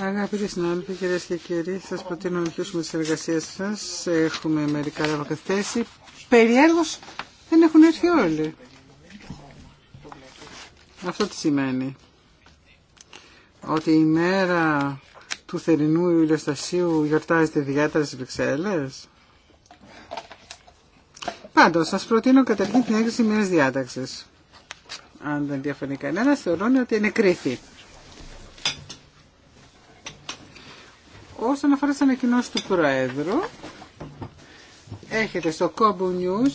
Αγαπητοί συνάδελφοι, κυρίε και κύριοι, σα προτείνω να αρχίσουμε τι εργασίε σα. Έχουμε μερικά ραβοκαθέσει. Περιέργω δεν έχουν έρθει όλοι. Αυτό τι σημαίνει. Ότι η μέρα του θερινού ηλιοστασίου γιορτάζεται ιδιαίτερα στις Βρυξέλλες. Πάντως, σας προτείνω καταρχήν την έγκριση μιας διάταξης. Αν δεν διαφωνεί κανένα, θεωρώ ότι είναι κρίθη. Όσον αφορά τι ανακοινώσει του Προέδρου, έχετε στο κόμπο News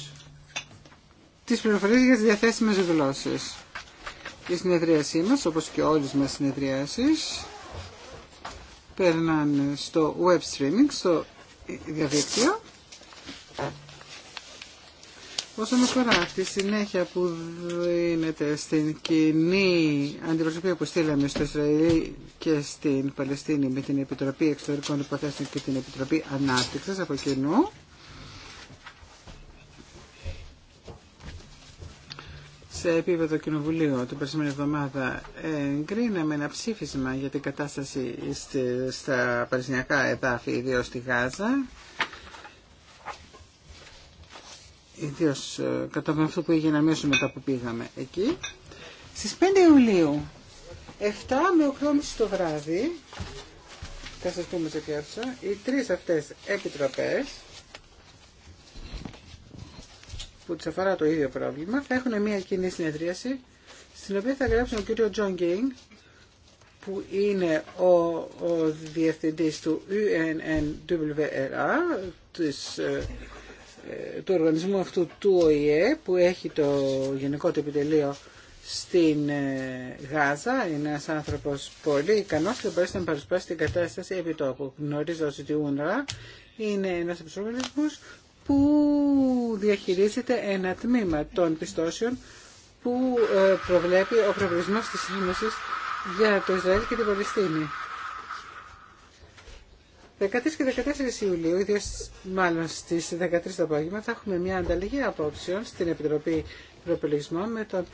τις πληροφορίες για τις διαθέσιμες γλώσσες. Η συνεδρίασή μας, όπως και όλες μας συνεδριάσεις, περνάνε στο web streaming, στο διαδίκτυο. Όσον αφορά τη συνέχεια που δίνεται στην κοινή αντιπροσωπεία που στείλαμε στο Ισραήλ και στην Παλαιστίνη με την Επιτροπή Εξωτερικών Υποθέσεων και την Επιτροπή Ανάπτυξης από κοινού, σε επίπεδο κοινοβουλίου την περσμένη εβδομάδα εγκρίναμε ένα ψήφισμα για την κατάσταση στα παρισνιακά εδάφη, ιδίω στη Γάζα. Ιδίω με αυτό που έγινε αμέσω τα που πήγαμε εκεί. Στι 5 Ιουλίου, 7 με 8.30 το βράδυ, θα σα πούμε σε πιάτσα οι τρει αυτέ επιτροπέ που τους αφορά το ίδιο πρόβλημα θα έχουν μια κοινή συνεδρίαση στην οποία θα γράψουν ο κύριο Τζον Γκέινγκ που είναι ο, ο διευθυντής του UNNWRA ε, ε, του οργανισμού αυτού του ΟΗΕ που έχει το γενικό του επιτελείο στην ε, Γάζα. Είναι ένας άνθρωπος πολύ ικανός και μπορέσει να παρουσιάσει την κατάσταση επί τόπου. Γνωρίζω ότι η UNRWA είναι ένας από τους οργανισμούς που διαχειρίζεται ένα τμήμα των πιστώσεων που ε, προβλέπει ο προβλησμός της Ένωσης για το Ισραήλ και την Παλαιστίνη. 13 και 14 Ιουλίου, ιδίω μάλλον στι 13 το απόγευμα, θα έχουμε μια ανταλλαγή απόψεων στην Επιτροπή Προπολογισμών με τον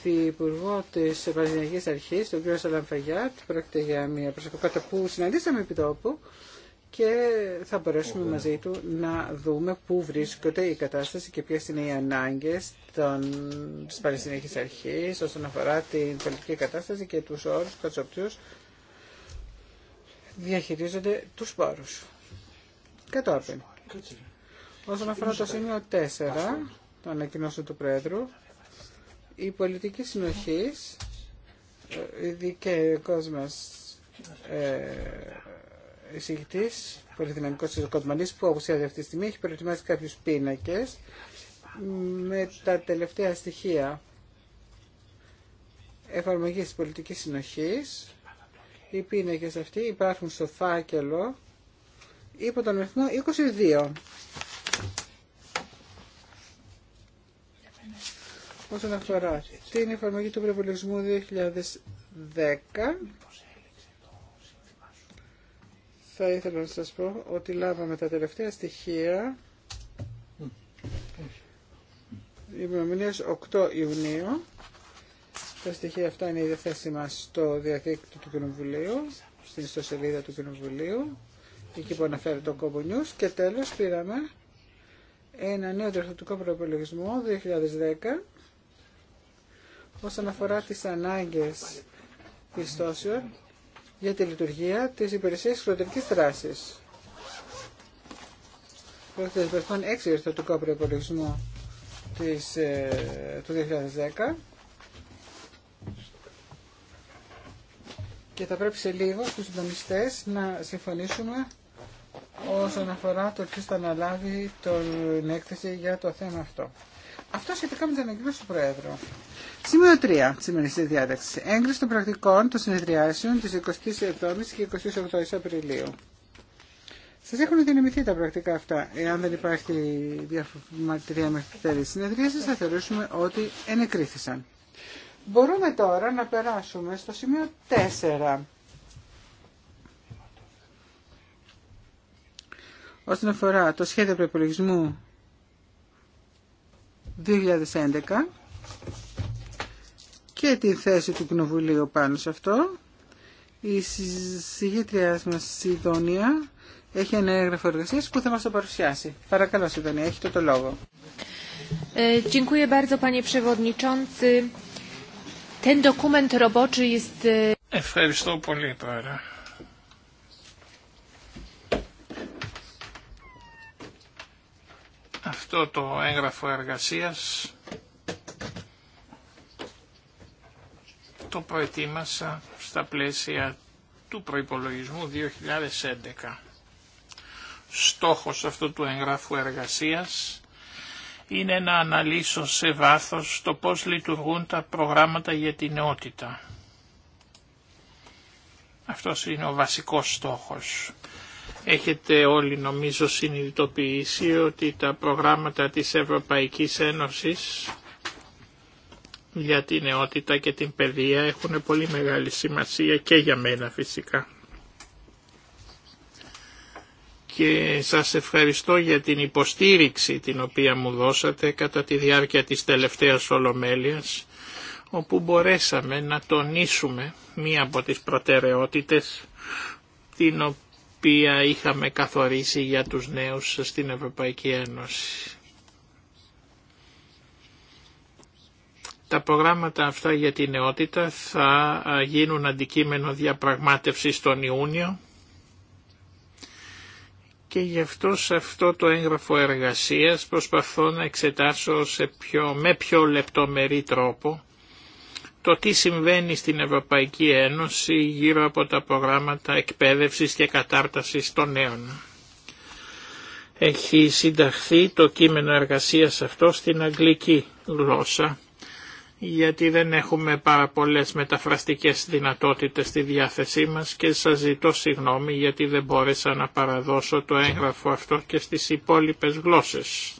Πρωθυπουργό τη Παλαιστινιακή Αρχή, τον κ. Σαλαμφαγιάτ. Πρόκειται για μια προσωπικότητα που συναντήσαμε επί τόπου και θα μπορέσουμε μαζί του να δούμε πού βρίσκονται η κατάσταση και ποιες είναι οι ανάγκες των, της Παλαιστινιακής Αρχής όσον αφορά την πολιτική κατάσταση και τους όρους κατά τους διαχειρίζονται τους πόρους. Κατόπιν. Όσον αφορά το σημείο 4, το ανακοινώσεων του Πρόεδρου, η πολιτική συνοχής, ο ειδικός ε, ε εισηγητή, πολυδυναμικό τη τη που απουσιάζει αυτή τη στιγμή, έχει προετοιμάσει κάποιου πίνακε με τα τελευταία στοιχεία εφαρμογή τη πολιτική συνοχή. Οι πίνακε αυτοί υπάρχουν στο φάκελο υπό τον αριθμό 22. Όσον αφορά την εφαρμογή του προπολογισμού 2010, θα ήθελα να σας πω ότι λάβαμε τα τελευταία στοιχεία ημερομηνίες 8 Ιουνίου. Τα στοιχεία αυτά είναι η μας στο διαδίκτυο του Κοινοβουλίου, στην ιστοσελίδα του Κοινοβουλίου, εκεί που αναφέρεται ο Κόμπο News. Και τέλος πήραμε ένα νέο διορθωτικό προπολογισμό 2010 όσον αφορά τις ανάγκες πιστώσεων για τη λειτουργία της υπηρεσίας εξωτερική δράσης. Πρόκειται τον 6 ερθωτικό προπολογισμό ε, του 2010 και θα πρέπει σε λίγο στους συντονιστές να συμφωνήσουμε όσον αφορά το ποιος θα αναλάβει την έκθεση για το θέμα αυτό. Αυτό σχετικά με τι ανακοινώσει του Προέδρου. Σημείο 3 τη σημερινή διάταξη. Έγκριση των πρακτικών των συνεδριάσεων τη 27η και 28η Απριλίου. Σα έχουν δυναμηθεί τα πρακτικά αυτά. Εάν δεν υπάρχει διαμαρτυρία με θα θεωρήσουμε ότι ενεκρίθησαν. Μπορούμε τώρα να περάσουμε στο σημείο 4. Όσον αφορά το σχέδιο προπολογισμού 2011 και την θέση του Κοινοβουλίου πάνω σε αυτό. Η συγγετριά μα Σιδόνια έχει ένα έγγραφο εργασία που θα μα το παρουσιάσει. Παρακαλώ, Σιδόνια, έχετε το λόγο. Ε, e, Ευχαριστώ πολύ, Πρόεδρε. αυτό το έγγραφο εργασίας το προετοίμασα στα πλαίσια του προϋπολογισμού 2011. Στόχος αυτού του εγγράφου εργασίας είναι να αναλύσω σε βάθος το πώς λειτουργούν τα προγράμματα για την νεότητα. Αυτός είναι ο βασικός στόχος. Έχετε όλοι νομίζω συνειδητοποιήσει ότι τα προγράμματα της Ευρωπαϊκής Ένωσης για την νεότητα και την παιδεία έχουν πολύ μεγάλη σημασία και για μένα φυσικά. Και σας ευχαριστώ για την υποστήριξη την οποία μου δώσατε κατά τη διάρκεια της τελευταίας Ολομέλειας όπου μπορέσαμε να τονίσουμε μία από τις προτεραιότητες την οποία οποία είχαμε καθορίσει για τους νέους στην Ευρωπαϊκή Ένωση. Τα προγράμματα αυτά για την νεότητα θα γίνουν αντικείμενο διαπραγμάτευσης τον Ιούνιο και γι' αυτό σε αυτό το έγγραφο εργασίας προσπαθώ να εξετάσω σε πιο, με πιο λεπτομερή τρόπο το τι συμβαίνει στην Ευρωπαϊκή Ένωση γύρω από τα προγράμματα εκπαίδευσης και κατάρτασης των νέων. Έχει συνταχθεί το κείμενο εργασίας αυτό στην αγγλική γλώσσα, γιατί δεν έχουμε πάρα πολλές μεταφραστικές δυνατότητες στη διάθεσή μας και σας ζητώ συγγνώμη γιατί δεν μπόρεσα να παραδώσω το έγγραφο αυτό και στις υπόλοιπες γλώσσες.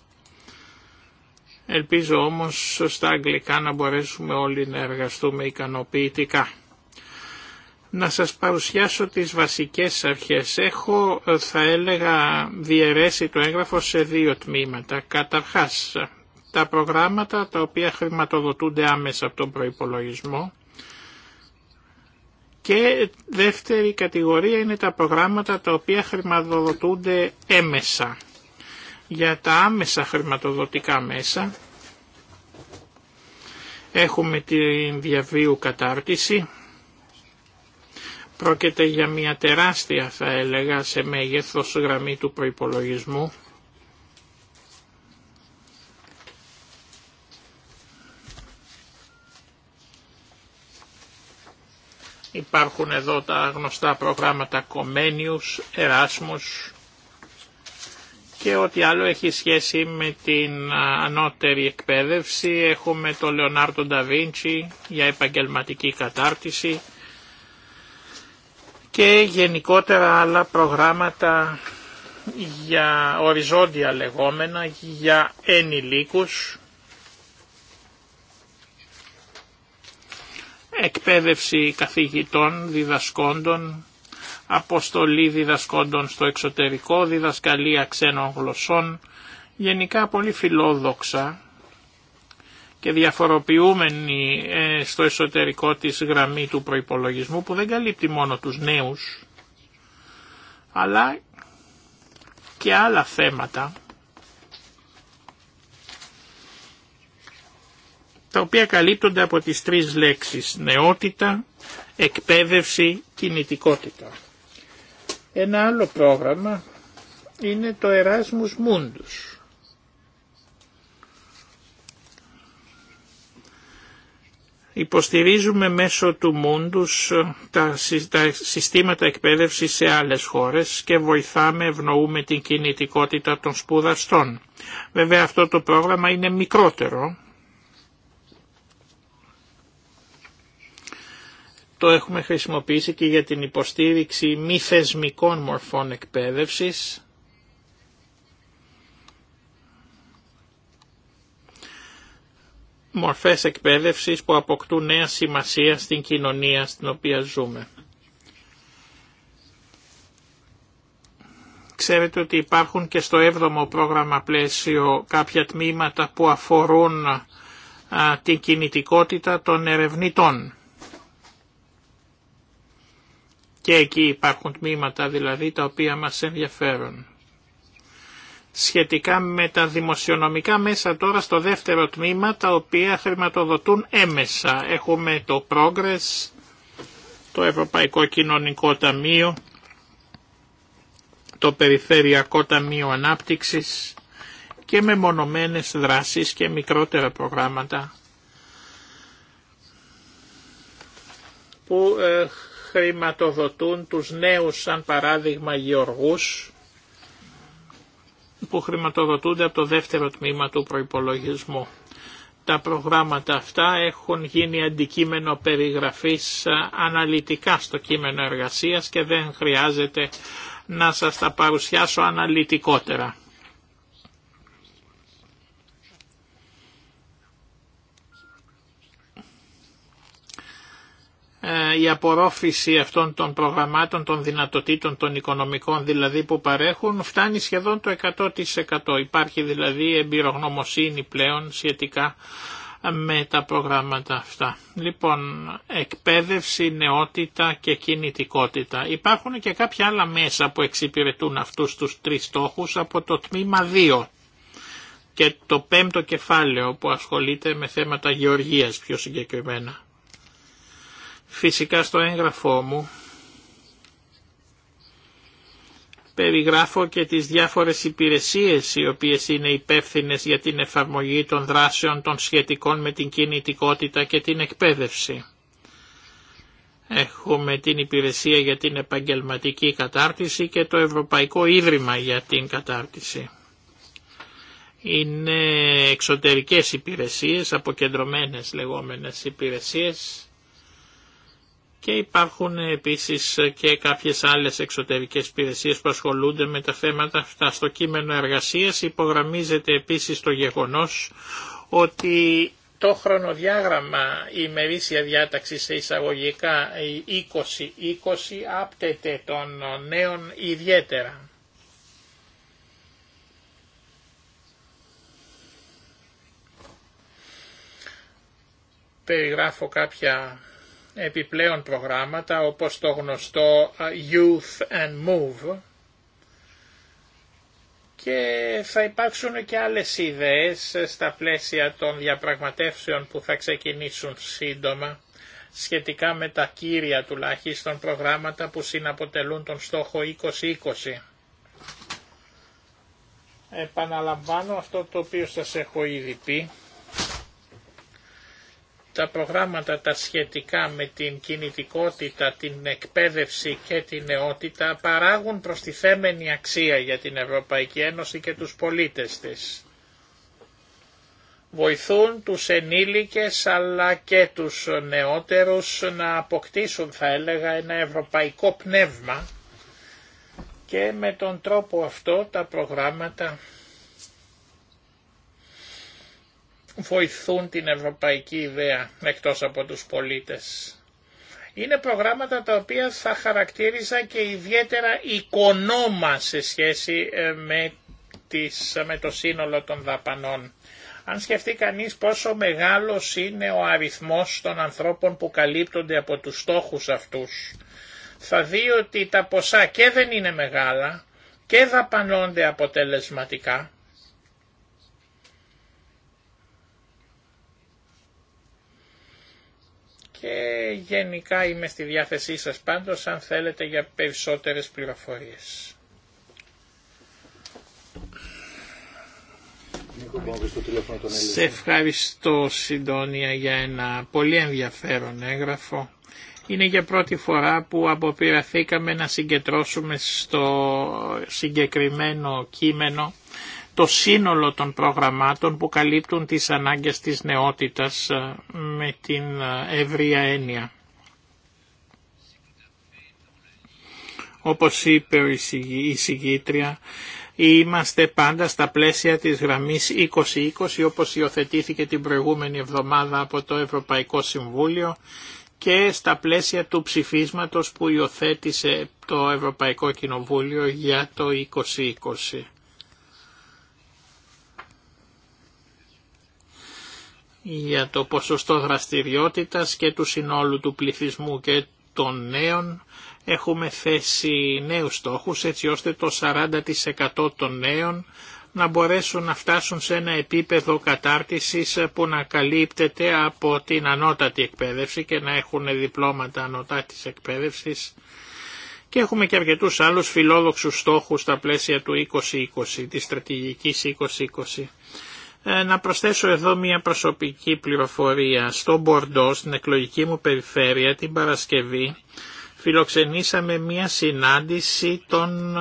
Ελπίζω όμως στα αγγλικά να μπορέσουμε όλοι να εργαστούμε ικανοποιητικά. Να σας παρουσιάσω τις βασικές αρχές. Έχω, θα έλεγα, διαιρέσει το έγγραφο σε δύο τμήματα. Καταρχάς, τα προγράμματα τα οποία χρηματοδοτούνται άμεσα από τον προϋπολογισμό και δεύτερη κατηγορία είναι τα προγράμματα τα οποία χρηματοδοτούνται έμεσα για τα άμεσα χρηματοδοτικά μέσα. Έχουμε τη διαβίου κατάρτιση. Πρόκειται για μια τεράστια θα έλεγα σε μέγεθος γραμμή του προϋπολογισμού. Υπάρχουν εδώ τα γνωστά προγράμματα κομένιους εράσμους, και ό,τι άλλο έχει σχέση με την ανώτερη εκπαίδευση. Έχουμε το Λεωνάρτο Νταβίντσι για επαγγελματική κατάρτιση και γενικότερα άλλα προγράμματα για οριζόντια λεγόμενα για ενηλίκους εκπαίδευση καθηγητών, διδασκόντων αποστολή διδασκόντων στο εξωτερικό, διδασκαλία ξένων γλωσσών, γενικά πολύ φιλόδοξα και διαφοροποιούμενη ε, στο εσωτερικό της γραμμή του προϋπολογισμού που δεν καλύπτει μόνο τους νέους, αλλά και άλλα θέματα τα οποία καλύπτονται από τις τρεις λέξεις νεότητα, εκπαίδευση, κινητικότητα. Ένα άλλο πρόγραμμα είναι το Erasmus Mundus. Υποστηρίζουμε μέσω του Μούντους ε, τα συστήματα εκπαίδευσης σε άλλες χώρες και βοηθάμε, ευνοούμε την κινητικότητα των σπουδαστών. Βέβαια αυτό το πρόγραμμα είναι μικρότερο Το έχουμε χρησιμοποιήσει και για την υποστήριξη μη θεσμικών μορφών εκπαίδευσης. Μορφές εκπαίδευσης που αποκτούν νέα σημασία στην κοινωνία στην οποία ζούμε. Ξέρετε ότι υπάρχουν και στο 7ο πρόγραμμα πλαίσιο κάποια τμήματα που αφορούν την κινητικότητα των ερευνητών. Και εκεί υπάρχουν τμήματα δηλαδή τα οποία μας ενδιαφέρουν. Σχετικά με τα δημοσιονομικά μέσα τώρα στο δεύτερο τμήμα τα οποία χρηματοδοτούν έμεσα. Έχουμε το Progress, το Ευρωπαϊκό Κοινωνικό Ταμείο, το Περιφερειακό Ταμείο Ανάπτυξης και με μονομένες δράσεις και μικρότερα προγράμματα που ε, χρηματοδοτούν τους νέους σαν παράδειγμα γεωργούς που χρηματοδοτούνται από το δεύτερο τμήμα του προϋπολογισμού. Τα προγράμματα αυτά έχουν γίνει αντικείμενο περιγραφής ε, αναλυτικά στο κείμενο εργασίας και δεν χρειάζεται να σας τα παρουσιάσω αναλυτικότερα. Ε, η απορρόφηση αυτών των προγραμμάτων, των δυνατοτήτων των οικονομικών δηλαδή που παρέχουν φτάνει σχεδόν το 100%. Υπάρχει δηλαδή εμπειρογνωμοσύνη πλέον σχετικά με τα προγράμματα αυτά. Λοιπόν, εκπαίδευση, νεότητα και κινητικότητα. Υπάρχουν και κάποια άλλα μέσα που εξυπηρετούν αυτούς τους τρεις στόχους από το τμήμα 2 και το πέμπτο κεφάλαιο που ασχολείται με θέματα γεωργίας πιο συγκεκριμένα. Φυσικά στο έγγραφό μου περιγράφω και τις διάφορες υπηρεσίες οι οποίες είναι υπεύθυνε για την εφαρμογή των δράσεων των σχετικών με την κινητικότητα και την εκπαίδευση. Έχουμε την Υπηρεσία για την Επαγγελματική Κατάρτιση και το Ευρωπαϊκό Ίδρυμα για την Κατάρτιση. Είναι εξωτερικές υπηρεσίες, αποκεντρωμένες λεγόμενες υπηρεσίες, και υπάρχουν επίσης και κάποιες άλλες εξωτερικές υπηρεσίες που ασχολούνται με τα θέματα αυτά. Στο κείμενο εργασίας υπογραμμίζεται επίσης το γεγονός ότι το χρονοδιάγραμμα η ημερήσια διάταξη σε εισαγωγικά 20-20 άπτεται των νέων ιδιαίτερα. Περιγράφω κάποια επιπλέον προγράμματα όπως το γνωστό Youth and Move και θα υπάρξουν και άλλες ιδέες ε, στα πλαίσια των διαπραγματεύσεων που θα ξεκινήσουν σύντομα σχετικά με τα κύρια τουλάχιστον προγράμματα που συναποτελούν τον στόχο 2020. Επαναλαμβάνω αυτό το οποίο σας έχω ήδη πει τα προγράμματα τα σχετικά με την κινητικότητα, την εκπαίδευση και την νεότητα παράγουν προστιθέμενη αξία για την Ευρωπαϊκή Ένωση και τους πολίτες της. Βοηθούν τους ενήλικες αλλά και τους νεότερους να αποκτήσουν θα έλεγα ένα ευρωπαϊκό πνεύμα και με τον τρόπο αυτό τα προγράμματα βοηθούν την ευρωπαϊκή ιδέα εκτός από τους πολίτες. Είναι προγράμματα τα οποία θα χαρακτήριζα και ιδιαίτερα οικονόμα σε σχέση ε, με, ε, με το σύνολο των δαπανών. Αν σκεφτεί κανείς πόσο μεγάλος είναι ο αριθμός των ανθρώπων που καλύπτονται από τους στόχους αυτούς, θα δει ότι τα ποσά και δεν είναι μεγάλα και δαπανώνται αποτελεσματικά και γενικά είμαι στη διάθεσή σας πάντως αν θέλετε για περισσότερες πληροφορίες. Σε ευχαριστώ Συντόνια για ένα πολύ ενδιαφέρον έγγραφο. Είναι για πρώτη φορά που αποπειραθήκαμε να συγκεντρώσουμε στο συγκεκριμένο κείμενο το σύνολο των προγραμμάτων που καλύπτουν τις ανάγκες της νεότητας ε, με την ε, ευρία έννοια. Όπως είπε η συγγήτρια, είμαστε πάντα στα πλαίσια της γραμμής 2020 όπως υιοθετήθηκε την προηγούμενη εβδομάδα από το Ευρωπαϊκό Συμβούλιο και στα πλαίσια του ψηφίσματος που υιοθέτησε το Ευρωπαϊκό Κοινοβούλιο για το 2020. για το ποσοστό δραστηριότητας και του συνόλου του πληθυσμού και των νέων έχουμε θέσει νέους στόχους έτσι ώστε το 40% των νέων να μπορέσουν να φτάσουν σε ένα επίπεδο κατάρτισης που να καλύπτεται από την ανώτατη εκπαίδευση και να έχουν διπλώματα ανώτατης εκπαίδευσης και έχουμε και αρκετούς άλλους φιλόδοξους στόχους στα πλαίσια του 2020, της στρατηγικής 2020. Ε, να προσθέσω εδώ μια προσωπική πληροφορία. Στο Μπορντό, στην εκλογική μου περιφέρεια, την Παρασκευή, φιλοξενήσαμε μια συνάντηση των ε,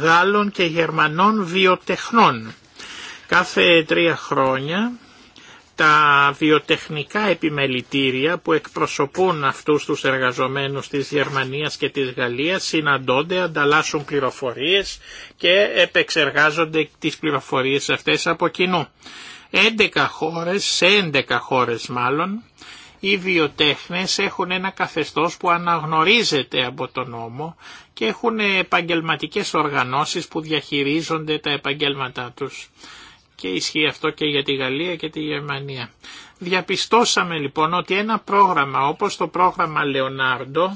Γάλλων και Γερμανών βιοτεχνών. Κάθε τρία χρόνια τα βιοτεχνικά επιμελητήρια που εκπροσωπούν αυτούς τους εργαζομένους της Γερμανίας και της Γαλλίας συναντώνται, ανταλλάσσουν πληροφορίες και επεξεργάζονται τις πληροφορίες αυτές από κοινού. 11 χώρες, σε 11 χώρες μάλλον, οι βιοτέχνες έχουν ένα καθεστώς που αναγνωρίζεται από τον νόμο και έχουν επαγγελματικές οργανώσεις που διαχειρίζονται τα επαγγέλματά τους και ισχύει αυτό και για τη Γαλλία και τη Γερμανία. Διαπιστώσαμε λοιπόν ότι ένα πρόγραμμα όπως το πρόγραμμα Λεωνάρντο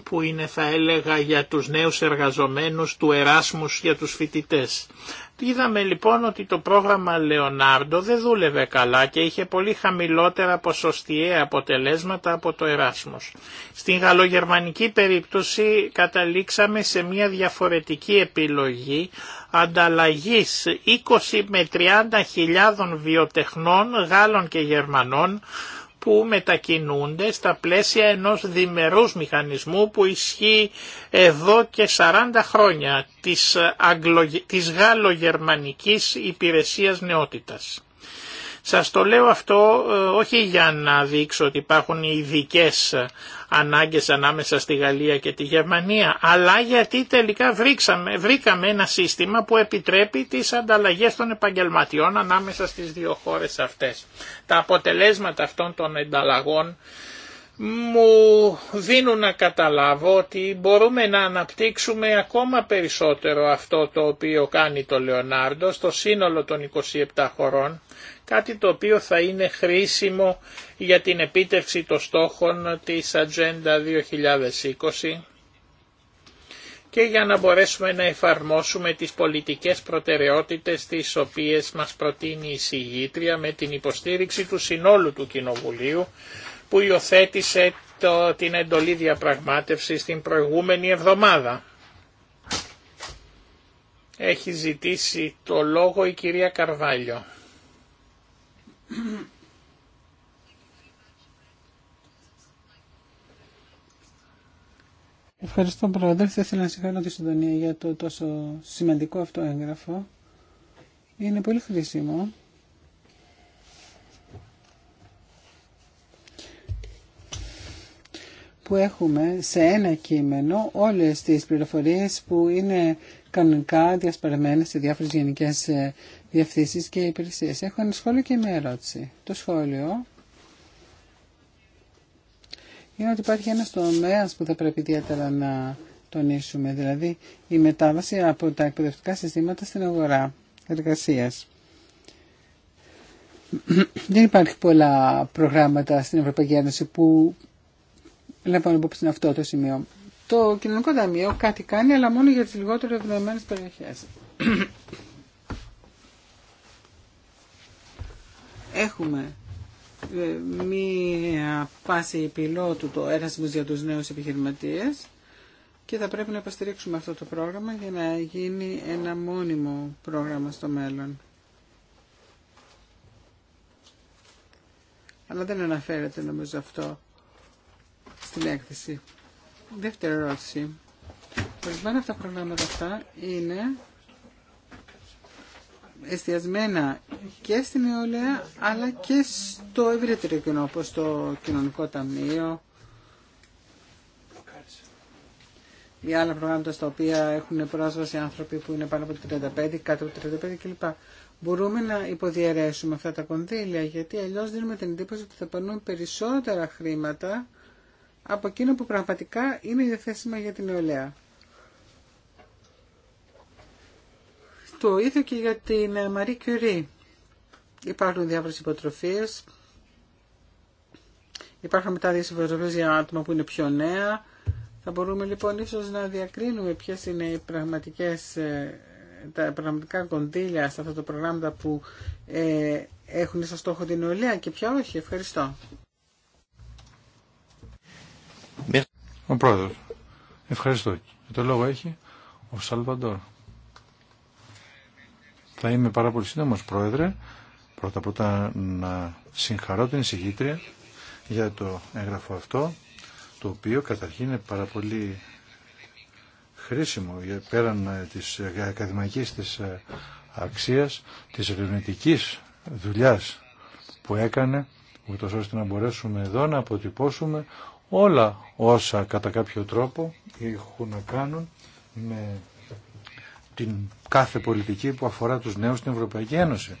που είναι θα έλεγα για τους νέους εργαζομένους του Εράσμους για τους φοιτητές. Είδαμε λοιπόν ότι το πρόγραμμα Λεωνάρντο δεν δούλευε καλά και είχε πολύ χαμηλότερα ποσοστιαία αποτελέσματα από το Εράσμος. Στην γαλλογερμανική περίπτωση καταλήξαμε σε μια διαφορετική επιλογή ανταλλαγής 20 με 30 χιλιάδων βιοτεχνών Γάλλων και Γερμανών που μετακινούνται στα πλαίσια ενός διμερούς μηχανισμού που ισχύει εδώ και 40 χρόνια της, Αγγλο... της γαλλογερμανικής υπηρεσίας νεότητας. Σας το λέω αυτό ε, όχι για να δείξω ότι υπάρχουν ειδικέ ανάγκες ανάμεσα στη Γαλλία και τη Γερμανία, αλλά γιατί τελικά βρήξαμε, βρήκαμε ένα σύστημα που επιτρέπει τις ανταλλαγές των επαγγελματιών ανάμεσα στις δύο χώρες αυτές. Τα αποτελέσματα αυτών των ενταλλαγών μου δίνουν να καταλάβω ότι μπορούμε να αναπτύξουμε ακόμα περισσότερο αυτό το οποίο κάνει το Λεωνάρντο στο σύνολο των 27 χωρών κάτι το οποίο θα είναι χρήσιμο για την επίτευξη των στόχων της Ατζέντα 2020 και για να μπορέσουμε να εφαρμόσουμε τις πολιτικές προτεραιότητες τις οποίες μας προτείνει η συγγήτρια με την υποστήριξη του συνόλου του Κοινοβουλίου που υιοθέτησε το, την εντολή διαπραγμάτευση την προηγούμενη εβδομάδα. Έχει ζητήσει το λόγο η κυρία Καρβάλιο. Ευχαριστώ Πρόεδρε. Θα ήθελα να συγχαρώ τη Συντονία για το τόσο σημαντικό αυτό έγγραφο. Είναι πολύ χρήσιμο. που έχουμε σε ένα κείμενο όλες τις πληροφορίες που είναι κανονικά διασπαρμένες σε διάφορες γενικές διευθύνσεις και υπηρεσίε. Έχω ένα σχόλιο και μια ερώτηση. Το σχόλιο είναι ότι υπάρχει ένας τομέα που θα πρέπει ιδιαίτερα να τονίσουμε, δηλαδή η μετάβαση από τα εκπαιδευτικά συστήματα στην αγορά εργασία. Δεν υπάρχει πολλά προγράμματα στην Ευρωπαϊκή Ένωση που λαμβάνουν υπόψη αυτό το σημείο. Το κοινωνικό ταμείο κάτι κάνει, αλλά μόνο για τι λιγότερο ευνοημένε περιοχέ. έχουμε ε, μία πάση πιλότου το έρασμος για τους νέους επιχειρηματίες και θα πρέπει να υποστηρίξουμε αυτό το πρόγραμμα για να γίνει ένα μόνιμο πρόγραμμα στο μέλλον. Αλλά δεν αναφέρεται νομίζω αυτό στην έκθεση. Δεύτερη ερώτηση. Ορισμένα αυτά τα προγράμματα αυτά είναι εστιασμένα και στην νεολαία αλλά και στο ευρύτερο κοινό όπως το κοινωνικό ταμείο ή άλλα προγράμματα στα οποία έχουν πρόσβαση άνθρωποι που είναι πάνω από 35, κάτω από 35 κλπ. Μπορούμε να υποδιαιρέσουμε αυτά τα κονδύλια γιατί αλλιώς δίνουμε την εντύπωση ότι θα περνούν περισσότερα χρήματα από εκείνο που πραγματικά είναι διαθέσιμα για την νεολαία. Το ίδιο και για την Μαρή ε, Curie. Υπάρχουν διάφορες υποτροφίες. Υπάρχουν μετά δύο υποτροφίες για άτομα που είναι πιο νέα. Θα μπορούμε λοιπόν ίσως να διακρίνουμε ποιες είναι οι πραγματικές, ε, τα πραγματικά κονδύλια σε αυτά τα προγράμματα που ε, έχουν σαν στόχο την ολία και ποια όχι. Ευχαριστώ. Ο πρόεδρος. Ευχαριστώ. έχει ο Σαλβαντόρ. Θα είμαι πάρα πολύ σύντομο Πρόεδρε. Πρώτα πρώτα να συγχαρώ την εισηγήτρια για το έγγραφο αυτό, το οποίο καταρχήν είναι πάρα πολύ χρήσιμο πέραν ε, της ε, ακαδημαϊκής της ε, αξίας, της ερευνητική δουλειάς που έκανε, ούτως ώστε να μπορέσουμε εδώ να αποτυπώσουμε όλα όσα κατά κάποιο τρόπο έχουν να κάνουν με την κάθε πολιτική που αφορά τους νέους στην Ευρωπαϊκή Ένωση.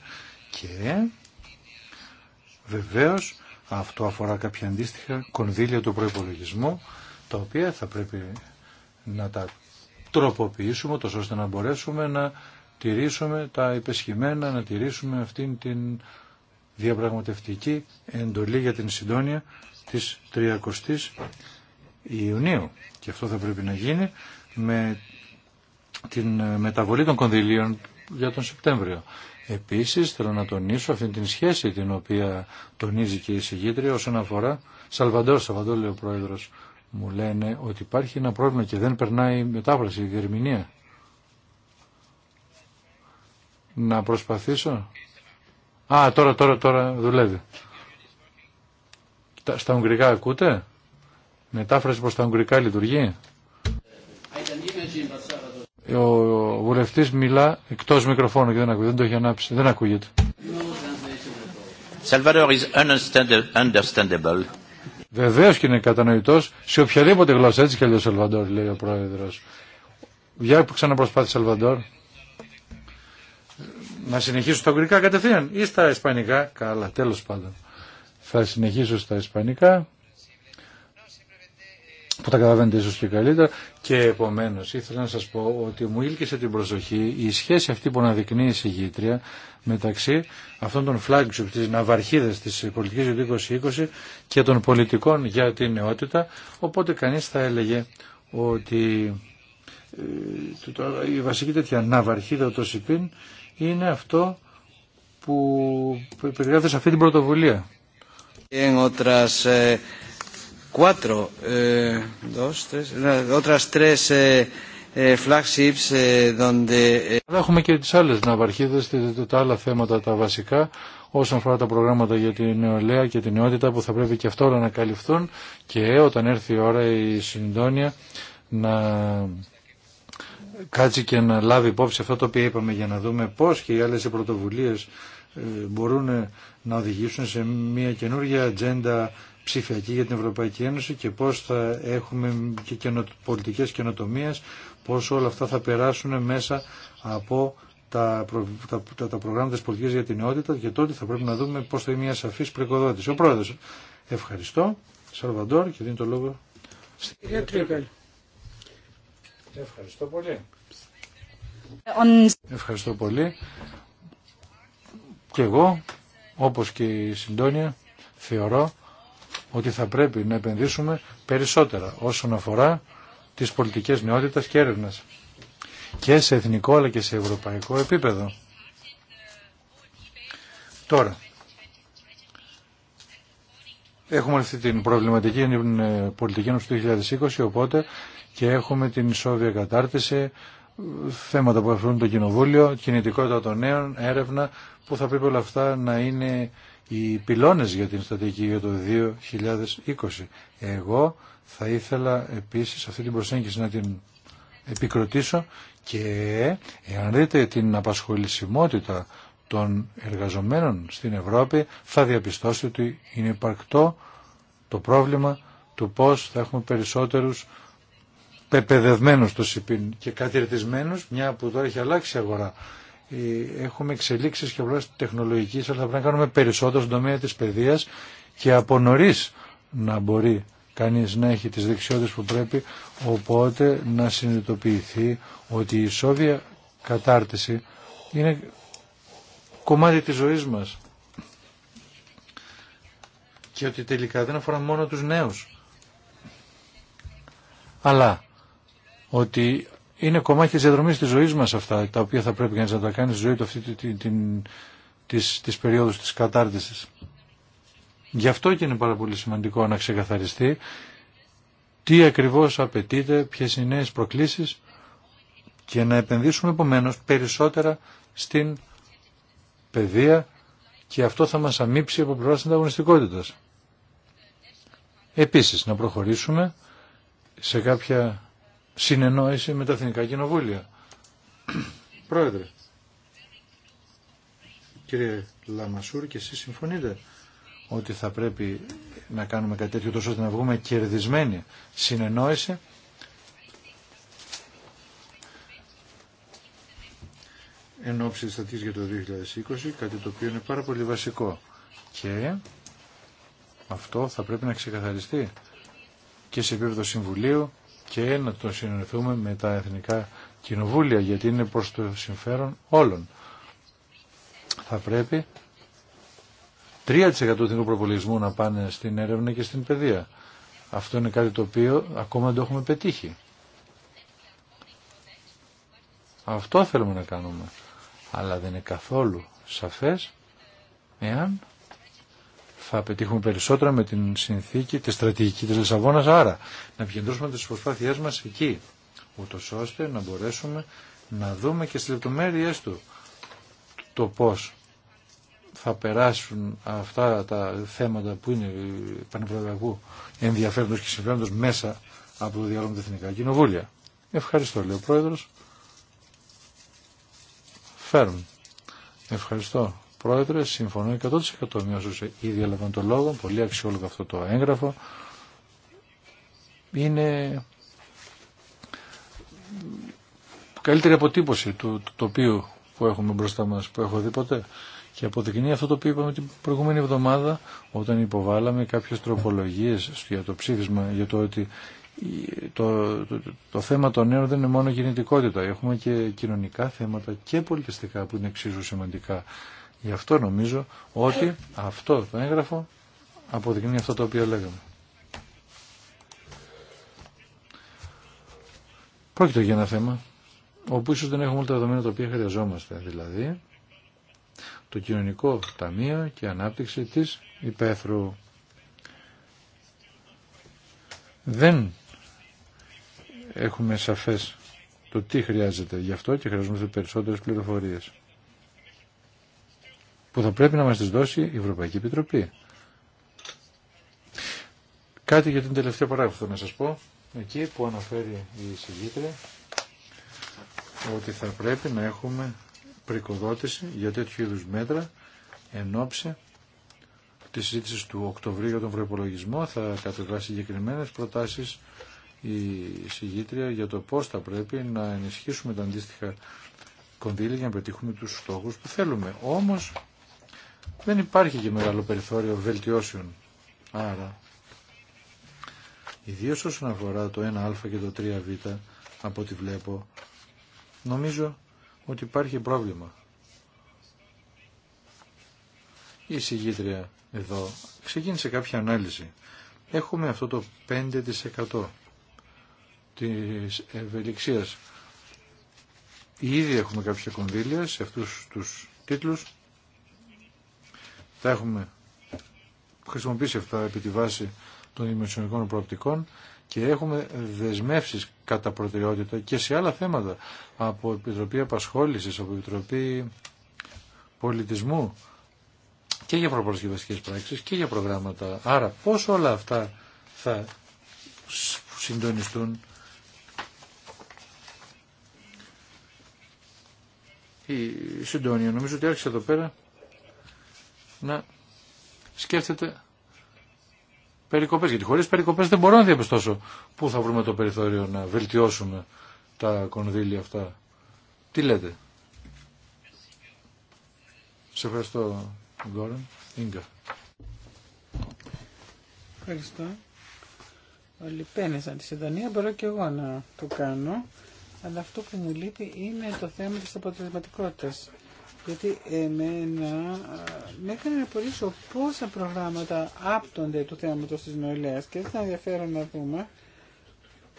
Και βεβαίως αυτό αφορά κάποια αντίστοιχα κονδύλια του προϋπολογισμού τα οποία θα πρέπει να τα τροποποιήσουμε τόσο ώστε να μπορέσουμε να τηρήσουμε τα υπεσχημένα, να τηρήσουμε αυτήν την διαπραγματευτική εντολή για την συντόνια της 30ης Ιουνίου. Και αυτό θα πρέπει να γίνει με την ε, μεταβολή των κονδυλίων για τον Σεπτέμβριο. Επίσης θέλω να τονίσω αυτή την σχέση την οποία τονίζει και η συγκήτρια όσον αφορά Σαλβαντόρ, Σαλβαντόρ λέει ο πρόεδρος, μου λένε ότι υπάρχει ένα πρόβλημα και δεν περνάει η μετάφραση, η διερμηνία. Να προσπαθήσω. Α, τώρα, τώρα, τώρα δουλεύει. Στα, στα Ουγγρικά ακούτε? Μετάφραση προς τα Ουγγρικά λειτουργεί. Ο βουλευτής μιλά εκτός μικροφώνου και δεν ακούει, δεν το έχει ανάψει, δεν ακούγεται. Βεβαίω και είναι κατανοητό, σε οποιαδήποτε γλώσσα, έτσι και λέει ο Σαλβαντόρ, λέει ο πρόεδρο. Για που ξαναπροσπάθησε Σαλβαντόρ. Να συνεχίσω στα αγγλικά κατευθείαν ή στα ισπανικά. Καλά, τέλο πάντων. Θα συνεχίσω στα ισπανικά που τα καταλαβαίνετε ίσως και καλύτερα και επομένω ήθελα να σας πω ότι μου ήλκησε την προσοχή η σχέση αυτή που αναδεικνύει η συγγήτρια μεταξύ αυτών των flagship της ναυαρχίδας της πολιτική του 2020 και των πολιτικών για την νεότητα οπότε κανείς θα έλεγε ότι ε, η βασική τέτοια ναυαρχίδα του ΣΥΠΗΝ είναι αυτό που περιγράφεται σε αυτή την πρωτοβουλία cuatro, eh, dos, tres, otras tres eh, eh flagships eh, donde... Eh, έχουμε και τις άλλες ναυαρχίδες, τα άλλα θέματα τα βασικά όσον αφορά τα προγράμματα για την νεολαία και την νεότητα που θα πρέπει και αυτό να καλυφθούν και όταν έρθει η ώρα η συντόνια να κάτσει και να λάβει υπόψη αυτό το οποίο είπαμε για να δούμε πώς και οι άλλες πρωτοβουλίες ε, μπορούν να οδηγήσουν σε μια καινούργια ατζέντα ψηφιακή για την Ευρωπαϊκή Ένωση και πώς θα έχουμε και καινο, πολιτικές καινοτομίες, πώς όλα αυτά θα περάσουν μέσα από τα, τα, τα, προγράμματα της πολιτικής για την νεότητα και τότε θα πρέπει να δούμε πώς θα είναι μια σαφής πρεκοδότηση. Ο Πρόεδρος, ευχαριστώ. Σαλβαντόρ και δίνει το λόγο κυρία Ευχαριστώ πολύ. Ευχαριστώ πολύ. Και εγώ, όπως και η Συντόνια, θεωρώ ότι θα πρέπει να επενδύσουμε περισσότερα όσον αφορά τις πολιτικές νεότητας και έρευνας και σε εθνικό αλλά και σε ευρωπαϊκό επίπεδο. Τώρα, έχουμε αυτή την προβληματική ε, πολιτική του 2020, οπότε και έχουμε την ισόβια κατάρτιση, ε, θέματα που αφορούν το κοινοβούλιο, κινητικότητα των νέων, έρευνα, που θα πρέπει όλα αυτά να είναι οι πυλώνες για την στρατηγική για το 2020. Εγώ θα ήθελα επίσης αυτή την προσέγγιση να την επικροτήσω και εάν δείτε την απασχολησιμότητα των εργαζομένων στην Ευρώπη θα διαπιστώσετε ότι είναι υπαρκτό το πρόβλημα του πώς θα έχουμε περισσότερους πεπαιδευμένους και κατηρτισμένους, μια που τώρα έχει αλλάξει η αγορά ε, έχουμε εξελίξει και τη τεχνολογική αλλά θα πρέπει να κάνουμε περισσότερο στον τομέα της παιδείας και από νωρί να μπορεί κανείς να έχει τις δεξιότητε που πρέπει, οπότε να συνειδητοποιηθεί ότι η ισόβια κατάρτιση είναι κομμάτι της ζωή μα. και ότι τελικά δεν αφορά μόνο τους νέους αλλά ότι είναι κομμάτι της διαδρομής της ζωής μας αυτά, τα οποία θα πρέπει να τα κάνει στη ζωή του αυτή τη, την, της, της περίοδου της κατάρτισης. Γι' αυτό και είναι πάρα πολύ σημαντικό να ξεκαθαριστεί τι ακριβώς απαιτείται, ποιες είναι οι νέες προκλήσεις και να επενδύσουμε επομένως περισσότερα στην παιδεία και αυτό θα μας αμύψει από πλευράς ανταγωνιστικότητας. Επίσης, να προχωρήσουμε σε κάποια συνεννόηση με τα εθνικά κοινοβούλια. Πρόεδρε, κύριε Λαμασούρ και εσείς συμφωνείτε ότι θα πρέπει να κάνουμε κάτι τέτοιο τόσο ώστε να βγούμε κερδισμένοι συνεννόηση εν ώψη για το 2020, κάτι το οποίο είναι πάρα πολύ βασικό. Και αυτό θα πρέπει να ξεκαθαριστεί και σε επίπεδο Συμβουλίου και να το συνεννοηθούμε με τα εθνικά κοινοβούλια γιατί είναι προς το συμφέρον όλων. Θα πρέπει 3% του εθνικού προπολογισμού να πάνε στην έρευνα και στην παιδεία. Αυτό είναι κάτι το οποίο ακόμα δεν το έχουμε πετύχει. Αυτό θέλουμε να κάνουμε. Αλλά δεν είναι καθόλου σαφές εάν θα πετύχουμε περισσότερα με την συνθήκη, τη στρατηγική της Λισαβόνας, άρα να επικεντρώσουμε τις προσπάθειές μας εκεί, ούτω ώστε να μπορέσουμε να δούμε και στις λεπτομέρειες του το πώς θα περάσουν αυτά τα θέματα που είναι πανεπιστημιακού ενδιαφέροντος και συμφέροντος μέσα από το διάλογο με Εθνικά Κοινοβούλια. Ευχαριστώ, λέει ο Πρόεδρος. Φέρουν. Ευχαριστώ. Πρόεδρε, συμφωνώ 100% με όσου ήδη έλαβαν το λόγο, πολύ αξιόλογο αυτό το έγγραφο. Είναι καλύτερη αποτύπωση του, τοπίου που έχουμε μπροστά μας, που έχω δει ποτέ. Και αποδεικνύει αυτό το οποίο είπαμε την προηγούμενη εβδομάδα όταν υποβάλαμε κάποιες τροπολογίες για το ψήφισμα για το ότι το, το, το, θέμα των νέων δεν είναι μόνο γεννητικότητα. Έχουμε και κοινωνικά θέματα και πολιτιστικά που είναι εξίσου σημαντικά. Γι' αυτό νομίζω ότι αυτό το έγγραφο αποδεικνύει αυτό το οποίο λέγαμε. Πρόκειται για ένα θέμα όπου ίσως δεν έχουμε όλα τα δεδομένα τα οποία χρειαζόμαστε, δηλαδή το κοινωνικό ταμείο και ανάπτυξη της υπαίθρου. Δεν έχουμε σαφές το τι χρειάζεται γι' αυτό και χρειαζόμαστε περισσότερες πληροφορίες που θα πρέπει να μας τις δώσει η Ευρωπαϊκή Επιτροπή. Κάτι για την τελευταία παράγραφο να σας πω, εκεί που αναφέρει η συγγήτρια ότι θα πρέπει να έχουμε πρικοδότηση για τέτοιου είδους μέτρα εν ώψη τη συζήτηση του Οκτωβρίου για τον προπολογισμό θα κατεβάσει συγκεκριμένε προτάσει η συγγήτρια για το πώ θα πρέπει να ενισχύσουμε τα αντίστοιχα κονδύλια για να πετύχουμε του στόχου που θέλουμε. Όμω δεν υπάρχει και μεγάλο περιθώριο βελτιώσεων. Άρα, ιδίω όσον αφορά το 1α και το 3β, από ό,τι βλέπω, νομίζω ότι υπάρχει πρόβλημα. Η συγγήτρια εδώ ξεκίνησε κάποια ανάλυση. Έχουμε αυτό το 5% της ευελιξίας. Ήδη έχουμε κάποια κονδύλια σε αυτούς τους τίτλους τα έχουμε χρησιμοποιήσει αυτά επί τη βάση των δημοσιονομικών προοπτικών και έχουμε δεσμεύσεις κατά προτεραιότητα και σε άλλα θέματα από Επιτροπή Απασχόλησης, από Επιτροπή Πολιτισμού και για προπαρασκευαστικές πράξεις και για προγράμματα. Άρα πώς όλα αυτά θα συντονιστούν η συντόνια. Νομίζω ότι άρχισε εδώ πέρα να σκέφτεται περικοπές. Γιατί χωρίς περικοπές δεν μπορώ να διαπιστώσω πού θα βρούμε το περιθώριο να βελτιώσουμε τα κονδύλια αυτά. Τι λέτε. Σε ευχαριστώ, Γκόρεν. Ίγκα. Ευχαριστώ. Ο πένεσαν τη Συντονία μπορώ και εγώ να το κάνω. Αλλά αυτό που μου λείπει είναι το θέμα της αποτελεσματικότητας γιατί εμένα με έκανε να απορρίψω πόσα προγράμματα άπτονται του θέματος της Νοηλέας και θα ενδιαφέρον να δούμε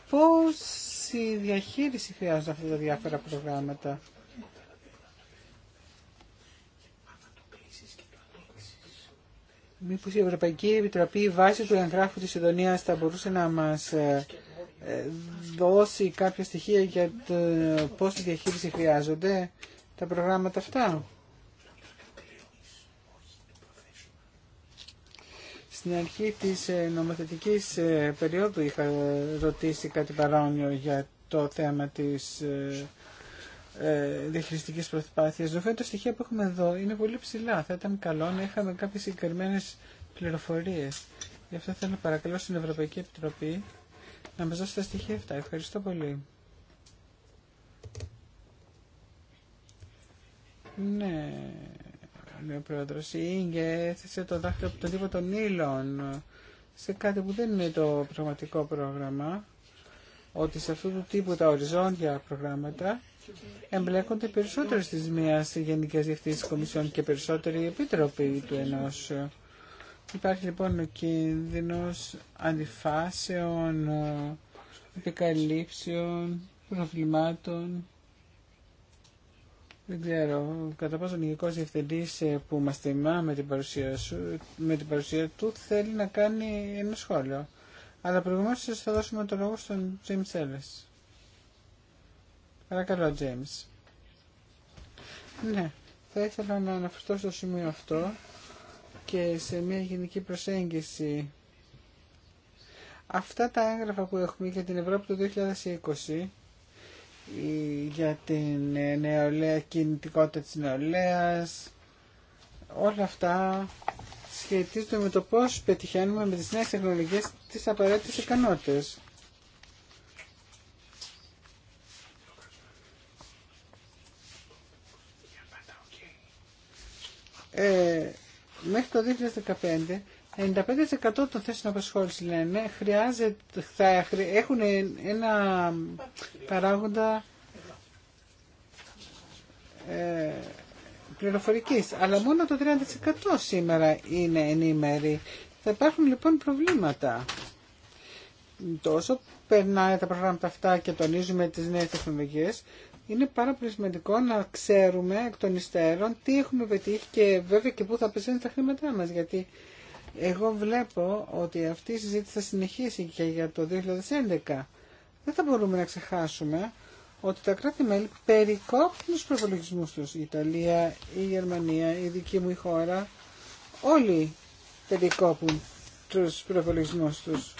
πόση διαχείριση χρειάζονται αυτά τα διάφορα προγράμματα. Μήπως η Ευρωπαϊκή Επιτροπή βάσει του εγγράφου της Ιδονίας θα μπορούσε να μας ε, ε, δώσει κάποια στοιχεία για το πόση διαχείριση χρειάζονται τα προγράμματα αυτά. Στην αρχή της ε, νομοθετικής ε, περίοδου είχα ρωτήσει κάτι παρόμοιο για το θέμα της ε, διαχειριστικής προσπάθειας. Βέβαια τα στοιχεία που έχουμε εδώ είναι πολύ ψηλά. Θα ήταν καλό να είχαμε κάποιες συγκεκριμένε πληροφορίες. Γι' αυτό θέλω παρακαλώ στην Ευρωπαϊκή Επιτροπή να μας δώσει τα στοιχεία αυτά. Ευχαριστώ πολύ. Ναι, ο πρόεδρος, η Ίγκε έθεσε το δάχτυλο από τον τύπο των ήλων σε κάτι που δεν είναι το πραγματικό πρόγραμμα, ότι σε αυτού του τύπου τα οριζόντια προγράμματα εμπλέκονται περισσότερες στις μία γενικές διευθύνσεις κομισιών και περισσότεροι επίτροποι του ενός. Υπάρχει λοιπόν ο κίνδυνος αντιφάσεων, επικαλύψεων, προβλημάτων. Δεν ξέρω, κατά πόσο ο Γενικό Διευθυντή ε, που μα θυμά με την, παρουσία με την παρουσία του θέλει να κάνει ένα σχόλιο. Αλλά προηγουμένω θα δώσουμε το λόγο στον Τζέιμ Έλλε. Παρακαλώ, Τζέιμ. Ναι, θα ήθελα να αναφερθώ στο σημείο αυτό και σε μια γενική προσέγγιση. Αυτά τα έγγραφα που έχουμε για την Ευρώπη το 2020 για την νεολαία, κινητικότητα της νεολαίας. Όλα αυτά σχετίζονται με το πώς πετυχαίνουμε με τις νέες τεχνολογίες τις απαραίτητες ικανότητες. Ε, μέχρι το 2015 95% των θέσεων απασχόληση λένε χρειάζεται, θα, έχουν ένα παράγοντα ε, αλλά μόνο το 30% σήμερα είναι ενήμεροι. Θα υπάρχουν λοιπόν προβλήματα. Τόσο περνάει τα προγράμματα αυτά και τονίζουμε τι νέε τεχνολογίε, είναι πάρα πολύ σημαντικό να ξέρουμε εκ των υστέρων τι έχουμε πετύχει και βέβαια και πού θα πεσαίνουν τα χρήματά μα. γιατί εγώ βλέπω ότι αυτή η συζήτηση θα συνεχίσει και για το 2011. Δεν θα μπορούμε να ξεχάσουμε ότι τα κράτη-μέλη περικόπτουν τους προπολογισμούς τους. Η Ιταλία, η Γερμανία, η δική μου χώρα, όλοι περικόπτουν τους προπολογισμούς τους.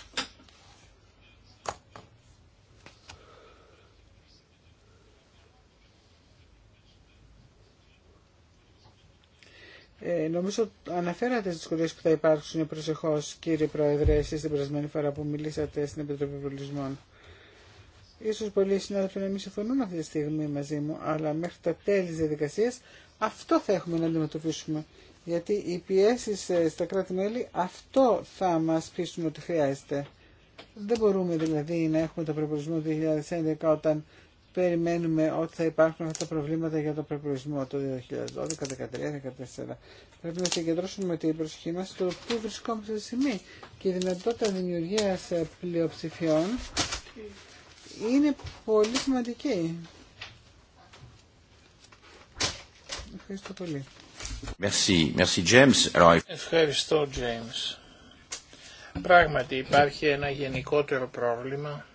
Ε, νομίζω αναφέρατε τις δυσκολίες που θα υπάρξουν προσεχώς, κύριε Πρόεδρε, εσείς την περασμένη φορά που μιλήσατε στην Επιτροπή Πολιτισμών. Ίσως πολλοί συνάδελφοι να μην συμφωνούν αυτή τη στιγμή μαζί μου, αλλά μέχρι τα τέλη τη διαδικασίας αυτό θα έχουμε να αντιμετωπίσουμε. Γιατί οι πιέσει ε, στα κράτη-μέλη αυτό θα μα πείσουν ότι χρειάζεται. Δεν μπορούμε δηλαδή να έχουμε το προπολογισμό 2011 όταν περιμένουμε ότι θα υπάρχουν αυτά τα προβλήματα για το προπολογισμό το 2012, 2013, 2014. Πρέπει να συγκεντρώσουμε την προσοχή μας στο πού βρισκόμαστε στη στιγμή και η δυνατότητα δημιουργίας πλειοψηφιών είναι πολύ σημαντική. Ευχαριστώ πολύ. Merci, merci James. Ευχαριστώ James. Πράγματι υπάρχει ένα γενικότερο πρόβλημα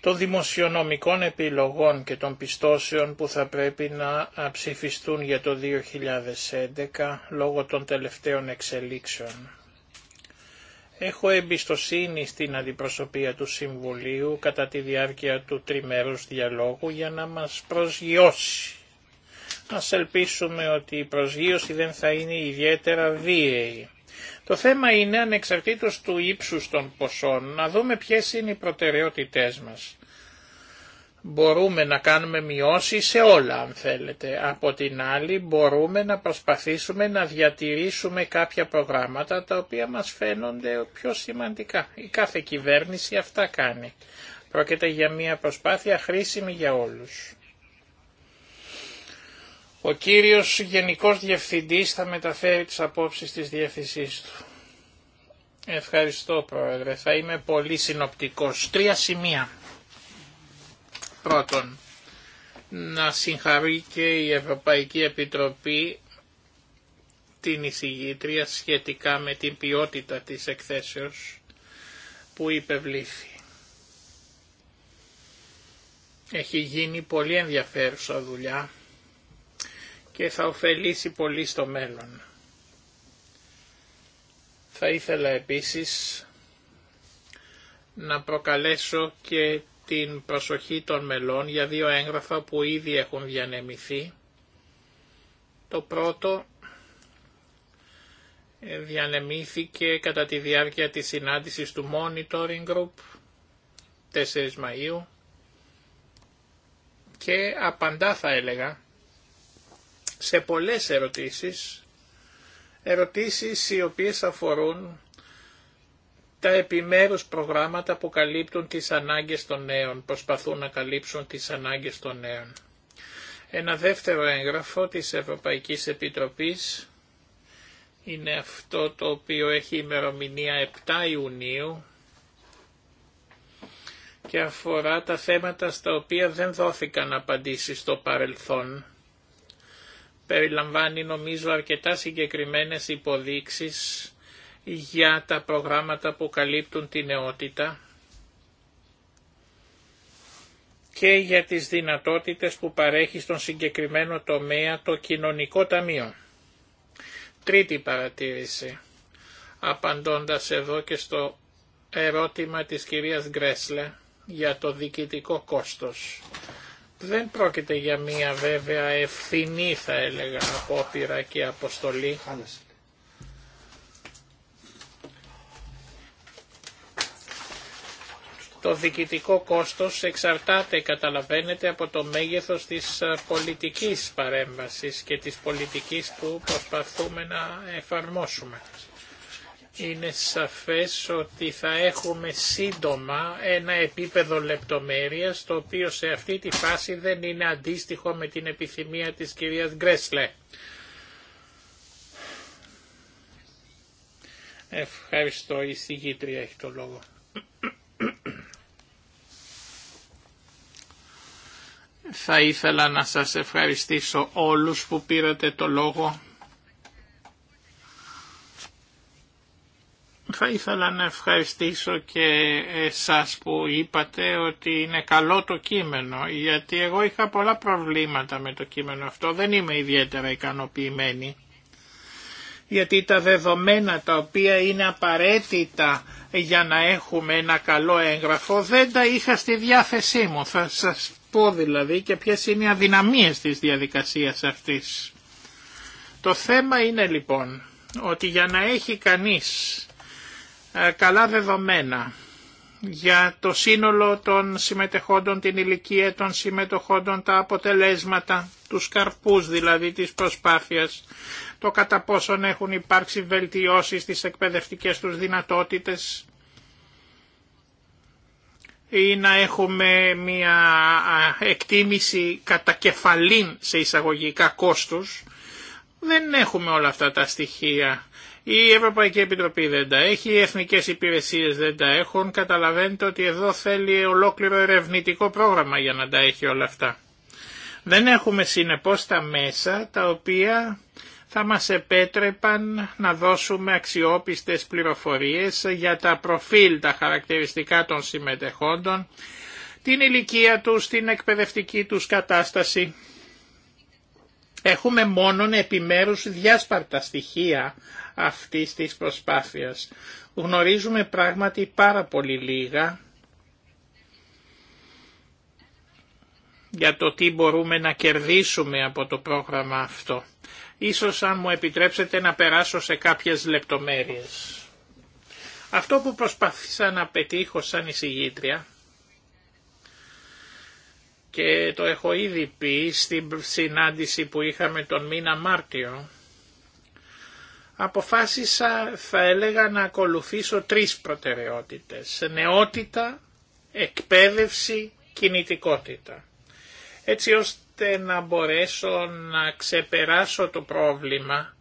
των δημοσιονομικών επιλογών και των πιστώσεων που θα πρέπει να ψηφιστούν για το 2011 λόγω των τελευταίων εξελίξεων. Έχω εμπιστοσύνη στην αντιπροσωπεία του Συμβουλίου κατά τη διάρκεια του τριμέρους διαλόγου για να μας προσγειώσει. Ας ελπίσουμε ότι η προσγείωση δεν θα είναι ιδιαίτερα βίαιη το θέμα είναι ανεξαρτήτως του ύψους των ποσών να δούμε ποιες είναι οι προτεραιότητές μας. Μπορούμε να κάνουμε μειώσεις σε όλα αν θέλετε. Από την άλλη μπορούμε να προσπαθήσουμε να διατηρήσουμε κάποια προγράμματα τα οποία μας φαίνονται πιο σημαντικά. Η κάθε κυβέρνηση αυτά κάνει. Πρόκειται για μια προσπάθεια χρήσιμη για όλους. Ο κύριος Γενικός Διευθυντής θα μεταφέρει τις απόψεις της διεύθυνσής του. Ευχαριστώ Πρόεδρε. Θα είμαι πολύ συνοπτικός. Τρία σημεία. Πρώτον, να συγχαρεί και η Ευρωπαϊκή Επιτροπή την εισηγήτρια σχετικά με την ποιότητα της εκθέσεως που υπευλήθη. Έχει γίνει πολύ ενδιαφέρουσα δουλειά και θα ωφελήσει πολύ στο μέλλον. Θα ήθελα επίσης να προκαλέσω και την προσοχή των μελών για δύο έγγραφα που ήδη έχουν διανεμηθεί. Το πρώτο διανεμήθηκε κατά τη διάρκεια της συνάντησης του Monitoring Group 4 Μαΐου και απαντά θα έλεγα σε πολλές ερωτήσεις, ερωτήσεις οι οποίες αφορούν τα επιμέρους προγράμματα που καλύπτουν τις ανάγκες των νέων, προσπαθούν να καλύψουν τις ανάγκες των νέων. Ένα δεύτερο έγγραφο της Ευρωπαϊκής Επιτροπής είναι αυτό το οποίο έχει ημερομηνία 7 Ιουνίου και αφορά τα θέματα στα οποία δεν δόθηκαν απαντήσεις στο παρελθόν περιλαμβάνει νομίζω αρκετά συγκεκριμένες υποδείξεις για τα προγράμματα που καλύπτουν την νεότητα και για τις δυνατότητες που παρέχει στον συγκεκριμένο τομέα το κοινωνικό ταμείο. Τρίτη παρατήρηση, απαντώντας εδώ και στο ερώτημα της κυρίας Γκρέσλε για το διοικητικό κόστος. Δεν πρόκειται για μια βέβαια ευθυνή θα έλεγα απόπειρα και αποστολή. Το διοικητικό κόστος εξαρτάται, καταλαβαίνετε, από το μέγεθος της ε, πολιτικής παρέμβασης και της πολιτικής που προσπαθούμε να εφαρμόσουμε είναι σαφές ότι θα έχουμε σύντομα ένα επίπεδο λεπτομέρειας το οποίο σε αυτή τη φάση δεν είναι αντίστοιχο με την επιθυμία της κυρίας Γκρέσλε. Ευχαριστώ, η συγκήτρια έχει το λόγο. Θα ήθελα να σας ευχαριστήσω όλους που πήρατε το λόγο Θα ήθελα να ευχαριστήσω και εσάς που είπατε ότι είναι καλό το κείμενο, γιατί εγώ είχα πολλά προβλήματα με το κείμενο αυτό, δεν είμαι ιδιαίτερα ικανοποιημένη, γιατί τα δεδομένα τα οποία είναι απαραίτητα για να έχουμε ένα καλό έγγραφο δεν τα είχα στη διάθεσή μου. Θα σας πω δηλαδή και ποιες είναι οι αδυναμίες της διαδικασίας αυτής. Το θέμα είναι λοιπόν ότι για να έχει κανείς ε, καλά δεδομένα για το σύνολο των συμμετεχόντων, την ηλικία των συμμετεχόντων, τα αποτελέσματα, τους καρπούς δηλαδή της προσπάθειας, το κατά πόσον έχουν υπάρξει βελτιώσεις στις εκπαιδευτικές τους δυνατότητες ή να έχουμε μια εκτίμηση κατά κεφαλήν σε εισαγωγικά κόστους. Δεν έχουμε όλα αυτά τα στοιχεία η Ευρωπαϊκή Επιτροπή δεν τα έχει, οι εθνικές υπηρεσίες δεν τα έχουν. Καταλαβαίνετε ότι εδώ θέλει ολόκληρο ερευνητικό πρόγραμμα για να τα έχει όλα αυτά. Δεν έχουμε συνεπώς τα μέσα τα οποία θα μας επέτρεπαν να δώσουμε αξιόπιστες πληροφορίες για τα προφίλ, τα χαρακτηριστικά των συμμετεχόντων, την ηλικία τους, την εκπαιδευτική τους κατάσταση. Έχουμε μόνον επιμέρους διάσπαρτα στοιχεία αυτής της προσπάθειας. Γνωρίζουμε πράγματι πάρα πολύ λίγα για το τι μπορούμε να κερδίσουμε από το πρόγραμμα αυτό. Ίσως αν μου επιτρέψετε να περάσω σε κάποιες λεπτομέρειες. Αυτό που προσπάθησα να πετύχω σαν εισηγήτρια και το έχω ήδη πει στην συνάντηση που είχαμε τον μήνα Μάρτιο αποφάσισα θα έλεγα να ακολουθήσω τρεις προτεραιότητες. Νεότητα, εκπαίδευση, κινητικότητα. Έτσι ώστε να μπορέσω να ξεπεράσω το πρόβλημα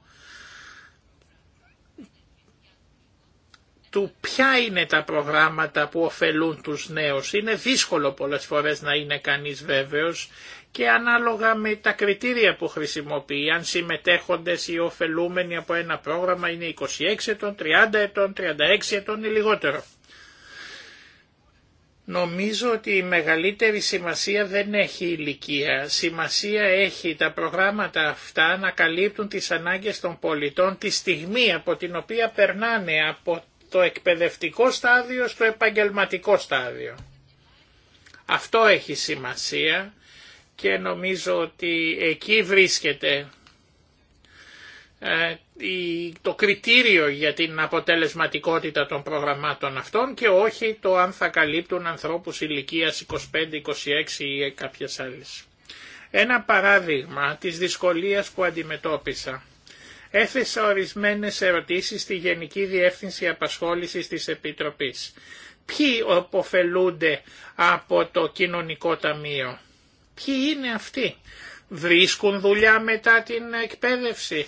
του ποια είναι τα προγράμματα που ωφελούν τους νέους. Είναι δύσκολο πολλές φορές να είναι κανείς βέβαιος και ανάλογα με τα κριτήρια που χρησιμοποιεί, αν συμμετέχοντες ή ωφελούμενοι από ένα πρόγραμμα είναι 26 ετών, 30 ετών, 36 ετών ή λιγότερο. Νομίζω ότι η μεγαλύτερη σημασία δεν έχει η ηλικία. Σημασία έχει τα προγράμματα αυτά να καλύπτουν τις ανάγκες των πολιτών τη στιγμή από την οποία περνάνε από το εκπαιδευτικό στάδιο στο επαγγελματικό στάδιο. Αυτό έχει σημασία και νομίζω ότι εκεί βρίσκεται ε, το κριτήριο για την αποτελεσματικότητα των προγραμμάτων αυτών και όχι το αν θα καλύπτουν ανθρώπους ηλικίας 25, 26 ή κάποιες άλλες. Ένα παράδειγμα της δυσκολίας που αντιμετώπισα. Έθεσα ορισμένες ερωτήσεις στη Γενική Διεύθυνση Απασχόλησης της Επιτροπής. Ποιοι αποφελούνται από το Κοινωνικό Ταμείο Ποιοι είναι αυτοί. Βρίσκουν δουλειά μετά την εκπαίδευση.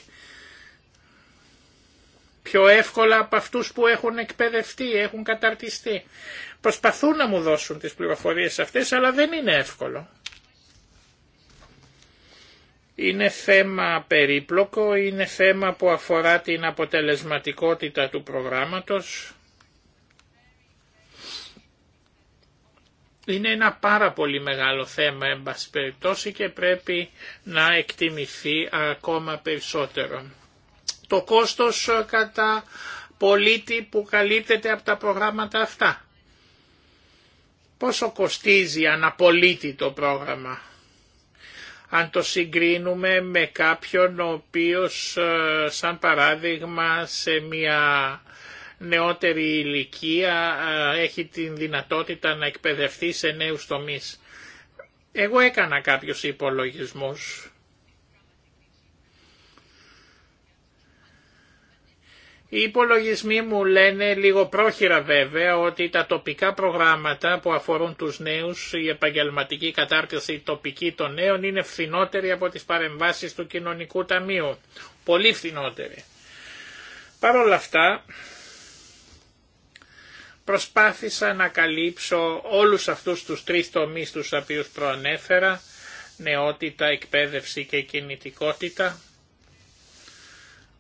Πιο εύκολα από αυτούς που έχουν εκπαιδευτεί, έχουν καταρτιστεί. Προσπαθούν να μου δώσουν τις πληροφορίες αυτές, αλλά δεν είναι εύκολο. Είναι θέμα περίπλοκο, είναι θέμα που αφορά την αποτελεσματικότητα του προγράμματος, Είναι ένα πάρα πολύ μεγάλο θέμα εν πάση περιπτώσει και πρέπει να εκτιμηθεί ακόμα περισσότερο. Το κόστος ε, κατά πολίτη που καλύπτεται από τα προγράμματα αυτά. Πόσο κοστίζει αναπολίτη το πρόγραμμα. Αν το συγκρίνουμε με κάποιον ο οποίος ε, σαν παράδειγμα σε μια νεότερη ηλικία έχει την δυνατότητα να εκπαιδευτεί σε νέους τομείς. Εγώ έκανα κάποιους υπολογισμούς. Οι υπολογισμοί μου λένε λίγο πρόχειρα βέβαια ότι τα τοπικά προγράμματα που αφορούν τους νέους, η επαγγελματική κατάρτιση τοπική των νέων είναι φθηνότερη από τις παρεμβάσεις του κοινωνικού ταμείου. Πολύ φθηνότερη. Παρ' όλα αυτά Προσπάθησα να καλύψω όλους αυτούς τους τρεις τομείς τους οποίους προανέφερα, νεότητα, εκπαίδευση και κινητικότητα.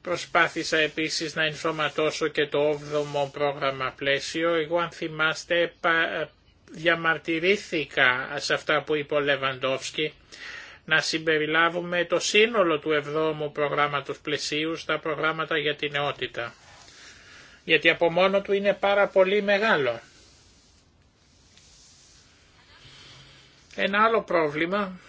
Προσπάθησα επίσης να ενσωματώσω και το 8ο πρόγραμμα πλαίσιο. Εγώ αν θυμάστε διαμαρτυρήθηκα σε αυτά που είπε ο Λεβαντόφσκι να συμπεριλάβουμε το σύνολο του 7ου προγράμματος πλαισίου στα προγράμματα για την νεότητα γιατί από μόνο του είναι πάρα πολύ μεγάλο. Ένα άλλο πρόβλημα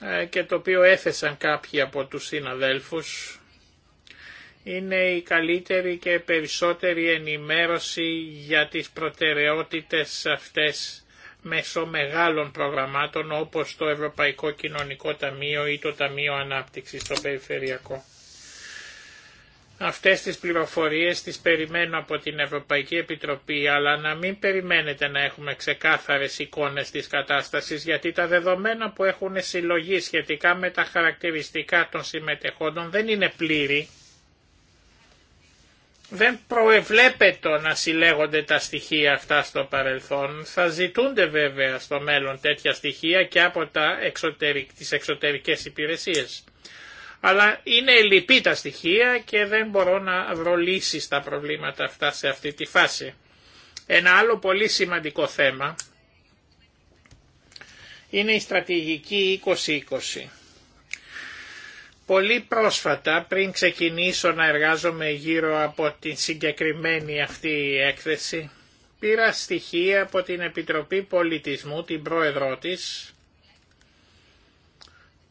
ε, και το οποίο έθεσαν κάποιοι από τους συναδέλφους είναι η καλύτερη και περισσότερη ενημέρωση για τις προτεραιότητες αυτές μέσω μεγάλων προγραμμάτων όπως το Ευρωπαϊκό Κοινωνικό Ταμείο ή το Ταμείο Ανάπτυξης στο Περιφερειακό. Αυτές τις πληροφορίες τις περιμένω από την Ευρωπαϊκή Επιτροπή, αλλά να μην περιμένετε να έχουμε ξεκάθαρες εικόνες της κατάστασης, γιατί τα δεδομένα που έχουν συλλογεί σχετικά με τα χαρακτηριστικά των συμμετεχόντων δεν είναι πλήρη δεν προεβλέπεται να συλλέγονται τα στοιχεία αυτά στο παρελθόν. Θα ζητούνται βέβαια στο μέλλον τέτοια στοιχεία και από τα εξωτερικ, τις εξωτερικές υπηρεσίες. Αλλά είναι λυπή τα στοιχεία και δεν μπορώ να βρω λύσεις στα προβλήματα αυτά σε αυτή τη φάση. Ένα άλλο πολύ σημαντικό θέμα είναι η στρατηγική 2020 Πολύ πρόσφατα πριν ξεκινήσω να εργάζομαι γύρω από την συγκεκριμένη αυτή έκθεση πήρα στοιχεία από την Επιτροπή Πολιτισμού, την πρόεδρό της,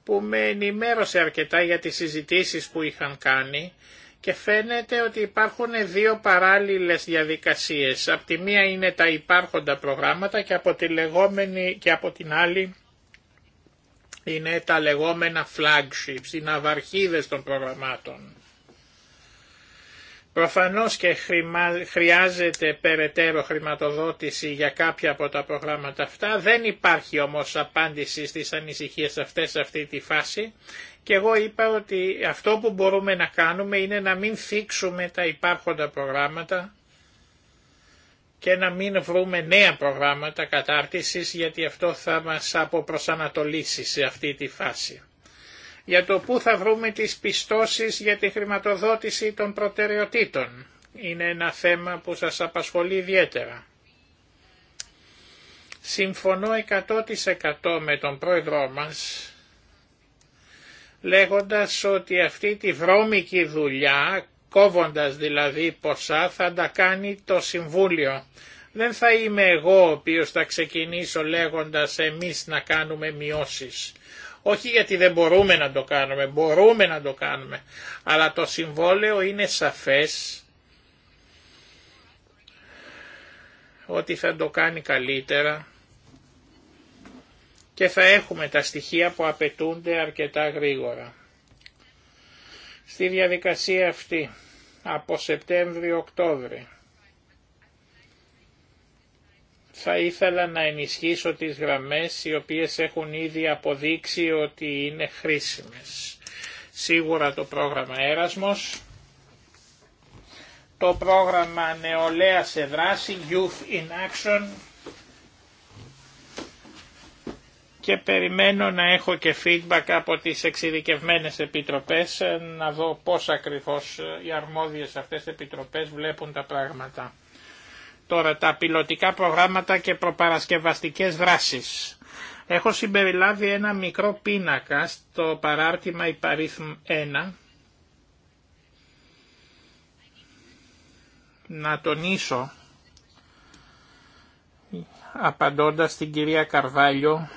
που με ενημέρωσε αρκετά για τις συζητήσεις που είχαν κάνει και φαίνεται ότι υπάρχουν δύο παράλληλες διαδικασίες. Από τη μία είναι τα υπάρχοντα προγράμματα και από, τη λεγόμενη, και από την άλλη είναι τα λεγόμενα flagships, οι ναυαρχίδες των προγραμμάτων. Προφανώς και χρειάζεται περαιτέρω χρηματοδότηση για κάποια από τα προγράμματα αυτά. Δεν υπάρχει όμως απάντηση στις ανησυχίες αυτές σε αυτή τη φάση. Και εγώ είπα ότι αυτό που μπορούμε να κάνουμε είναι να μην θίξουμε τα υπάρχοντα προγράμματα και να μην βρούμε νέα προγράμματα κατάρτισης γιατί αυτό θα μας αποπροσανατολίσει σε αυτή τη φάση. Για το πού θα βρούμε τις πιστώσεις για τη χρηματοδότηση των προτεραιοτήτων. Είναι ένα θέμα που σας απασχολεί ιδιαίτερα. Συμφωνώ 100% με τον πρόεδρό μας λέγοντας ότι αυτή τη βρώμικη δουλειά κόβοντας δηλαδή ποσά θα τα κάνει το Συμβούλιο. Δεν θα είμαι εγώ ο οποίος θα ξεκινήσω λέγοντας εμείς να κάνουμε μειώσεις. Όχι γιατί δεν μπορούμε να το κάνουμε, μπορούμε να το κάνουμε. Αλλά το συμβόλαιο είναι σαφές ότι θα το κάνει καλύτερα και θα έχουμε τα στοιχεία που απαιτούνται αρκετά γρήγορα στη διαδικασία αυτή από Σεπτέμβριο-Οκτώβριο. Θα ήθελα να ενισχύσω τις γραμμές οι οποίες έχουν ήδη αποδείξει ότι είναι χρήσιμες. Σίγουρα το πρόγραμμα Έρασμος, το πρόγραμμα Νεολαία σε δράση, Youth in Action, και περιμένω να έχω και feedback από τις εξειδικευμένες επιτροπές ε, να δω πώς ακριβώς ε, οι αρμόδιες αυτές επιτροπές βλέπουν τα πράγματα. Τώρα τα πιλωτικά προγράμματα και προπαρασκευαστικές δράσεις. Έχω συμπεριλάβει ένα μικρό πίνακα στο παράρτημα υπαρίθμ 1 να τονίσω απαντώντας την κυρία Καρβάλιο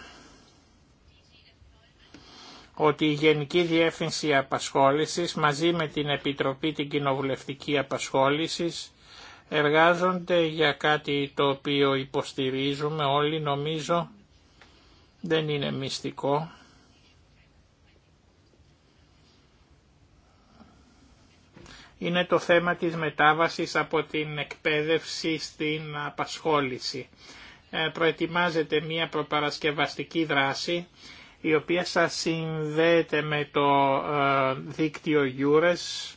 ότι η Γενική Διεύθυνση Απασχόλησης μαζί με την Επιτροπή την Κοινοβουλευτική Απασχόλησης εργάζονται για κάτι το οποίο υποστηρίζουμε όλοι νομίζω δεν είναι μυστικό. Είναι το θέμα της μετάβασης από την εκπαίδευση στην απασχόληση. Ε, προετοιμάζεται μία προπαρασκευαστική δράση η οποία σας συνδέεται με το ε, δίκτυο EURES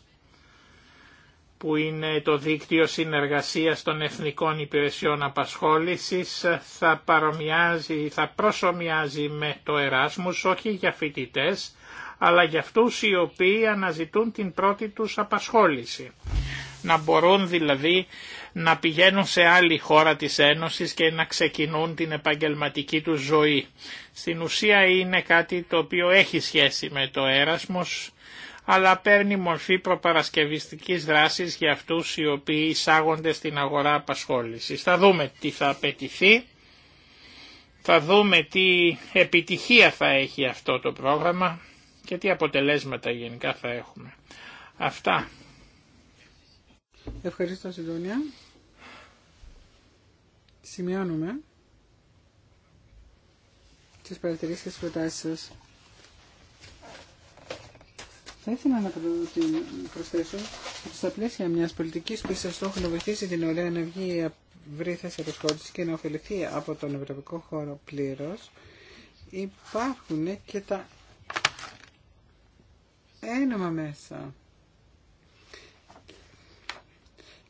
που είναι το δίκτυο συνεργασίας των Εθνικών Υπηρεσιών Απασχόλησης θα, παρομοιάζει, θα προσωμιάζει με το Εράσμους όχι για φοιτητές αλλά για αυτούς οι οποίοι αναζητούν την πρώτη τους απασχόληση. Να μπορούν δηλαδή να πηγαίνουν σε άλλη χώρα της Ένωσης και να ξεκινούν την επαγγελματική τους ζωή. Στην ουσία είναι κάτι το οποίο έχει σχέση με το έρασμος, αλλά παίρνει μορφή προπαρασκευιστικής δράσης για αυτούς οι οποίοι εισάγονται στην αγορά απασχόλησης. Θα δούμε τι θα απαιτηθεί, θα δούμε τι επιτυχία θα έχει αυτό το πρόγραμμα και τι αποτελέσματα γενικά θα έχουμε. Αυτά. Ευχαριστώ Συντονία σημειώνουμε τις παρατηρήσεις και τις προτάσεις σας. Θα ήθελα να προσθέσω ότι στα πλαίσια μιας πολιτικής που σα στόχο να βοηθήσει την ωραία να βγει η θέση απασχόληση και να ωφεληθεί από τον ευρωπαϊκό χώρο πλήρω. υπάρχουν και τα ένομα μέσα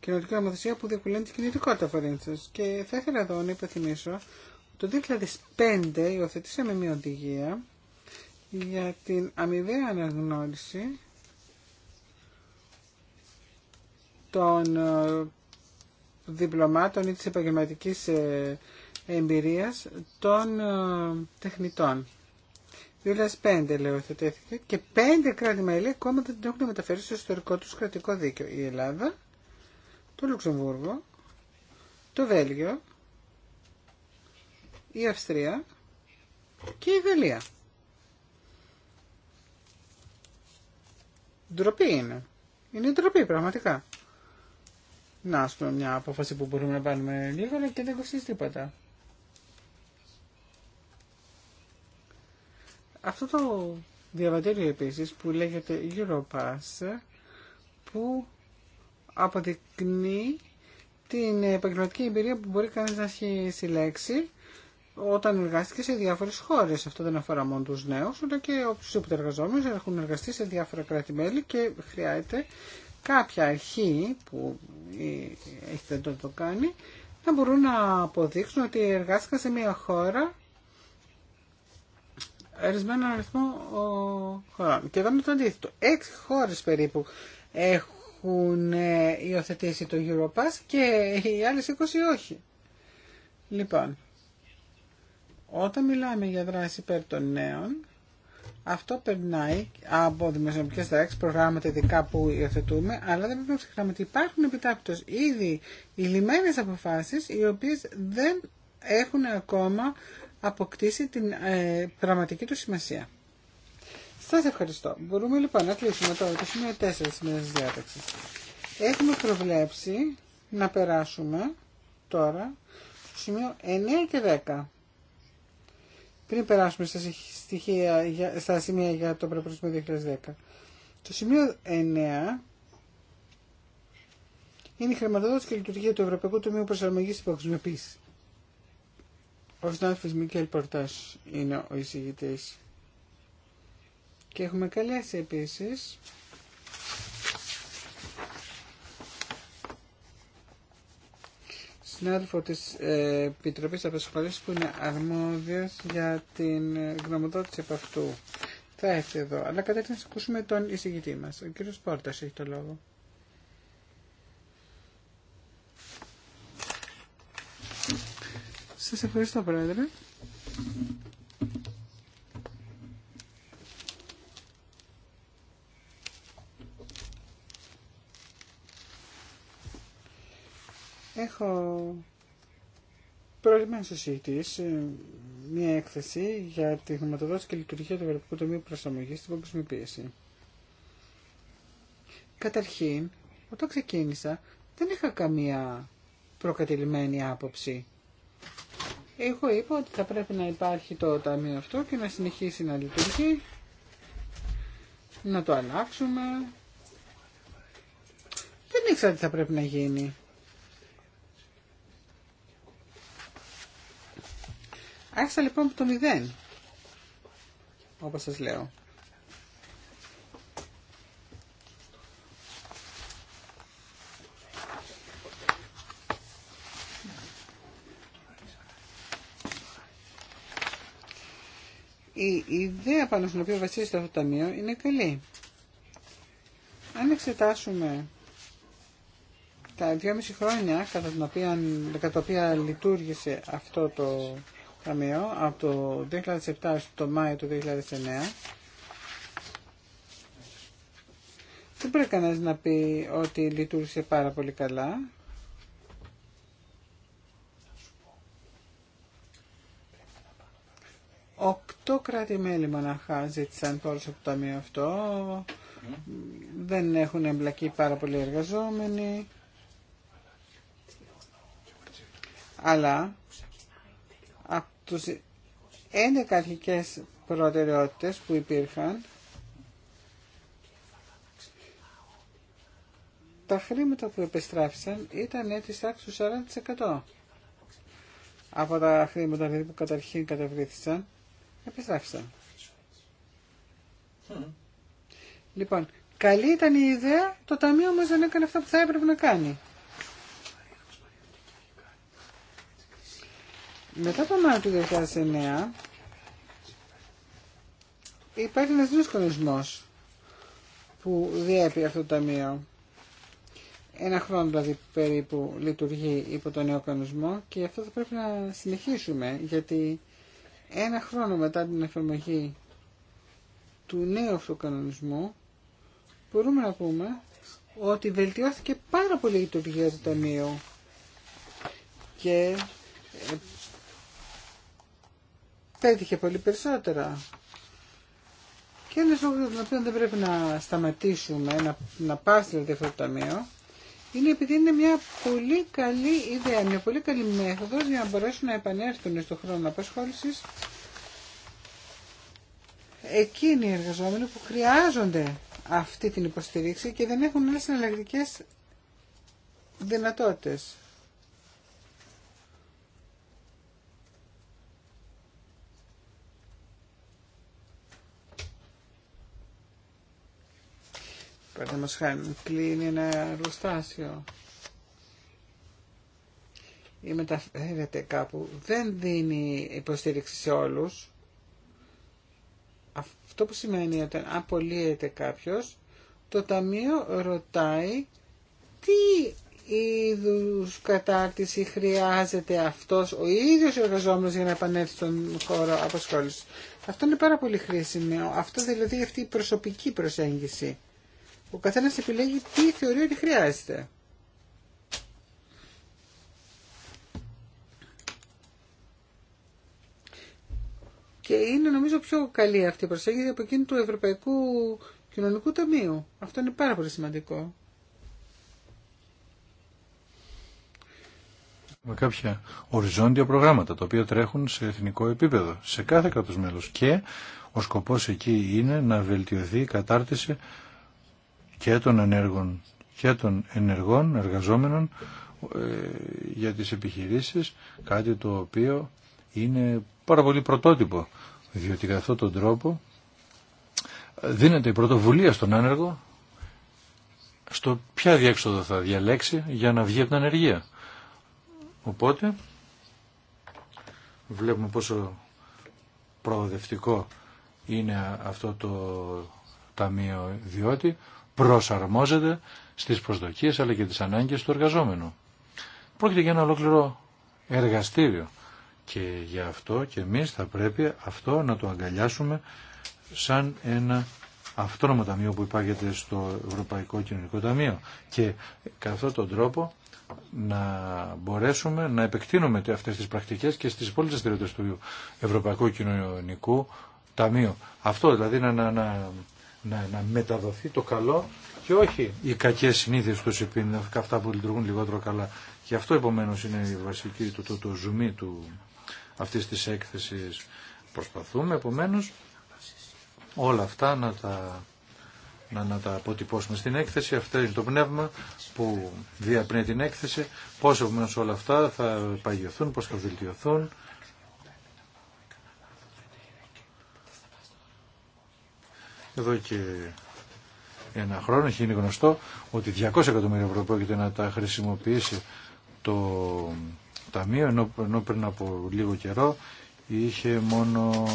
κοινωτική νομοθεσία που διευκολύνει την κινητικότητα φορέντου. Και θα ήθελα εδώ να υπενθυμίσω το 2005 υιοθετήσαμε μια οδηγία για την αμοιβαία αναγνώριση των ε, διπλωμάτων ή της επαγγελματική ε, εμπειρίας των ε, τεχνητών. 2005 λέω και πέντε κράτη-μέλη ακόμα δεν την έχουν μεταφέρει στο ιστορικό του κρατικό δίκαιο. Η Ελλάδα το Λουξεμβούργο, το Βέλγιο, η Αυστρία και η Γαλλία. Ντροπή είναι. Είναι ντροπή πραγματικά. Να, ας πούμε, μια απόφαση που μπορούμε να πάρουμε λίγο και δεν κοστίζει τίποτα. Αυτό το διαβατήριο επίσης που λέγεται Europass που αποδεικνύει την επαγγελματική εμπειρία που μπορεί κανείς να έχει συλλέξει όταν εργάστηκε σε διάφορε χώρε. Αυτό δεν αφορά μόνο του νέου, αλλά και όποιου εργαζόμενου έχουν εργαστεί σε διάφορα κράτη-μέλη και χρειάζεται κάποια αρχή που έχει το, το κάνει να μπορούν να αποδείξουν ότι εργάστηκαν σε μια χώρα ορισμένο αριθμό χωρών. Και εδώ είναι το αντίθετο. Έξι χώρε περίπου έχουν έχουν ε, υιοθετήσει το Europass και οι άλλες 20 όχι. Λοιπόν, όταν μιλάμε για δράση υπέρ των νέων, αυτό περνάει από δημοσιονομικέ τάξει, προγράμματα ειδικά που υιοθετούμε, αλλά δεν πρέπει να ξεχνάμε ότι υπάρχουν επιτάπητο ήδη ηλυμένε αποφάσει, οι οποίε δεν έχουν ακόμα αποκτήσει την ε, πραγματική του σημασία. Σα ευχαριστώ. Μπορούμε λοιπόν να κλείσουμε τώρα το σημείο 4 της σημερινή διάταξη. Έχουμε προβλέψει να περάσουμε τώρα στο σημείο 9 και 10. Πριν περάσουμε στα, στοιχεία, στα σημεία για το προπολισμό 2010. Το σημείο 9 είναι η χρηματοδότηση και λειτουργία του Ευρωπαϊκού Τομείου Προσαρμογή στην Ο συνάδελφο Μικέλ Πορτά είναι ο εισηγητή. Και έχουμε καλέσει επίσης συνάδελφο της ε, Επιτροπής Απασχολής που είναι αρμόδιος για την γνωμοδότηση από αυτού. Θα έρθει εδώ. Αλλά καταρχήν να ακούσουμε τον εισηγητή μας. Ο κύριος Πόρτας έχει το λόγο. Σας ευχαριστώ, Πρόεδρε. Έχω πρόβλημα συζητής μια έκθεση για τη χρηματοδότηση και λειτουργία του Ευρωπαϊκού Τομείου Προσαρμογής στην Παγκοσμιοποίηση. Καταρχήν, όταν ξεκίνησα, δεν είχα καμία προκατηλημένη άποψη. Εγώ είπα ότι θα πρέπει να υπάρχει το ταμείο αυτό και να συνεχίσει να λειτουργεί, να το αλλάξουμε. Δεν ήξερα τι θα πρέπει να γίνει. Άρχισα λοιπόν από το μηδέν, όπως σας λέω. η ιδέα πάνω στην οποία βασίζεται αυτό το ταμείο είναι καλή. Αν εξετάσουμε τα 2,5 χρόνια κατά, κατά τα οποία λειτουργήσε αυτό το Ταμείο από το 2007 στο Μάιο του 2009 δεν πρέπει κανένας να πει ότι λειτουργήσε πάρα πολύ καλά. Οκτώ κράτη-μέλη μοναχά ζήτησαν πόρους από το Ταμείο αυτό. Δεν έχουν εμπλακεί πάρα πολλοί εργαζόμενοι. Αλλά τους 11 αρχικές προτεραιότητες που υπήρχαν τα χρήματα που επιστράφησαν ήταν έτσι τάξης του 40% από τα χρήματα δηλαδή που καταρχήν καταβλήθησαν επιστράφησαν. Λοιπόν, καλή ήταν η ιδέα, το Ταμείο όμως δεν έκανε αυτό που θα έπρεπε να κάνει. Μετά το Μάρτιο του 2009 υπάρχει ένας νέος κανονισμός που διέπει αυτό το ταμείο. Ένα χρόνο δηλαδή περίπου λειτουργεί υπό τον νέο κανονισμό και αυτό θα πρέπει να συνεχίσουμε γιατί ένα χρόνο μετά την εφαρμογή του νέου αυτού κανονισμού μπορούμε να πούμε ότι βελτιώθηκε πάρα πολύ η λειτουργία του Ταμείου και πέτυχε πολύ περισσότερα. Και ένας λόγος για τον οποίο δεν πρέπει να σταματήσουμε, να, να πάσει δηλαδή αυτό ταμείο, είναι επειδή είναι μια πολύ καλή ιδέα, μια πολύ καλή μέθοδος για να μπορέσουν να επανέλθουν στο χρόνο απασχόλησης εκείνοι οι εργαζόμενοι που χρειάζονται αυτή την υποστηρίξη και δεν έχουν άλλες εναλλακτικέ δυνατότητες. Παραδείγματο χάνει. κλείνει ένα εργοστάσιο ή μεταφέρεται κάπου, δεν δίνει υποστήριξη σε όλους. Αυτό που σημαίνει όταν απολύεται κάποιος, το Ταμείο ρωτάει τι είδου κατάρτιση χρειάζεται αυτός ο ίδιος ο για να επανέλθει στον χώρο αποσχόλησης. Αυτό είναι πάρα πολύ χρήσιμο. Αυτό δηλαδή αυτή η προσωπική προσέγγιση. Ο καθένα επιλέγει τι θεωρεί ότι χρειάζεται. Και είναι νομίζω πιο καλή αυτή η προσέγγιση από εκείνη του Ευρωπαϊκού Κοινωνικού Ταμείου. Αυτό είναι πάρα πολύ σημαντικό. με κάποια οριζόντια προγράμματα τα οποία τρέχουν σε εθνικό επίπεδο, σε κάθε κράτος μέλος και ο σκοπός εκεί είναι να βελτιωθεί η κατάρτιση και των ενέργων και των ενεργών εργαζόμενων ε, για τις επιχειρήσεις, κάτι το οποίο είναι πάρα πολύ πρωτότυπο, διότι κατά τον τρόπο δίνεται η πρωτοβουλία στον άνεργο στο ποια διέξοδο θα διαλέξει για να βγει από την ανεργία. Οπότε βλέπουμε πόσο προοδευτικό είναι αυτό το ταμείο διότι προσαρμόζεται στις προσδοκίες αλλά και τις ανάγκες του εργαζόμενου. Πρόκειται για ένα ολόκληρο εργαστήριο και γι' αυτό και εμείς θα πρέπει αυτό να το αγκαλιάσουμε σαν ένα αυτόνομο ταμείο που υπάγεται στο Ευρωπαϊκό Κοινωνικό Ταμείο και κατά αυτόν τον τρόπο να μπορέσουμε να επεκτείνουμε αυτές τις πρακτικές και στι υπόλοιπες δραστηριότητες του Ευρωπαϊκού Κοινωνικού Ταμείου. Αυτό δηλαδή να, να, να να, να μεταδοθεί το καλό και όχι οι κακέ συνήθειες του ΣΥΠΗΝ, αυτά που λειτουργούν λιγότερο καλά. και αυτό επομένως είναι η βασική, το, το, το ζουμί του αυτής της έκθεσης. Προσπαθούμε επομένως όλα αυτά να τα, να, να τα αποτυπώσουμε στην έκθεση. Αυτό είναι το πνεύμα που διαπνέει την έκθεση. Πώς επομένως όλα αυτά θα παγιωθούν, πώ θα βελτιωθούν Εδώ και ένα χρόνο έχει γίνει γνωστό ότι 200 εκατομμύρια ευρώ πρόκειται να τα χρησιμοποιήσει το Ταμείο, ενώ, ενώ πριν από λίγο καιρό είχε μόνο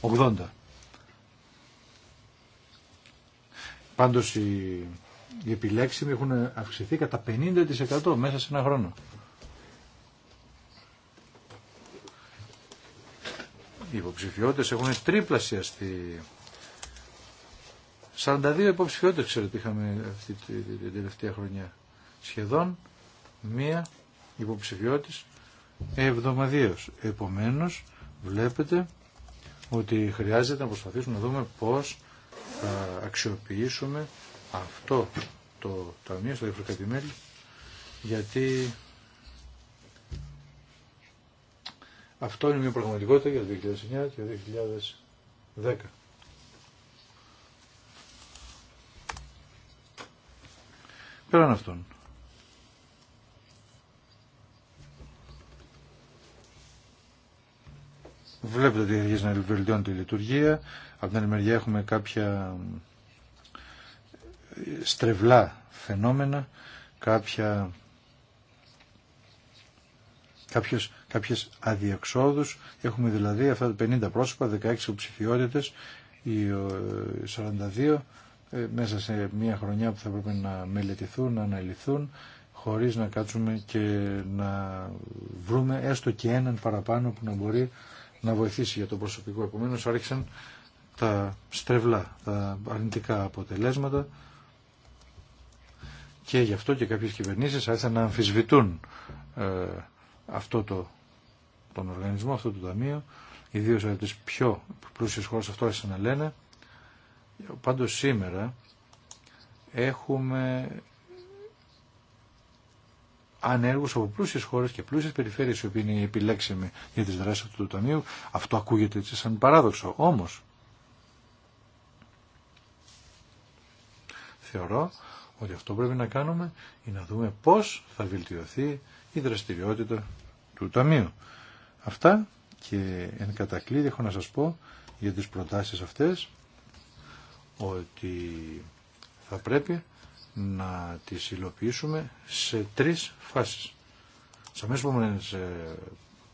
80. Πάντως οι, οι επιλέξιμοι έχουν αυξηθεί κατά 50% μέσα σε ένα χρόνο. Οι υποψηφιότητες έχουν τριπλασιαστεί 42 υποψηφιότητες ξέρω ότι είχαμε αυτή την τελευταία χρονιά. Σχεδόν μία υποψηφιότης εβδομαδίως. Επομένως βλέπετε ότι χρειάζεται να προσπαθήσουμε να δούμε πώς θα αξιοποιήσουμε αυτό το ταμείο στο Ευρωκατημέλη γιατί αυτό είναι μια πραγματικότητα για το 2009 και το 2010. Πέραν αυτών. Βλέπετε ότι αρχίζει να βελτιώνει η λειτουργία. Από την άλλη μεριά έχουμε κάποια ε, στρεβλά φαινόμενα, κάποια, κάποιες, κάποιες αδιεξόδους. Έχουμε δηλαδή αυτά τα 50 πρόσωπα, 16 ψηφιότητες, οι 42 ε, ε, μέσα σε μια χρονιά που θα πρέπει να μελετηθούν, να αναλυθούν, χωρίς να κάτσουμε και να βρούμε έστω και έναν παραπάνω που να μπορεί να βοηθήσει για το προσωπικό. Επομένω άρχισαν τα στρεβλά, τα αρνητικά αποτελέσματα και γι' αυτό και κάποιες κυβερνήσεις άρχισαν να αμφισβητούν ε, αυτό το, τον οργανισμό, αυτό το ταμείο, ιδίως από πιο πλούσιες χώρες αυτό άρχισαν να λένε Πάντως σήμερα έχουμε ανέργους από πλούσιες χώρες και πλούσιες περιφέρειες οι οποίοι είναι επιλέξιμοι για τις δράσεις του Ταμείου. Αυτό ακούγεται έτσι σαν παράδοξο. Όμως θεωρώ ότι αυτό πρέπει να κάνουμε είναι να δούμε πώς θα βελτιωθεί η δραστηριότητα του Ταμείου. Αυτά και εν κατακλείδη έχω να σας πω για τις προτάσεις αυτές ότι θα πρέπει να τις υλοποιήσουμε σε τρεις φάσεις. Σε αμέσως επόμενες ε,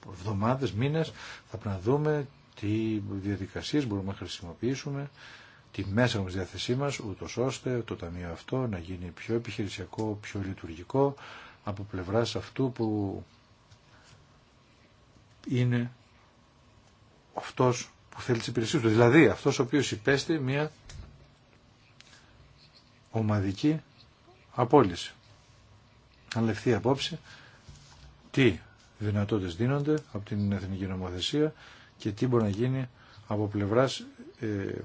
εβδομάδες, μήνες θα πρέπει να δούμε τι διαδικασίες μπορούμε να χρησιμοποιήσουμε, τι μέσα στη διάθεσή μας, ούτω ώστε το ταμείο αυτό να γίνει πιο επιχειρησιακό, πιο λειτουργικό από πλευράς αυτού που είναι αυτός που θέλει τις υπηρεσίες του. Δηλαδή αυτός ο οποίος υπέστη μια ομαδική απόλυση. Αν λεφθεί απόψη τι δυνατότητες δίνονται από την Εθνική Νομοθεσία και τι μπορεί να γίνει από πλευράς ε, ε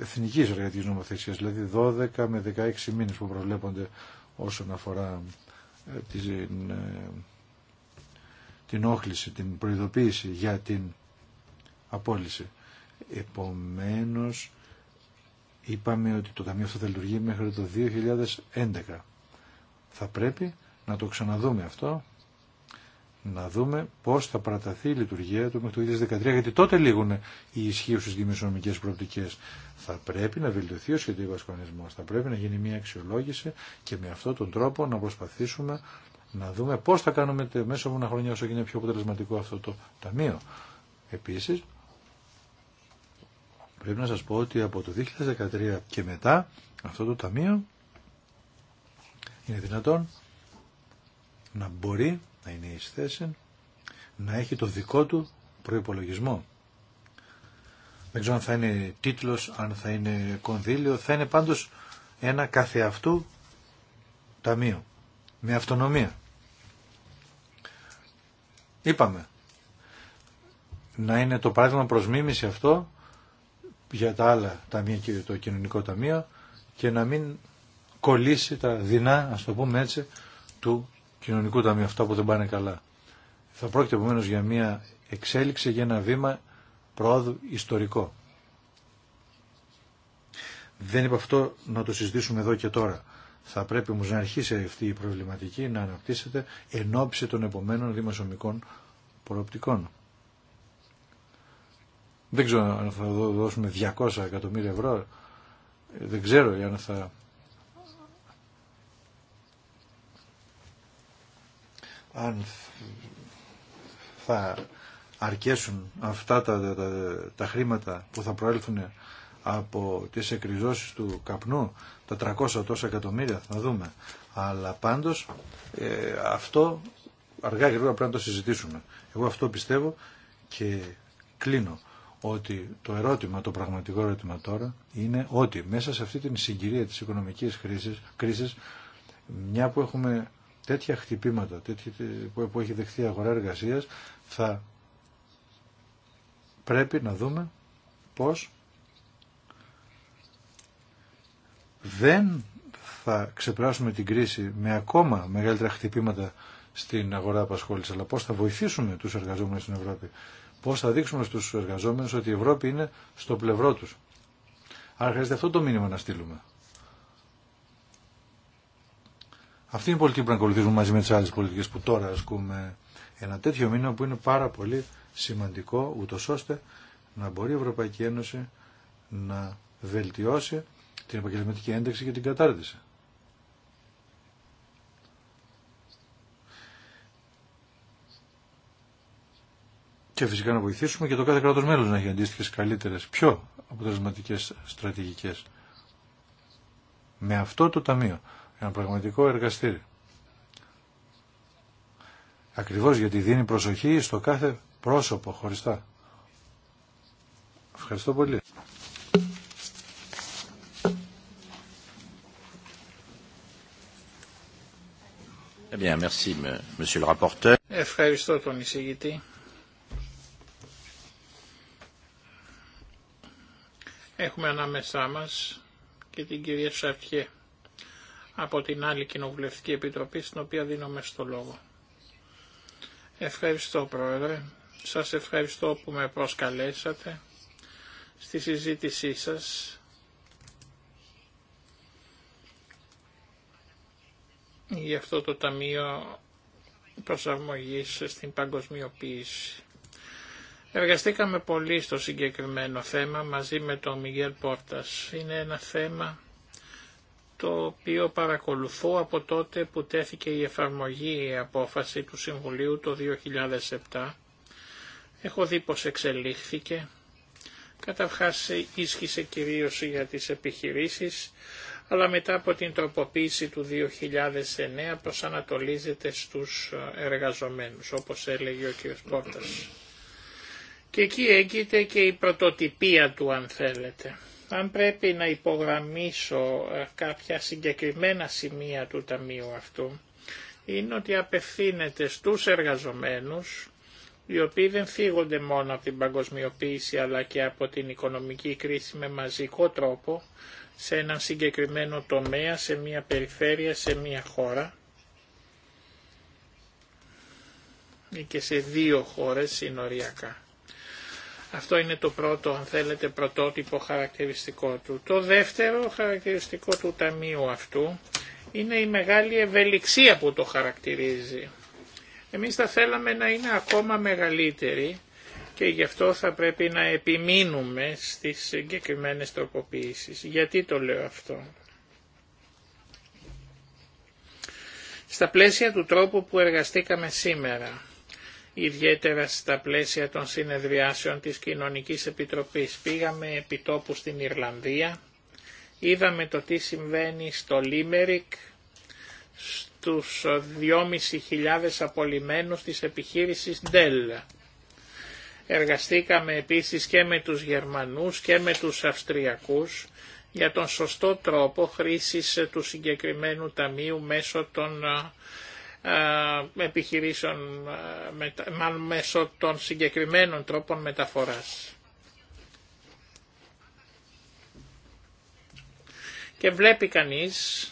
εθνική εργατική νομοθεσία, δηλαδή 12 με 16 μήνε που προβλέπονται όσον αφορά ε, την, ε, την όχληση, την προειδοποίηση για την απόλυση. Επομένως, είπαμε ότι το Ταμείο αυτό θα λειτουργεί μέχρι το 2011. Θα πρέπει να το ξαναδούμε αυτό, να δούμε πώς θα παραταθεί η λειτουργία του μέχρι το 2013, γιατί τότε λήγουν οι ισχύουσες δημοσιονομικές προοπτικές. Θα πρέπει να βελτιωθεί ο σχετικό ασκονισμό. θα πρέπει να γίνει μια αξιολόγηση και με αυτόν τον τρόπο να προσπαθήσουμε να δούμε πώς θα κάνουμε μέσα από ένα χρονιά όσο γίνεται πιο αποτελεσματικό αυτό το ταμείο. Επίσης, Πρέπει να σας πω ότι από το 2013 και μετά αυτό το ταμείο είναι δυνατόν να μπορεί να είναι εις θέση να έχει το δικό του προϋπολογισμό. Δεν ξέρω αν θα είναι τίτλος, αν θα είναι κονδύλιο, θα είναι πάντως ένα καθεαυτού ταμείο με αυτονομία. Είπαμε να είναι το παράδειγμα προς μίμηση αυτό για τα άλλα ταμεία και το κοινωνικό ταμείο και να μην κολλήσει τα δεινά, ας το πούμε έτσι, του κοινωνικού ταμείου, αυτά που δεν πάνε καλά. Θα πρόκειται επομένω για μια εξέλιξη, για ένα βήμα προόδου ιστορικό. Δεν είπα αυτό να το συζητήσουμε εδώ και τώρα. Θα πρέπει όμω να αρχίσει αυτή η προβληματική να αναπτύσσεται εν ώψη των επομένων δημοσιομικών προοπτικών. Δεν ξέρω αν θα δώσουμε 200 εκατομμύρια ευρώ. Δεν ξέρω αν θα... Αν θα αρκέσουν αυτά τα, χρήματα που θα προέλθουν από τις εκριζώσεις του καπνού, τα 300 τόσα εκατομμύρια, θα δούμε. Αλλά πάντως ε, αυτό αργά και γρήγορα πρέπει να το συζητήσουμε. Εγώ αυτό πιστεύω και κλείνω ότι το ερώτημα, το πραγματικό ερώτημα τώρα είναι ότι μέσα σε αυτή την συγκυρία της οικονομικής κρίσης, κρίσης, μια που έχουμε τέτοια χτυπήματα τέτοια, που έχει δεχθεί η αγορά εργασίας, θα πρέπει να δούμε πώς δεν θα ξεπεράσουμε την κρίση με ακόμα μεγαλύτερα χτυπήματα στην αγορά απασχόληση, αλλά πώς θα βοηθήσουμε τους εργαζόμενους στην Ευρώπη Πώς θα δείξουμε στους εργαζόμενους ότι η Ευρώπη είναι στο πλευρό τους. Άρα χρειάζεται αυτό το μήνυμα να στείλουμε. Αυτή είναι η πολιτική που ακολουθήσουμε μαζί με τις άλλες πολιτικές που τώρα ασκούμε ένα τέτοιο μήνυμα που είναι πάρα πολύ σημαντικό ούτω ώστε να μπορεί η Ευρωπαϊκή Ένωση να βελτιώσει την επαγγελματική ένταξη και την κατάρτιση. Και φυσικά να βοηθήσουμε και το κάθε κράτος μέλος να έχει αντίστοιχε καλύτερες, πιο αποτελεσματικέ στρατηγικές. Με αυτό το ταμείο. Ένα πραγματικό εργαστήρι. Ακριβώς γιατί δίνει προσοχή στο κάθε πρόσωπο χωριστά. Ευχαριστώ πολύ. Eh Ευχαριστώ τον εισηγητή. Έχουμε ανάμεσά μας και την κυρία Σαρτιέ από την άλλη κοινοβουλευτική επιτροπή στην οποία δίνομαι στο λόγο. Ευχαριστώ Πρόεδρε, σας ευχαριστώ που με προσκαλέσατε στη συζήτησή σας για αυτό το Ταμείο Προσαρμογής στην Παγκοσμιοποίηση. Εργαστήκαμε πολύ στο συγκεκριμένο θέμα μαζί με τον Μιγέλ Πόρτας. Είναι ένα θέμα το οποίο παρακολουθώ από τότε που τέθηκε η εφαρμογή η απόφαση του Συμβουλίου το 2007. Έχω δει πως εξελίχθηκε. Καταρχάς ίσχυσε κυρίως για τις επιχειρήσεις, αλλά μετά από την τροποποίηση του 2009 προσανατολίζεται στους εργαζομένους, όπως έλεγε ο κ. Πόρτας. Και εκεί έγκυται και η πρωτοτυπία του αν θέλετε. Αν πρέπει να υπογραμμίσω ε, κάποια συγκεκριμένα σημεία του ταμείου αυτού, είναι ότι απευθύνεται στους εργαζομένους, οι οποίοι δεν φύγονται μόνο από την παγκοσμιοποίηση αλλά και από την οικονομική κρίση με μαζικό τρόπο, σε έναν συγκεκριμένο τομέα, σε μια περιφέρεια, σε μια χώρα ή και σε δύο χώρες συνοριακά. Αυτό είναι το πρώτο, αν θέλετε, πρωτότυπο χαρακτηριστικό του. Το δεύτερο χαρακτηριστικό του ταμείου αυτού είναι η μεγάλη ευελιξία που το χαρακτηρίζει. Εμείς θα θέλαμε να είναι ακόμα μεγαλύτερη και γι' αυτό θα πρέπει να επιμείνουμε στις συγκεκριμένε τροποποίησεις. Γιατί το λέω αυτό. Στα πλαίσια του τρόπου που εργαστήκαμε σήμερα, ιδιαίτερα στα πλαίσια των συνεδριάσεων της Κοινωνικής Επιτροπής. Πήγαμε επιτόπου στην Ιρλανδία, είδαμε το τι συμβαίνει στο Λίμερικ, στους 2.500 απολυμμένους της επιχείρησης Dell. Εργαστήκαμε επίσης και με τους Γερμανούς και με τους Αυστριακούς για τον σωστό τρόπο χρήσης του συγκεκριμένου ταμείου μέσω των ε, επιχειρήσεων, ε, μάλλον μέσω των συγκεκριμένων τρόπων μεταφοράς. Και βλέπει κανείς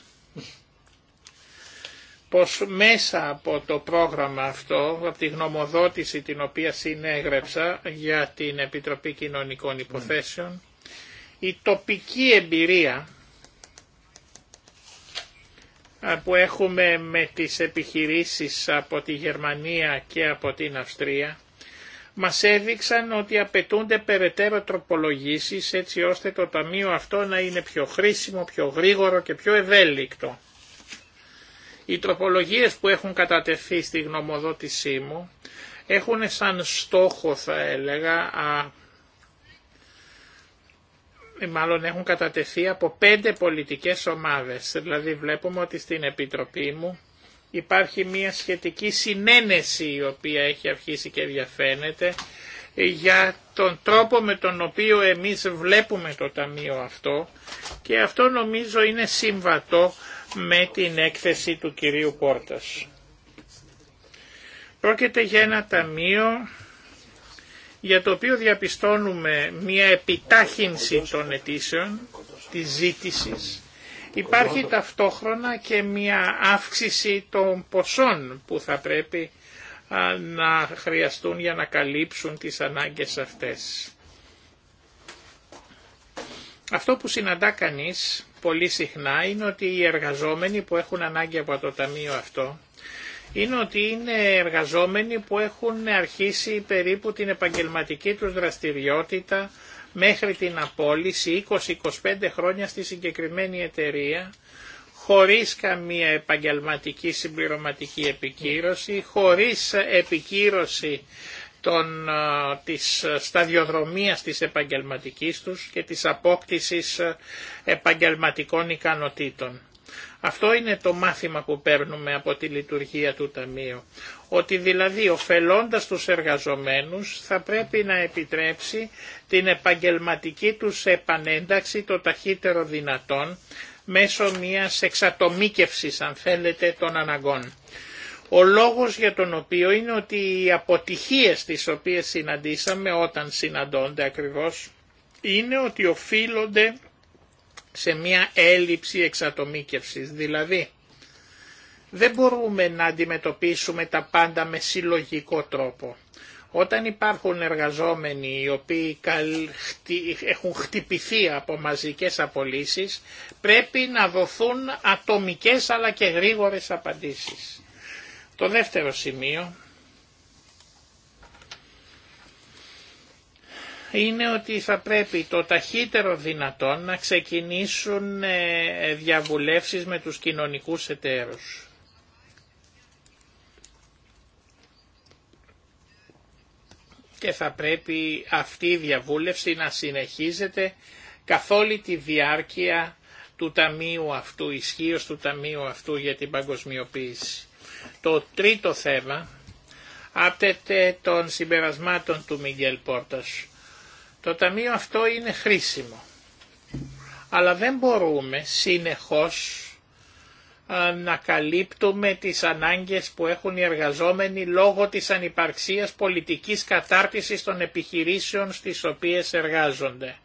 πως μέσα από το πρόγραμμα αυτό, από τη γνωμοδότηση την οποία συνέγρεψα για την Επιτροπή Κοινωνικών Υποθέσεων, η τοπική εμπειρία που έχουμε με τις επιχειρήσεις από τη Γερμανία και από την Αυστρία μας έδειξαν ότι απαιτούνται περαιτέρω τροπολογήσεις έτσι ώστε το ταμείο αυτό να είναι πιο χρήσιμο, πιο γρήγορο και πιο ευέλικτο. Οι τροπολογίες που έχουν κατατεθεί στη γνωμοδότησή μου έχουν σαν στόχο θα έλεγα ε, μάλλον έχουν κατατεθεί από πέντε πολιτικές ομάδες. Δηλαδή βλέπουμε ότι στην Επιτροπή μου υπάρχει μια σχετική συνένεση η οποία έχει αρχίσει και διαφαίνεται ε, για τον τρόπο με τον οποίο εμείς βλέπουμε το Ταμείο αυτό και αυτό νομίζω είναι συμβατό με την έκθεση του κυρίου Πόρτας. Πρόκειται για ένα ταμείο για το οποίο διαπιστώνουμε μια επιτάχυνση των αιτήσεων, της ζήτησης. Υπάρχει ταυτόχρονα και μια αύξηση των ποσών που θα πρέπει να χρειαστούν για να καλύψουν τις ανάγκες αυτές. Αυτό που συναντά κανείς πολύ συχνά είναι ότι οι εργαζόμενοι που έχουν ανάγκη από το ταμείο αυτό είναι ότι είναι εργαζόμενοι που έχουν αρχίσει περίπου την επαγγελματική τους δραστηριότητα μέχρι την απόλυση 20-25 χρόνια στη συγκεκριμένη εταιρεία χωρίς καμία επαγγελματική συμπληρωματική επικύρωση, χωρίς επικύρωση των, της σταδιοδρομίας της επαγγελματικής τους και της απόκτησης επαγγελματικών ικανοτήτων. Αυτό είναι το μάθημα που παίρνουμε από τη λειτουργία του Ταμείου. Ότι δηλαδή ωφελώντας τους εργαζομένους θα πρέπει να επιτρέψει την επαγγελματική τους επανένταξη το ταχύτερο δυνατόν μέσω μιας εξατομίκευσης αν θέλετε των αναγκών. Ο λόγος για τον οποίο είναι ότι οι αποτυχίες τις οποίες συναντήσαμε όταν συναντώνται ακριβώς είναι ότι οφείλονται σε μια έλλειψη εξατομίκευσης. Δηλαδή δεν μπορούμε να αντιμετωπίσουμε τα πάντα με συλλογικό τρόπο. Όταν υπάρχουν εργαζόμενοι οι οποίοι έχουν χτυπηθεί από μαζικές απολύσεις, πρέπει να δοθούν ατομικές αλλά και γρήγορες απαντήσεις. Το δεύτερο σημείο είναι ότι θα πρέπει το ταχύτερο δυνατόν να ξεκινήσουν ε, διαβουλεύσεις με τους κοινωνικούς εταίρους. Και θα πρέπει αυτή η διαβούλευση να συνεχίζεται καθ' όλη τη διάρκεια του ταμείου αυτού, ισχύω του ταμείου αυτού για την παγκοσμιοποίηση. Το τρίτο θέμα άπτεται των συμπερασμάτων του Μιγγέλ Πόρτας το ταμείο αυτό είναι χρήσιμο. Αλλά δεν μπορούμε συνεχώς να καλύπτουμε τις ανάγκες που έχουν οι εργαζόμενοι λόγω της ανυπαρξίας πολιτικής κατάρτισης των επιχειρήσεων στις οποίες εργάζονται,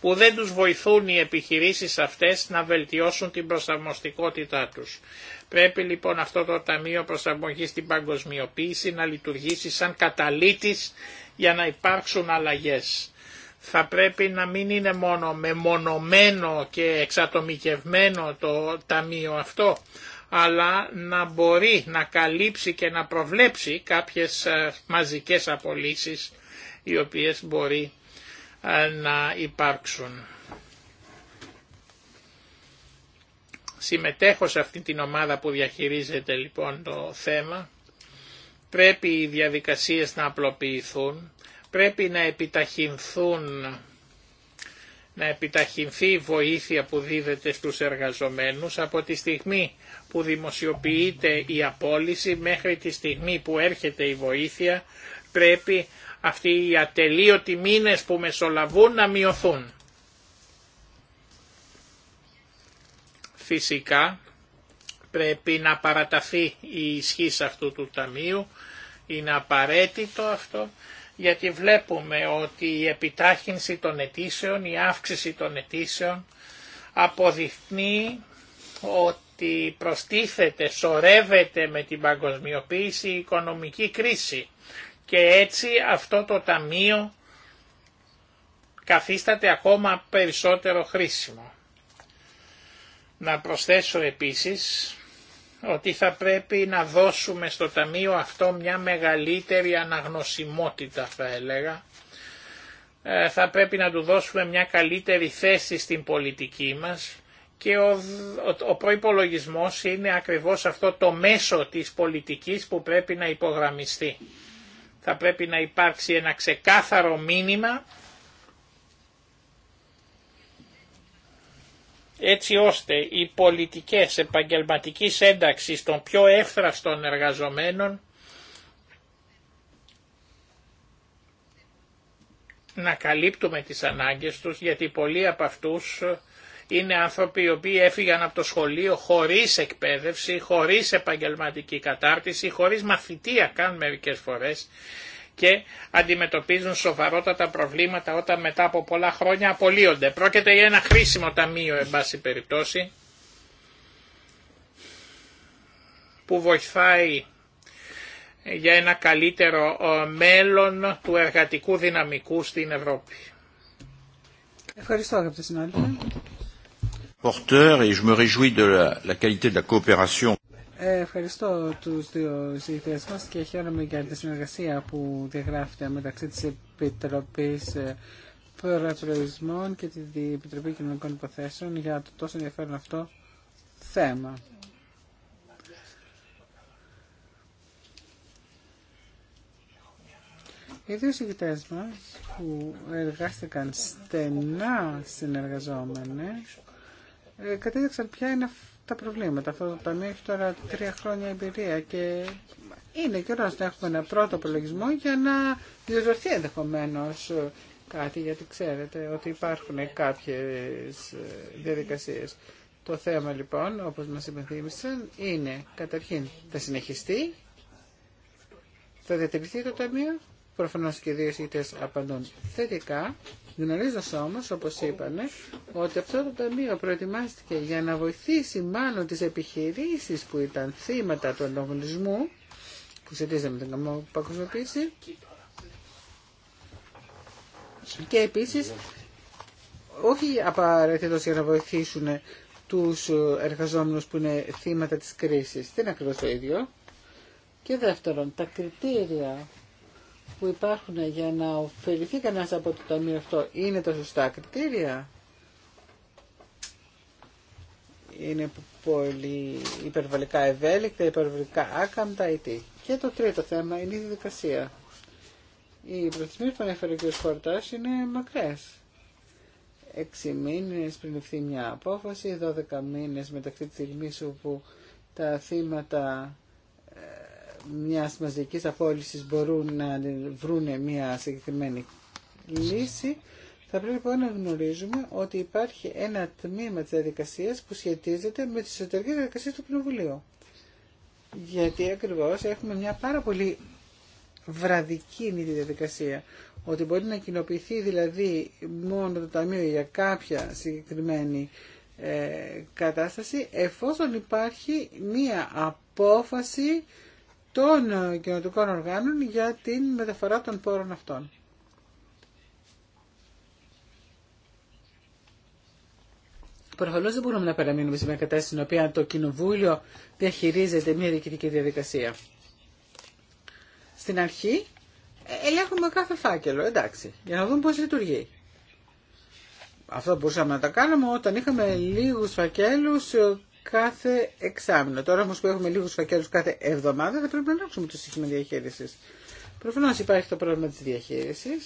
που δεν τους βοηθούν οι επιχειρήσεις αυτές να βελτιώσουν την προσαρμοστικότητά τους. Πρέπει λοιπόν αυτό το Ταμείο Προσαρμογής στην Παγκοσμιοποίηση να λειτουργήσει σαν καταλήτης για να υπάρξουν αλλαγές θα πρέπει να μην είναι μόνο μεμονωμένο και εξατομικευμένο το ταμείο αυτό, αλλά να μπορεί να καλύψει και να προβλέψει κάποιες ε, μαζικές απολύσεις οι οποίες μπορεί ε, να υπάρξουν. Συμμετέχω σε αυτή την ομάδα που διαχειρίζεται λοιπόν το θέμα. Πρέπει οι διαδικασίες να απλοποιηθούν πρέπει να επιταχυνθούν να επιταχυνθεί η βοήθεια που δίδεται στους εργαζομένους από τη στιγμή που δημοσιοποιείται η απόλυση μέχρι τη στιγμή που έρχεται η βοήθεια πρέπει αυτοί οι ατελείωτοι μήνες που μεσολαβούν να μειωθούν. Φυσικά πρέπει να παραταθεί η ισχύ αυτού του ταμείου, είναι απαραίτητο αυτό γιατί βλέπουμε ότι η επιτάχυνση των αιτήσεων, η αύξηση των αιτήσεων αποδεικνύει ότι προστίθεται, σωρεύεται με την παγκοσμιοποίηση η οικονομική κρίση και έτσι αυτό το ταμείο καθίσταται ακόμα περισσότερο χρήσιμο. Να προσθέσω επίσης ότι θα πρέπει να δώσουμε στο Ταμείο αυτό μια μεγαλύτερη αναγνωσιμότητα θα έλεγα. Ε, θα πρέπει να του δώσουμε μια καλύτερη θέση στην πολιτική μας και ο, ο προϋπολογισμός είναι ακριβώς αυτό το μέσο της πολιτικής που πρέπει να υπογραμμιστεί. Θα πρέπει να υπάρξει ένα ξεκάθαρο μήνυμα έτσι ώστε οι πολιτικές επαγγελματική ένταξη των πιο εύθραστων εργαζομένων να καλύπτουμε τις ανάγκες τους γιατί πολλοί από αυτούς είναι άνθρωποι οι οποίοι έφυγαν από το σχολείο χωρίς εκπαίδευση, χωρίς επαγγελματική κατάρτιση, χωρίς μαθητεία καν μερικές φορές και αντιμετωπίζουν σοβαρότατα προβλήματα όταν μετά από πολλά χρόνια απολύονται. Πρόκειται για ένα χρήσιμο ταμείο, εν περιπτώσει, που βοηθάει για ένα καλύτερο ε, μέλλον του εργατικού δυναμικού στην Ευρώπη. Ευχαριστώ αγαπητέ Porteur et je me réjouis de la, la qualité de Ευχαριστώ του δύο συγκεκριτές μας και χαίρομαι για τη συνεργασία που διαγράφεται μεταξύ τη Επιτροπή ε, Προαπλογισμών και τη Επιτροπή Κοινωνικών Υποθέσεων για το τόσο ενδιαφέρον αυτό θέμα. Οι δύο συγκριτέ μα που εργάστηκαν στενά συνεργαζόμενοι ε, κατέδειξαν ποια είναι τα προβλήματα. Αυτό το ταμείο έχει τώρα τρία χρόνια εμπειρία και είναι καιρό να έχουμε ένα πρώτο απολογισμό για να διορθωθεί ενδεχομένω κάτι, γιατί ξέρετε ότι υπάρχουν κάποιες ε, διαδικασίε. Το θέμα λοιπόν, όπως μας υπενθύμησαν, είναι καταρχήν θα συνεχιστεί, θα διατηρηθεί το Ταμείο, προφανώς και οι δύο απαντούν θετικά Γνωρίζοντα όμω, όπως είπαμε, ότι αυτό το ταμείο προετοιμάστηκε για να βοηθήσει μάλλον τις επιχειρήσεις που ήταν θύματα του ανταγωνισμού, που σχετίζεται με την παγκοσμιοποίηση, και επίσης όχι απαραίτητο για να βοηθήσουν τους εργαζόμενους που είναι θύματα της κρίσης. Δεν είναι ακριβώ. το ίδιο. Και δεύτερον, τα κριτήρια που υπάρχουν για να ωφεληθεί κανένας από το ταμείο αυτό είναι τα σωστά κριτήρια. Είναι πολύ υπερβολικά ευέλικτα, υπερβολικά άκαμπτα ή τι. Και το τρίτο θέμα είναι η διαδικασία. Οι προθυμίε που ανέφερε ο κ. Χορτά είναι μακρέ. Έξι μήνε πριν ληφθεί μια απόφαση, 12 μήνε μεταξύ τη στιγμή που τα θύματα μιας μαζικής απόλυσης μπορούν να βρουν μια συγκεκριμένη λύση, θα πρέπει λοιπόν να γνωρίζουμε ότι υπάρχει ένα τμήμα της διαδικασίας που σχετίζεται με τις εσωτερικές διαδικασίες του Κοινοβουλίου. Γιατί ακριβώς έχουμε μια πάρα πολύ βραδική διαδικασία, ότι μπορεί να κοινοποιηθεί δηλαδή μόνο το Ταμείο για κάποια συγκεκριμένη ε, κατάσταση, εφόσον υπάρχει μία απόφαση των ε, κοινωτικών οργάνων για την μεταφορά των πόρων αυτών. Προφανώ δεν μπορούμε να παραμείνουμε σε μια κατάσταση στην οποία το Κοινοβούλιο διαχειρίζεται μια διοικητική διαδικασία. Στην αρχή ε, ελέγχουμε κάθε φάκελο, εντάξει, για να δούμε πώς λειτουργεί. Αυτό μπορούσαμε να τα κάνουμε όταν είχαμε λίγους φακέλους ε, κάθε εξάμεινο. Τώρα όμω που έχουμε λίγου φακέλου κάθε εβδομάδα, θα πρέπει να αλλάξουμε το σύστημα διαχείριση. Προφανώ υπάρχει το πρόβλημα τη διαχείριση.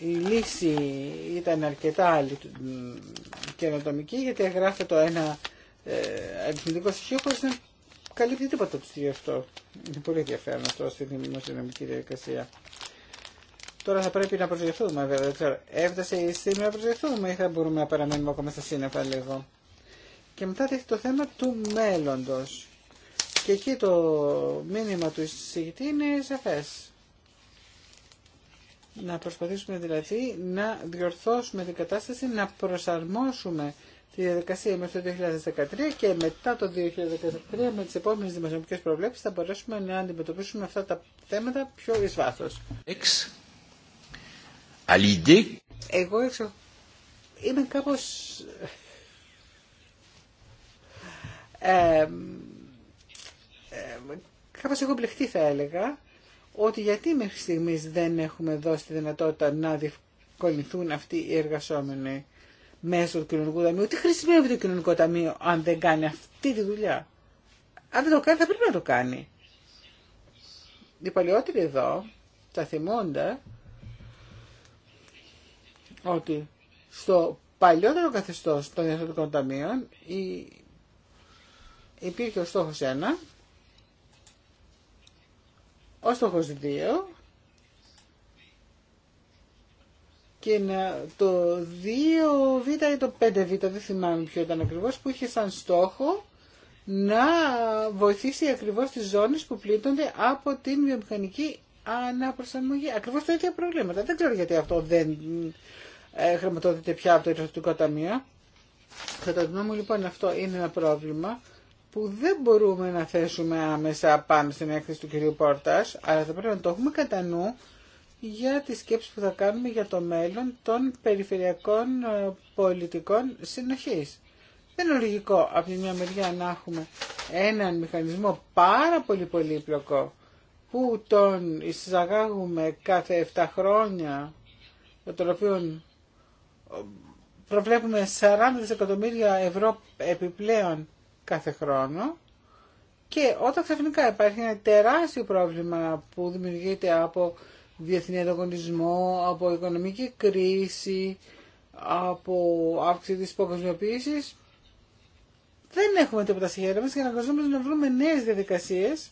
Η... λύση ήταν αρκετά και ανατομική γιατί εγγράφεται το ένα ε, αριθμητικό στοιχείο χωρί να καλύπτει τίποτα από το στοιχείο αυτό. Είναι πολύ ενδιαφέρον αυτό στην δημοσιονομική διαδικασία. Τώρα θα πρέπει να προσδιοθούμε βέβαια. ξέρω. έφτασε η στιγμή να προσδιοθούμε ή θα μπορούμε να παραμείνουμε ακόμα στα σύννεφα λίγο. Και μετά δείχνει το θέμα του μέλλοντος. Και εκεί το μήνυμα του εισηγητή είναι σαφές. Να προσπαθήσουμε δηλαδή να διορθώσουμε την κατάσταση, να προσαρμόσουμε τη διαδικασία μέχρι το 2013 και μετά το 2013 με τις επόμενες δημοσιονομικές προβλέψεις θα μπορέσουμε να αντιμετωπίσουμε αυτά τα θέματα πιο εις βάθος. Εγώ έξω. Είμαι κάπως... Ε, ε, θα έλεγα ότι γιατί μέχρι στιγμή δεν έχουμε δώσει τη δυνατότητα να διευκολυνθούν αυτοί οι εργασόμενοι μέσω του κοινωνικού ταμείου. Τι χρησιμεύει το κοινωνικό ταμείο αν δεν κάνει αυτή τη δουλειά. Αν δεν το κάνει θα πρέπει να το κάνει. Οι παλιότεροι εδώ, τα θυμώντα, ότι στο παλιότερο καθεστώς των ιδιωτικών ταμείων υπήρχε ο στόχος 1, ο στόχος 2 και να, το 2β ή το 5β, δεν θυμάμαι ποιο ήταν ακριβώς, που είχε σαν στόχο να βοηθήσει ακριβώς τις ζώνες που πλήττονται από την βιομηχανική αναπροσαρμογή. Ακριβώς τα ίδια προβλήματα. Δεν ξέρω γιατί αυτό δεν ε, χρηματοδοτείται πια από το Ιερωτικό Ταμείο. Κατά τη γνώμη λοιπόν αυτό είναι ένα πρόβλημα που δεν μπορούμε να θέσουμε άμεσα πάνω στην έκθεση του κυρίου Πόρτας, αλλά θα πρέπει να το έχουμε κατά νου για τη σκέψη που θα κάνουμε για το μέλλον των περιφερειακών ε, πολιτικών συνοχής. Δεν είναι λογικό από τη μια μεριά να έχουμε έναν μηχανισμό πάρα πολύ πολύπλοκο που τον εισαγάγουμε κάθε 7 χρόνια, τον οποίο προβλέπουμε 40 δισεκατομμύρια ευρώ επιπλέον κάθε χρόνο και όταν ξαφνικά υπάρχει ένα τεράστιο πρόβλημα που δημιουργείται από διεθνή ανταγωνισμό, από οικονομική κρίση, από αύξηση της υποκοσμιοποίησης, δεν έχουμε τίποτα σχέδια χέρια μας και αναγκαζόμαστε να βρούμε νέες διαδικασίες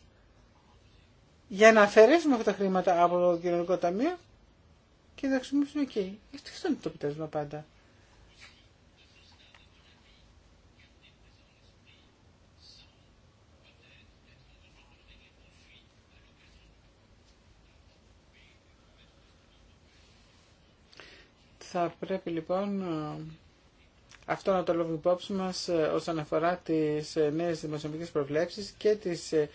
για να αφαιρέσουμε αυτά τα χρήματα από το κοινωνικό ταμείο και θα είναι εκεί. Αυτό είναι το αποτέλεσμα πάντα. θα πρέπει λοιπόν αυτό να το λάβουμε υπόψη μας ε, όσον αφορά τις ε, νέες δημοσιονομικές προβλέψεις και τις ε,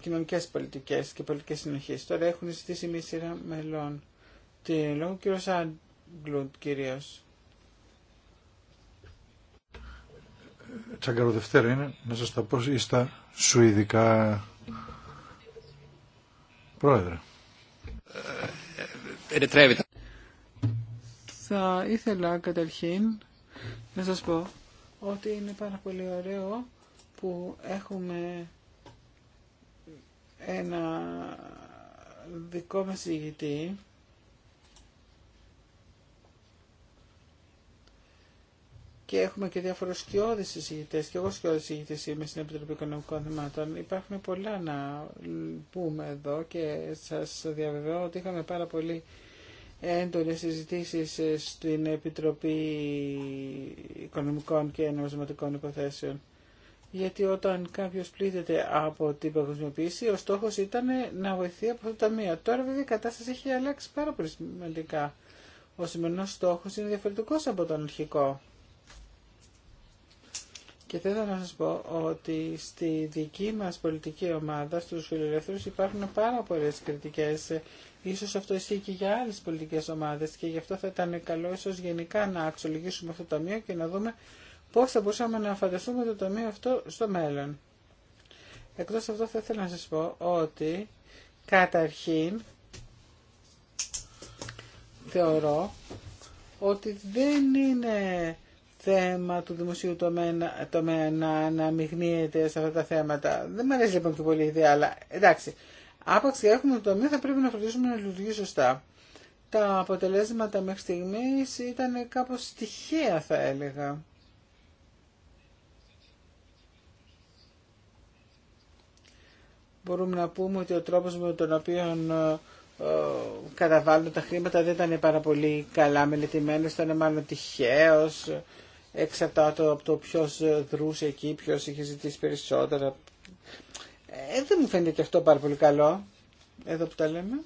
κοινωνικές πολιτικές και πολιτικές συνοχές. Τώρα έχουν ζητήσει μια σειρά μελών. Την λόγω κύριο Άγγλουντ κυρίω. Τσαγκαρο Δευτέρα είναι, να σας τα πω ή στα Σουηδικά. Πρόεδρε. Θα ήθελα καταρχήν να σας πω ότι είναι πάρα πολύ ωραίο που έχουμε ένα δικό μας ηγητή και έχουμε και διάφορους σκιώδη συζητητέ. και εγώ σκιώδη συζητητή είμαι στην Επιτροπή Οικονομικών Θεμάτων. Υπάρχουν πολλά να πούμε εδώ και σα διαβεβαιώ ότι είχαμε πάρα πολύ έντονε συζητήσει στην Επιτροπή Οικονομικών και Νομισματικών Υποθέσεων. Γιατί όταν κάποιο πλήττεται από την παγκοσμιοποίηση, ο στόχο ήταν να βοηθεί από το ταμείο. Τώρα βέβαια η κατάσταση έχει αλλάξει πάρα πολύ σημαντικά. Ο σημερινό στόχο είναι διαφορετικό από τον αρχικό. Και θέλω να σας πω ότι στη δική μας πολιτική ομάδα, στους φιλελεύθερους, υπάρχουν πάρα πολλές κριτικές. Ίσως αυτό ισχύει και για άλλες πολιτικές ομάδες και γι' αυτό θα ήταν καλό ίσως γενικά να αξιολογήσουμε αυτό το ταμείο και να δούμε πώς θα μπορούσαμε να φανταστούμε το ταμείο αυτό στο μέλλον. Εκτός αυτό θα ήθελα να σας πω ότι καταρχήν θεωρώ ότι δεν είναι θέμα του δημοσίου τομέα, να αναμειγνύεται σε αυτά τα θέματα. Δεν μου αρέσει λοιπόν και πολύ η ιδέα, αλλά εντάξει. Άπαξ και έχουμε το τομέα θα πρέπει να φροντίσουμε να λειτουργεί σωστά. Τα αποτελέσματα μέχρι στιγμή ήταν κάπως τυχαία θα έλεγα. Μπορούμε να πούμε ότι ο τρόπος με τον οποίο ε, ε, καταβάλουν τα χρήματα δεν ήταν πάρα πολύ καλά μελετημένος, ήταν μάλλον τυχαίο εξαρτάται από το ποιος δρούσε εκεί, ποιο είχε ζητήσει περισσότερα. Ε, δεν μου φαίνεται και αυτό πάρα πολύ καλό, εδώ που τα λέμε.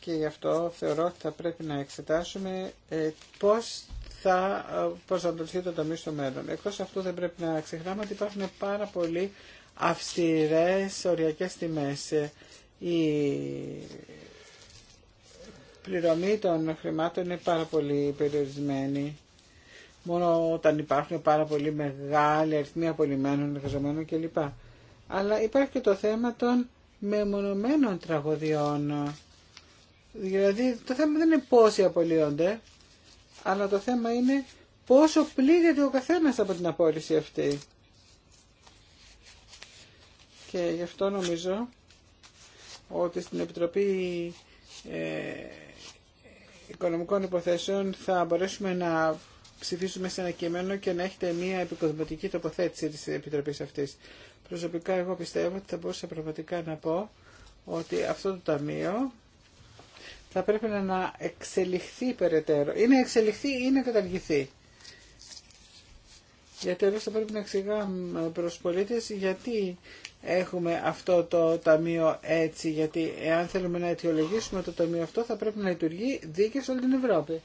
Και γι' αυτό θεωρώ ότι θα πρέπει να εξετάσουμε ε, πώς θα προσανατολιστεί το ταμείο στο μέλλον. Εκτός αυτού δεν πρέπει να ξεχνάμε ότι υπάρχουν πάρα πολλοί αυστηρές οριακές τιμές. Ε, πληρωμή των χρημάτων είναι πάρα πολύ περιορισμένη. Μόνο όταν υπάρχουν πάρα πολύ μεγάλη αριθμοί απολυμμένων εργαζομένων κλπ. Αλλά υπάρχει και το θέμα των μεμονωμένων τραγωδιών. Δηλαδή το θέμα δεν είναι πόσοι απολύονται, αλλά το θέμα είναι πόσο πλήγεται ο καθένας από την απόλυση αυτή. Και γι' αυτό νομίζω ότι στην Επιτροπή ε, Οικονομικών Υποθέσεων θα μπορέσουμε να ψηφίσουμε σε ένα κείμενο και να έχετε μια επικοδοματική τοποθέτηση της Επιτροπής αυτής. Προσωπικά εγώ πιστεύω ότι θα μπορούσα πραγματικά να πω ότι αυτό το Ταμείο θα πρέπει να εξελιχθεί περαιτέρω. Είναι εξελιχθεί ή να καταργηθεί. Γιατί εδώ θα πρέπει να εξηγάμε προς πολίτες γιατί έχουμε αυτό το ταμείο έτσι, γιατί εάν θέλουμε να αιτιολογήσουμε το ταμείο αυτό θα πρέπει να λειτουργεί δίκαιο σε όλη την Ευρώπη.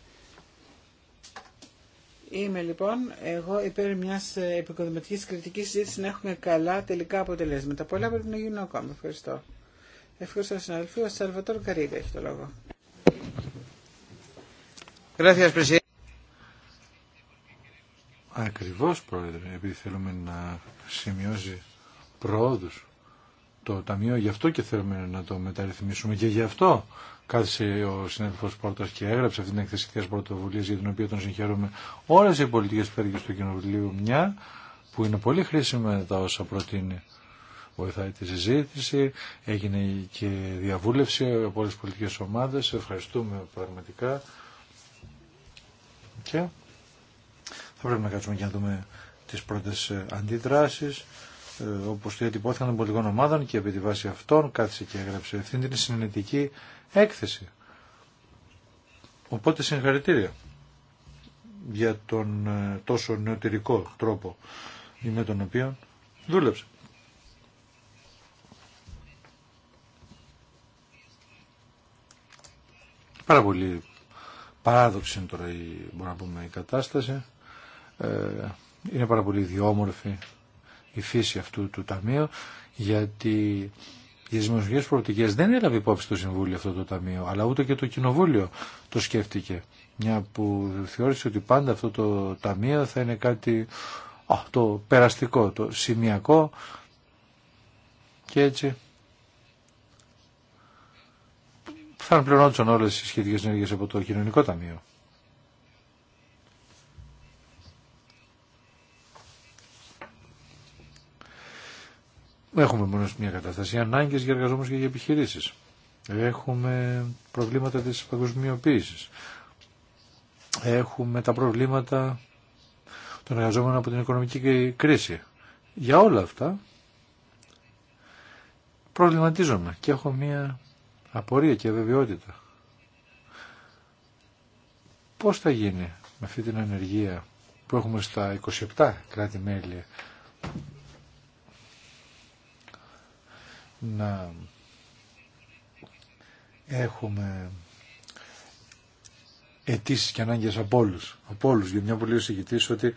Είμαι λοιπόν εγώ υπέρ μια επικοδομητική κριτική συζήτηση να έχουμε καλά τελικά αποτελέσματα. Πολλά πρέπει να γίνουν ακόμα. Ευχαριστώ. Ευχαριστώ τον Ο Σαλβατόρ έχει το λόγο. Ακριβώ, Πρόεδρε, επειδή θέλουμε να σημειώσει προόδους το Ταμείο. Γι' αυτό και θέλουμε να το μεταρρυθμίσουμε και γι' αυτό κάθισε ο συνέδελφος Πόρτα και έγραψε αυτή την εκθέση τη πρωτοβουλία για την οποία τον συγχαίρουμε Όλε οι πολιτικέ πτέρυγε του Κοινοβουλίου, μια που είναι πολύ χρήσιμα τα όσα προτείνει. Βοηθάει τη συζήτηση, έγινε και διαβούλευση από όλε τι πολιτικέ ομάδε. Ευχαριστούμε πραγματικά. Και θα πρέπει να κάτσουμε και να δούμε τι πρώτε αντιδράσει ε, όπως διατυπώθηκαν των πολιτικών ομάδων και επί τη βάση αυτών κάθισε και έγραψε αυτή την συνενετική έκθεση. Οπότε συγχαρητήρια για τον ε, τόσο νεωτερικό τρόπο με τον οποίο δούλεψε. Πάρα πολύ παράδοξη είναι τώρα η, να πούμε, η κατάσταση. Ε, είναι πάρα πολύ ιδιόμορφη η φύση αυτού του ταμείου γιατί οι δημοσιογικές προοπτικές δεν έλαβε υπόψη το Συμβούλιο αυτό το ταμείο αλλά ούτε και το Κοινοβούλιο το σκέφτηκε μια που θεώρησε ότι πάντα αυτό το ταμείο θα είναι κάτι το περαστικό, το σημειακό και έτσι θα πληρώνονταν όλε οι σχετικέ ενέργειε από το Κοινωνικό Ταμείο. Έχουμε μόνο μια κατάσταση ανάγκε για εργαζόμενου και για επιχειρήσει. Έχουμε προβλήματα τη παγκοσμιοποίηση. Έχουμε τα προβλήματα των εργαζόμενων από την οικονομική κρίση. Για όλα αυτά προβληματίζομαι και έχω μια απορία και αβεβαιότητα. Πώς θα γίνει με αυτή την ανεργία που έχουμε στα 27 κράτη-μέλη να έχουμε αιτήσει και ανάγκες από όλους. Για μια πολύ λέει ότι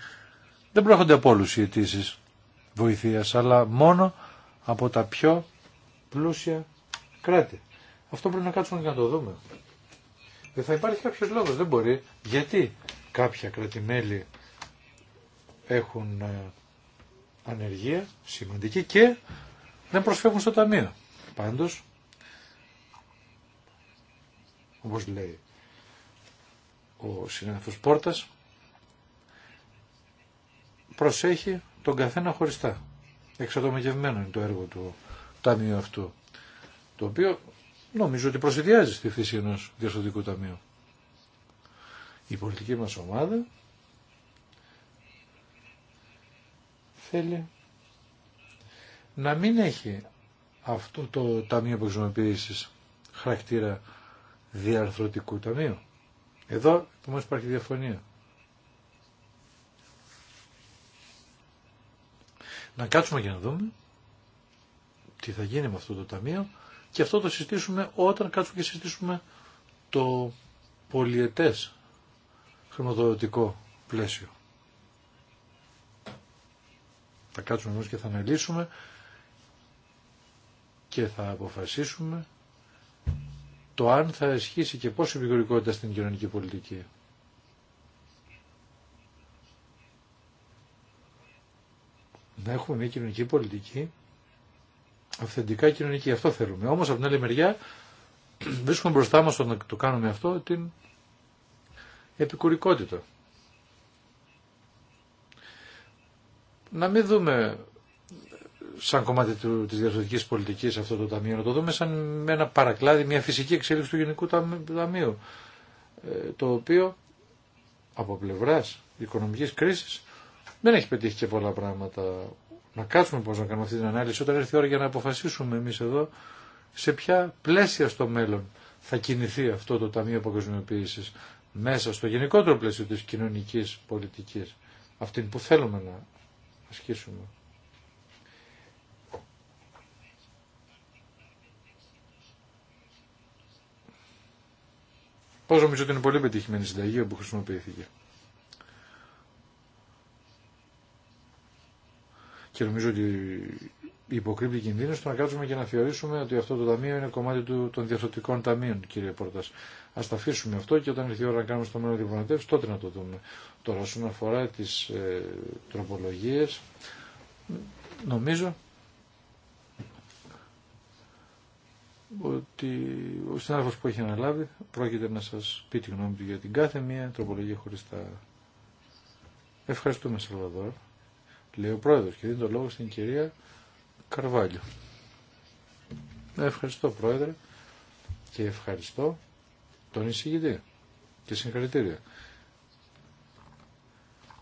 δεν προέρχονται από όλους οι αιτήσει βοηθείας, αλλά μόνο από τα πιο πλούσια κράτη. Αυτό πρέπει να κάτσουμε και να το δούμε. Δεν θα υπάρχει κάποιος λόγος, δεν μπορεί. Γιατί κάποια κρατημέλη έχουν ε, ανεργία σημαντική και δεν προσφεύγουν στο ταμείο. Πάντως, όπως λέει ο συνάδελφος Πόρτας, προσέχει τον καθένα χωριστά. Εξατομικευμένο είναι το έργο του ταμείου αυτού, το οποίο νομίζω ότι προσυδειάζει στη φύση ενό διασωτικού ταμείου. Η πολιτική μας ομάδα θέλει να μην έχει αυτό το Ταμείο Προξενοποίησης χαρακτήρα διαρθρωτικού ταμείου. Εδώ επομένω υπάρχει διαφωνία. Να κάτσουμε και να δούμε τι θα γίνει με αυτό το ταμείο και αυτό το συστήσουμε όταν κάτσουμε και συστήσουμε το πολιετές χρηματοδοτικό πλαίσιο. Θα κάτσουμε όμως και θα αναλύσουμε και θα αποφασίσουμε το αν θα ισχύσει και πόσο επικουρικότητα στην κοινωνική πολιτική. Να έχουμε μια κοινωνική πολιτική αυθεντικά κοινωνική. Αυτό θέλουμε. Όμως από την άλλη μεριά βρίσκουμε μπροστά μας το το κάνουμε αυτό την επικουρικότητα. Να μην δούμε σαν κομμάτι του, της διαρθρωτικής πολιτικής αυτό το ταμείο, να το δούμε σαν με ένα παρακλάδι, μια φυσική εξέλιξη του Γενικού Ταμείου, ε, το οποίο από πλευράς οικονομικής κρίσης δεν έχει πετύχει και πολλά πράγματα. Να κάτσουμε πώς να κάνουμε αυτή την ανάλυση όταν έρθει η ώρα για να αποφασίσουμε εμείς εδώ σε ποια πλαίσια στο μέλλον θα κινηθεί αυτό το Ταμείο Παγκοσμιοποίησης μέσα στο γενικότερο πλαίσιο της κοινωνικής πολιτικής, αυτήν που θέλουμε να ασκήσουμε. Πώς νομίζω ότι είναι πολύ πετυχημένη η συνταγή που χρησιμοποιήθηκε. Και νομίζω ότι υποκρύπτει κινδύνους το να κάτσουμε και να θεωρήσουμε ότι αυτό το ταμείο είναι κομμάτι του, των διαθωτικών ταμείων, κύριε Πόρτα. Α τα αφήσουμε αυτό και όταν ήρθε η ώρα να κάνουμε στο μέλλον διαπραγματεύσει, τότε να το δούμε. Τώρα, όσον αφορά τι ε, τροπολογίε, νομίζω ότι ο συνάδελφος που έχει αναλάβει πρόκειται να σας πει τη γνώμη του για την κάθε μία τροπολογία χωριστά. Ευχαριστούμε Σαλβαδόρ, λέει ο πρόεδρος και δίνει το λόγο στην κυρία Καρβάλιο. Ευχαριστώ πρόεδρε και ευχαριστώ τον εισηγητή και συγχαρητήρια.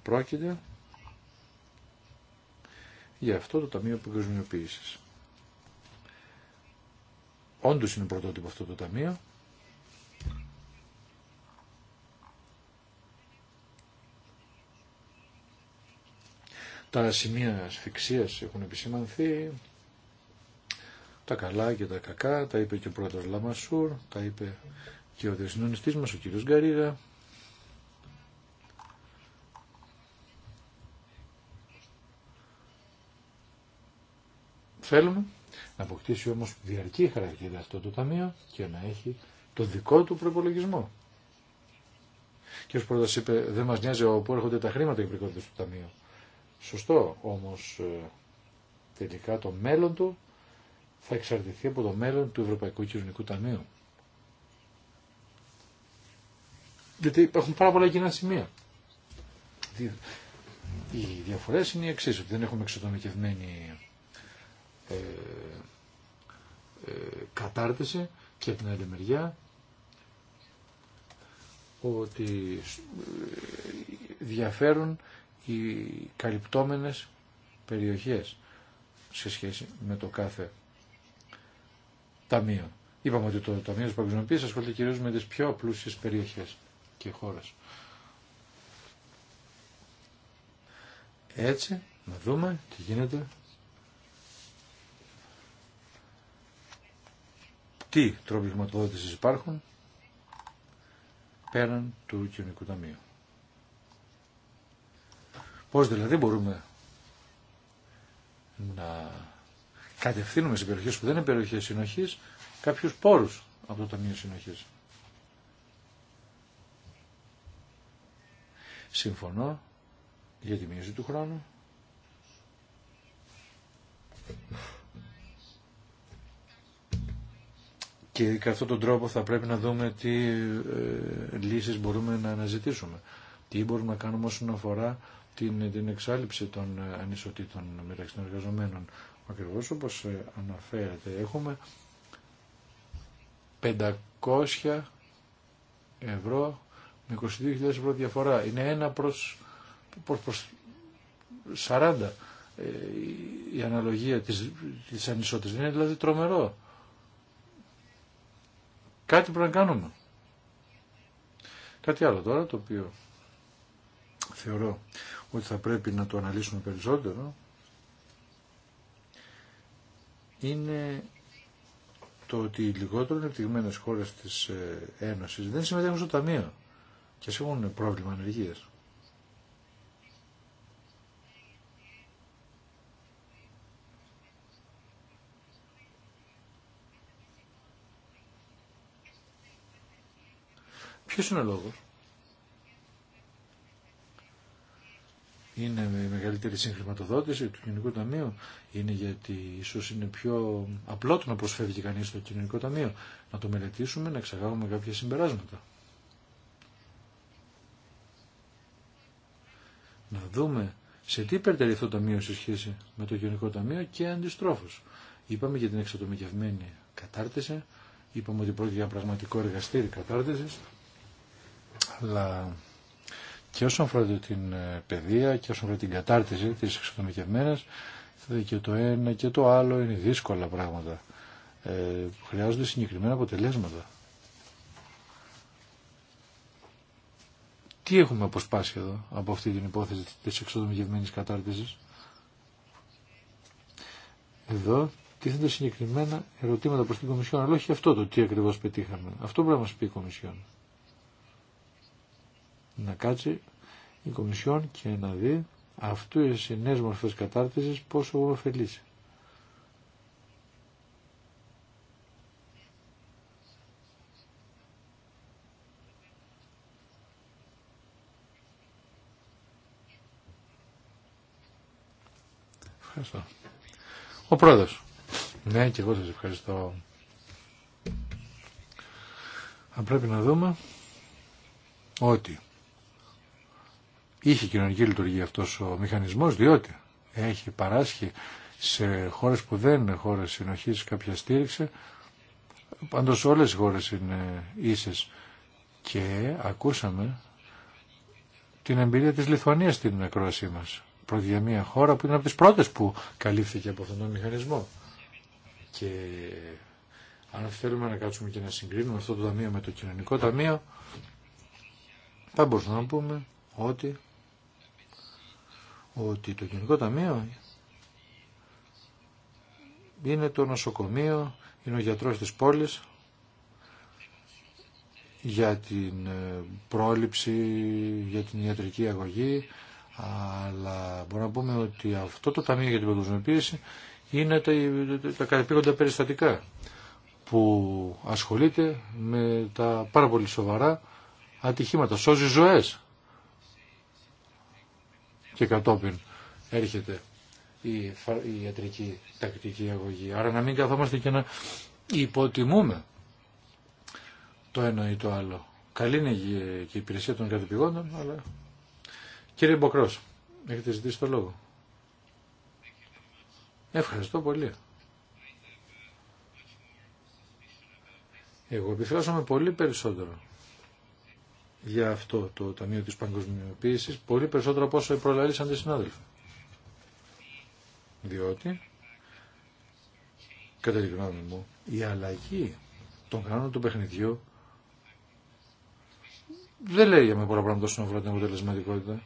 Πρόκειται για αυτό το Ταμείο Παγκοσμιοποίησης. Όντω είναι πρωτότυπο αυτό το ταμείο. Τα σημεία ασφυξία έχουν επισημανθεί, τα καλά και τα κακά, τα είπε και ο πρόεδρο Λαμασούρ, τα είπε και ο διασυνονιστή μα, ο κύριο Γκαρίγα. Θέλουμε να αποκτήσει όμως διαρκή χαρακτήρα αυτό το ταμείο και να έχει το δικό του προπολογισμό. Και ως το είπε δεν μας νοιάζει όπου έρχονται τα χρήματα οι πρικότητες του ταμείου. Σωστό όμως ε, τελικά το μέλλον του θα εξαρτηθεί από το μέλλον του Ευρωπαϊκού Κοινωνικού Ταμείου. Γιατί υπάρχουν πάρα πολλά κοινά σημεία. Οι διαφορές είναι οι εξής, ότι δεν έχουμε εξατομικευμένη ε, κατάρτισε και την άλλη μεριά ότι διαφέρουν οι καλυπτόμενες περιοχές σε σχέση με το κάθε ταμείο. Είπαμε ότι το Ταμείο της Παγκοσμιοποίησης ασχολείται κυρίως με τις πιο πλούσιες περιοχές και χώρες. Έτσι, να δούμε τι γίνεται τι τρόποι χρηματοδότηση υπάρχουν πέραν του κοινωνικού ταμείου. Πώς δηλαδή μπορούμε να κατευθύνουμε σε περιοχές που δεν είναι περιοχές συνοχής κάποιους πόρους από το Ταμείο Συνοχής. Συμφωνώ για τη μείωση του χρόνου. και κατά αυτόν τον τρόπο θα πρέπει να δούμε τι ε, λύσεις μπορούμε να αναζητήσουμε. Τι μπορούμε να κάνουμε όσον αφορά την, την εξάλληψη των ε, ανισοτήτων μεταξύ των εργαζομένων. Ακριβώς όπως ε, αναφέρεται έχουμε 500 ευρώ με 22.000 ευρώ διαφορά. Είναι ένα προς, προς, προς 40 η αναλογία της, της ανισότητας. Είναι δηλαδή τρομερό. Κάτι πρέπει να κάνουμε. Κάτι άλλο τώρα το οποίο θεωρώ ότι θα πρέπει να το αναλύσουμε περισσότερο είναι το ότι οι λιγότερο ανεπτυγμένε χώρες της ε, Ένωσης δεν συμμετέχουν στο Ταμείο και έχουν πρόβλημα ανεργίας. Ποιος είναι ο λόγος. Είναι με μεγαλύτερη συγχρηματοδότηση του κοινωνικού ταμείου. Είναι γιατί ίσως είναι πιο απλό το να προσφεύγει κανείς στο κοινωνικό ταμείο. Να το μελετήσουμε, να εξαγάγουμε κάποια συμπεράσματα. Να δούμε σε τι υπερτερεί αυτό το ταμείο σε σχέση με το κοινωνικό ταμείο και αντιστρόφως. Είπαμε για την εξατομικευμένη κατάρτιση, είπαμε ότι πρόκειται για πραγματικό εργαστήρι κατάρτισης, αλλά και όσον αφορά την ε, παιδεία και όσον αφορά την κατάρτιση της εξοδομικευμένας και το ένα και το άλλο είναι δύσκολα πράγματα. Ε, χρειάζονται συγκεκριμένα αποτελέσματα. Τι έχουμε αποσπάσει εδώ από αυτή την υπόθεση της εξοδομικευμένης κατάρτισης. Εδώ τίθενται συγκεκριμένα ερωτήματα προς την Κομισιόν, αλλά όχι αυτό το τι ακριβώς πετύχαμε. Αυτό πρέπει να μας πει η Κομισιόν να κάτσει η Κομισιόν και να δει αυτού, οι νέες μορφές κατάρτισης πόσο ωφελήσει. Ευχαριστώ. Ο πρόεδρος. Ναι, και εγώ σας ευχαριστώ. Αν πρέπει να δούμε ότι είχε κοινωνική λειτουργία αυτός ο μηχανισμός διότι έχει παράσχει σε χώρες που δεν είναι χώρες συνοχής κάποια στήριξη πάντως όλες οι χώρες είναι ίσες και ακούσαμε την εμπειρία της Λιθουανίας στην ακρόασή μας Πρώτη μια χώρα που είναι από τις πρώτες που καλύφθηκε από αυτόν τον μηχανισμό και αν θέλουμε να κάτσουμε και να συγκρίνουμε αυτό το ταμείο με το κοινωνικό ταμείο θα μπορούσαμε να πούμε ότι ότι το Γενικό Ταμείο είναι το νοσοκομείο, είναι ο γιατρός της πόλης για την ε, πρόληψη, για την ιατρική αγωγή, αλλά μπορούμε να πούμε ότι αυτό το Ταμείο για την Παγκοσμιοποίηση είναι τα, τα κατεπήγοντα περιστατικά που ασχολείται με τα πάρα πολύ σοβαρά ατυχήματα, σώζει ζωές και κατόπιν έρχεται η, ιατρική τακτική αγωγή. Άρα να μην καθόμαστε και να υποτιμούμε το ένα ή το άλλο. Καλή είναι και η υπηρεσία των κατεπηγόντων, αλλά... Κύριε Μποκρός, έχετε ζητήσει το λόγο. Ευχαριστώ πολύ. Εγώ επιφυλάσσομαι πολύ περισσότερο για αυτό το Ταμείο της Παγκοσμιοποίησης πολύ περισσότερο από όσο προλαλήσαν οι συνάδελφοι. Διότι, κατά τη γνώμη μου, η αλλαγή των κανόνων του παιχνιδιού δεν λέει για με πολλά πράγματα όσον αφορά την αποτελεσματικότητα.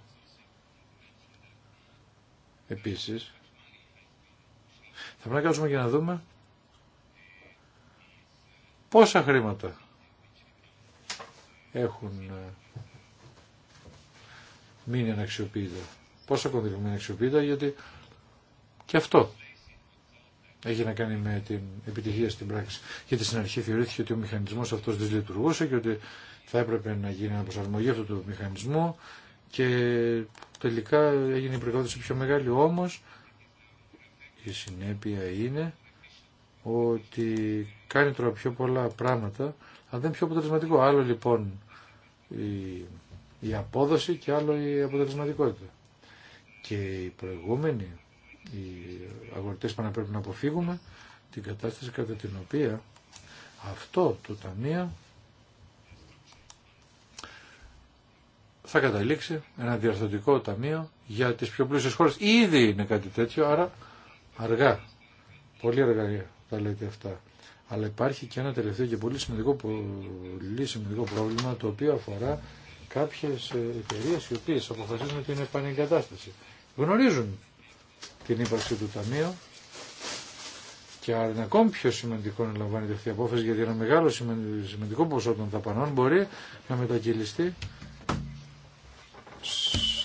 Επίσης, θα πρέπει να κάτσουμε και να δούμε πόσα χρήματα έχουν ε, μείνει αναξιοποιητά. Πόσα κονδύλια μείνει αναξιοποιητά γιατί και αυτό έχει να κάνει με την επιτυχία στην πράξη. Γιατί στην αρχή θεωρήθηκε ότι ο μηχανισμός αυτός δεν λειτουργούσε και ότι θα έπρεπε να γίνει προσαρμογή αυτού του μηχανισμού και τελικά έγινε η προκάτωση πιο μεγάλη. Όμως η συνέπεια είναι ότι κάνει τώρα πιο πολλά πράγματα, αλλά δεν πιο αποτελεσματικό. Άλλο λοιπόν η, η απόδοση και άλλο η αποτελεσματικότητα. Και οι προηγούμενοι, οι αγορητές που πρέπει να αποφύγουμε, την κατάσταση κατά την οποία αυτό το ταμείο θα καταλήξει ένα διαρθωτικό ταμείο για τις πιο πλούσιες χώρες. Ήδη είναι κάτι τέτοιο, άρα αργά. Πολύ αργά τα λέτε αυτά αλλά υπάρχει και ένα τελευταίο και πολύ σημαντικό, πολύ σημαντικό πρόβλημα το οποίο αφορά κάποιες ε, εταιρείε οι οποίες αποφασίζουν την επανεγκατάσταση. Γνωρίζουν την ύπαρξη του Ταμείου και άρα είναι ακόμη πιο σημαντικό να λαμβάνεται αυτή η απόφαση γιατί ένα μεγάλο σημαντικό ποσό των δαπανών μπορεί να μετακυλιστεί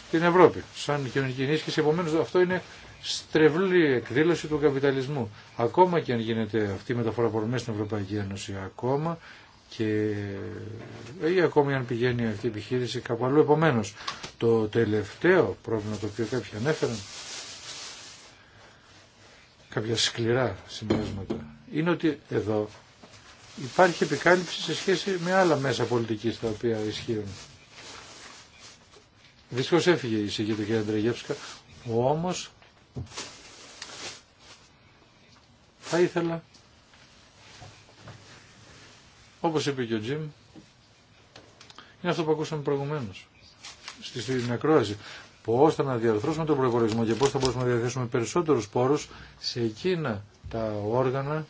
στην Ευρώπη σαν κοινωνική ενίσχυση. Επομένως αυτό είναι στρεβλή εκδήλωση του καπιταλισμού. Ακόμα και αν γίνεται αυτή η μεταφορά από στην Ευρωπαϊκή Ένωση, ακόμα και ή ακόμη αν πηγαίνει αυτή η επιχείρηση καπ' αλλού επομένως. Το τελευταίο πρόβλημα το οποίο κάποιοι ανέφεραν, κάποια σκληρά συμπεράσματα, είναι ότι εδώ υπάρχει επικάλυψη σε σχέση με άλλα μέσα πολιτικής τα οποία ισχύουν. Δυστυχώς έφυγε η συγκεκριμένη κυρία Αντρεγεύσκα, όμως θα ήθελα, όπως είπε και ο Τζιμ, είναι αυτό που ακούσαμε προηγουμένως στη ακρόαση. πώς θα αναδιαρθρώσουμε τον προπολογισμό και πώς θα μπορούμε να διαθέσουμε περισσότερους πόρους σε εκείνα τα όργανα,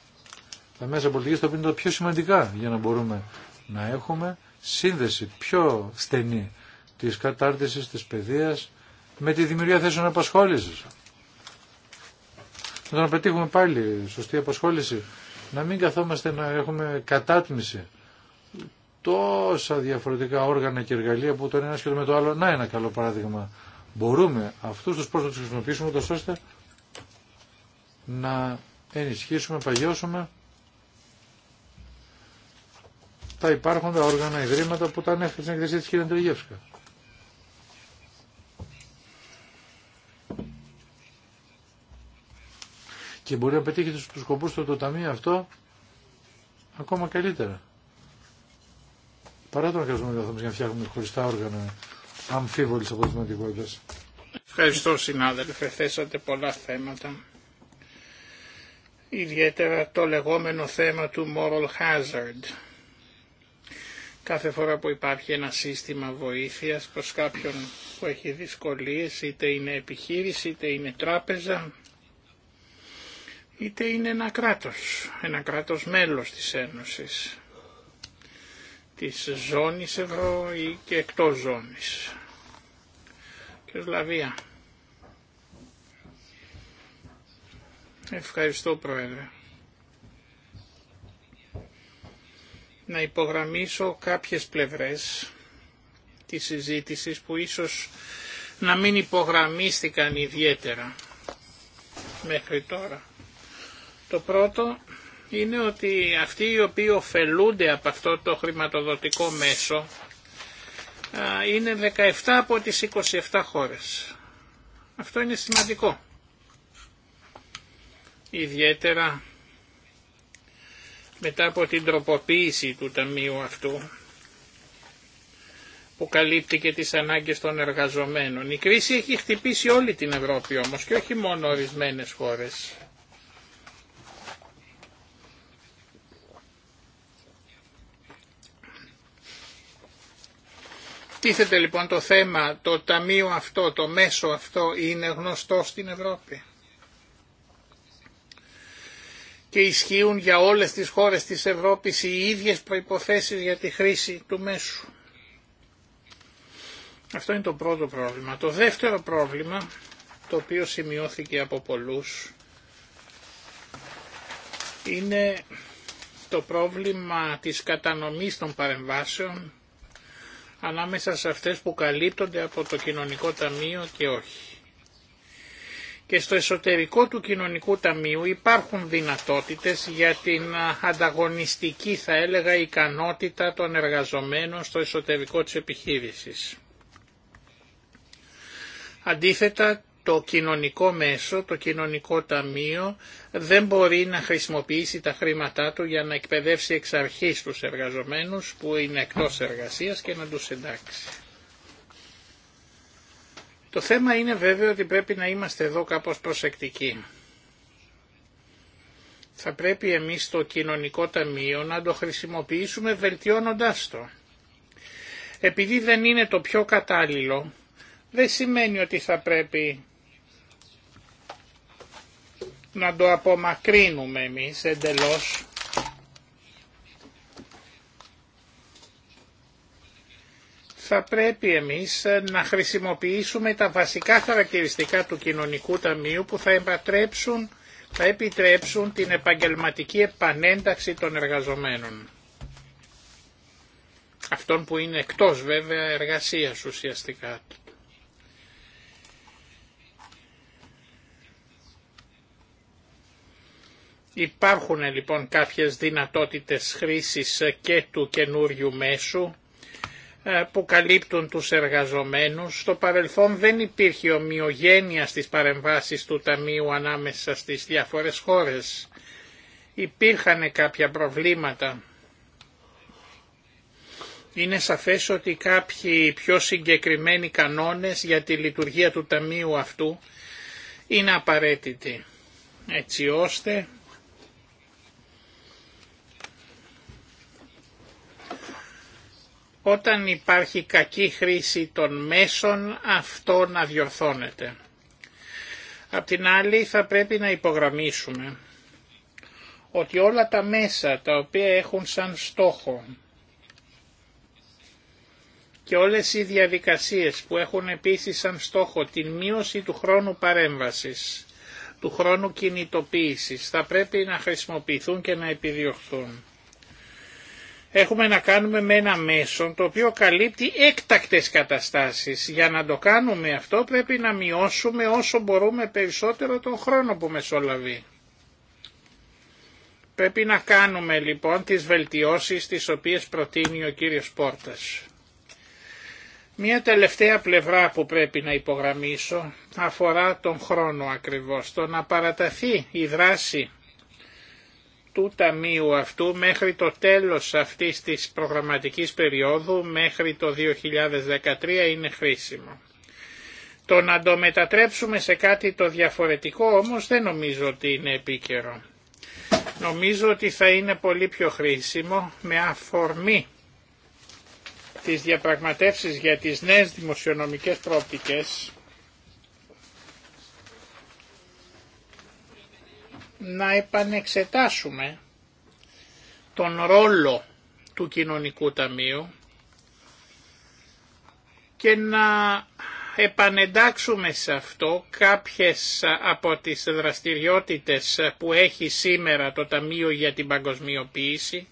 τα μέσα πολιτικής τα οποία είναι τα πιο σημαντικά για να μπορούμε να έχουμε σύνδεση πιο στενή της κατάρτιση, της παιδείας με τη δημιουργία θέσεων απασχόλησης να πετύχουμε πάλι σωστή απασχόληση, να μην καθόμαστε να έχουμε κατάτμιση τόσα διαφορετικά όργανα και εργαλεία που το ένα σχεδόν με το άλλο. Να ένα καλό παράδειγμα. Μπορούμε αυτούς τους πώς να τους χρησιμοποιήσουμε τόσο ώστε να ενισχύσουμε, παγιώσουμε τα υπάρχοντα όργανα, ιδρύματα που τα ανέφερε στην της κ. και μπορεί να πετύχει τους σκοπούς του το ταμείο αυτό ακόμα καλύτερα. Παρά το να χρειαζόμαστε για να φτιάχνουμε χωριστά όργανα αμφίβολης αποτελεσματικότητας. Ευχαριστώ συνάδελφε, θέσατε πολλά θέματα. Ιδιαίτερα το λεγόμενο θέμα του moral hazard. Κάθε φορά που υπάρχει ένα σύστημα βοήθειας προς κάποιον που έχει δυσκολίες, είτε είναι επιχείρηση, είτε είναι τράπεζα, είτε είναι ένα κράτος, ένα κράτος μέλος της Ένωσης, της ζώνης ευρώ ή και εκτός ζώνης. Και Λαβία, Ευχαριστώ Πρόεδρε. Να υπογραμμίσω κάποιες πλευρές της συζήτησης που ίσως να μην υπογραμμίστηκαν ιδιαίτερα μέχρι τώρα. Το πρώτο είναι ότι αυτοί οι οποίοι ωφελούνται από αυτό το χρηματοδοτικό μέσο είναι 17 από τις 27 χώρες. Αυτό είναι σημαντικό. Ιδιαίτερα μετά από την τροποποίηση του ταμείου αυτού που καλύπτει και τις ανάγκες των εργαζομένων. Η κρίση έχει χτυπήσει όλη την Ευρώπη όμως και όχι μόνο ορισμένες χώρες. Τίθεται λοιπόν το θέμα, το ταμείο αυτό, το μέσο αυτό είναι γνωστό στην Ευρώπη. Και ισχύουν για όλες τις χώρες της Ευρώπης οι ίδιες προϋποθέσεις για τη χρήση του μέσου. Αυτό είναι το πρώτο πρόβλημα. Το δεύτερο πρόβλημα, το οποίο σημειώθηκε από πολλούς, είναι το πρόβλημα της κατανομής των παρεμβάσεων ανάμεσα σε αυτές που καλύπτονται από το κοινωνικό ταμείο και όχι. Και στο εσωτερικό του κοινωνικού ταμείου υπάρχουν δυνατότητες για την ανταγωνιστική θα έλεγα ικανότητα των εργαζομένων στο εσωτερικό της επιχείρησης. Αντίθετα, το κοινωνικό μέσο, το κοινωνικό ταμείο δεν μπορεί να χρησιμοποιήσει τα χρήματά του για να εκπαιδεύσει εξ αρχής τους εργαζομένους που είναι εκτός εργασίας και να τους εντάξει. Το θέμα είναι βέβαια ότι πρέπει να είμαστε εδώ κάπως προσεκτικοί. Θα πρέπει εμείς το κοινωνικό ταμείο να το χρησιμοποιήσουμε βελτιώνοντάς το. Επειδή δεν είναι το πιο κατάλληλο, δεν σημαίνει ότι θα πρέπει να το απομακρύνουμε εμείς εντελώς. Θα πρέπει εμείς να χρησιμοποιήσουμε τα βασικά χαρακτηριστικά του κοινωνικού ταμείου που θα επιτρέψουν, θα επιτρέψουν την επαγγελματική επανένταξη των εργαζομένων. Αυτών που είναι εκτός βέβαια εργασίας ουσιαστικά Υπάρχουν λοιπόν κάποιες δυνατότητες χρήσης ε, και του καινούριου μέσου ε, που καλύπτουν τους εργαζομένους. Στο παρελθόν δεν υπήρχε ομοιογένεια στις παρεμβάσεις του Ταμείου ανάμεσα στις διάφορες χώρες. Υπήρχαν κάποια προβλήματα. Είναι σαφές ότι κάποιοι πιο συγκεκριμένοι κανόνες για τη λειτουργία του Ταμείου αυτού είναι απαραίτητοι, έτσι ώστε όταν υπάρχει κακή χρήση των μέσων αυτό να διορθώνεται. Απ' την άλλη θα πρέπει να υπογραμμίσουμε ότι όλα τα μέσα τα οποία έχουν σαν στόχο και όλες οι διαδικασίες που έχουν επίσης σαν στόχο την μείωση του χρόνου παρέμβασης, του χρόνου κινητοποίησης, θα πρέπει να χρησιμοποιηθούν και να επιδιωχθούν έχουμε να κάνουμε με ένα μέσο το οποίο καλύπτει έκτακτες καταστάσεις. Για να το κάνουμε αυτό πρέπει να μειώσουμε όσο μπορούμε περισσότερο τον χρόνο που μεσολαβεί. Πρέπει να κάνουμε λοιπόν τις βελτιώσεις τις οποίες προτείνει ο κύριος Πόρτας. Μία τελευταία πλευρά που πρέπει να υπογραμμίσω αφορά τον χρόνο ακριβώς, το να παραταθεί η δράση του ταμείου αυτού μέχρι το τέλος αυτής της προγραμματικής περίοδου, μέχρι το 2013 είναι χρήσιμο. Το να το μετατρέψουμε σε κάτι το διαφορετικό όμως δεν νομίζω ότι είναι επίκαιρο. Νομίζω ότι θα είναι πολύ πιο χρήσιμο με αφορμή τις διαπραγματεύσεις για τις νέες δημοσιονομικές τρόπικες. να επανεξετάσουμε τον ρόλο του κοινωνικού ταμείου και να επανεντάξουμε σε αυτό κάποιες από τις δραστηριότητες που έχει σήμερα το Ταμείο για την Παγκοσμιοποίηση,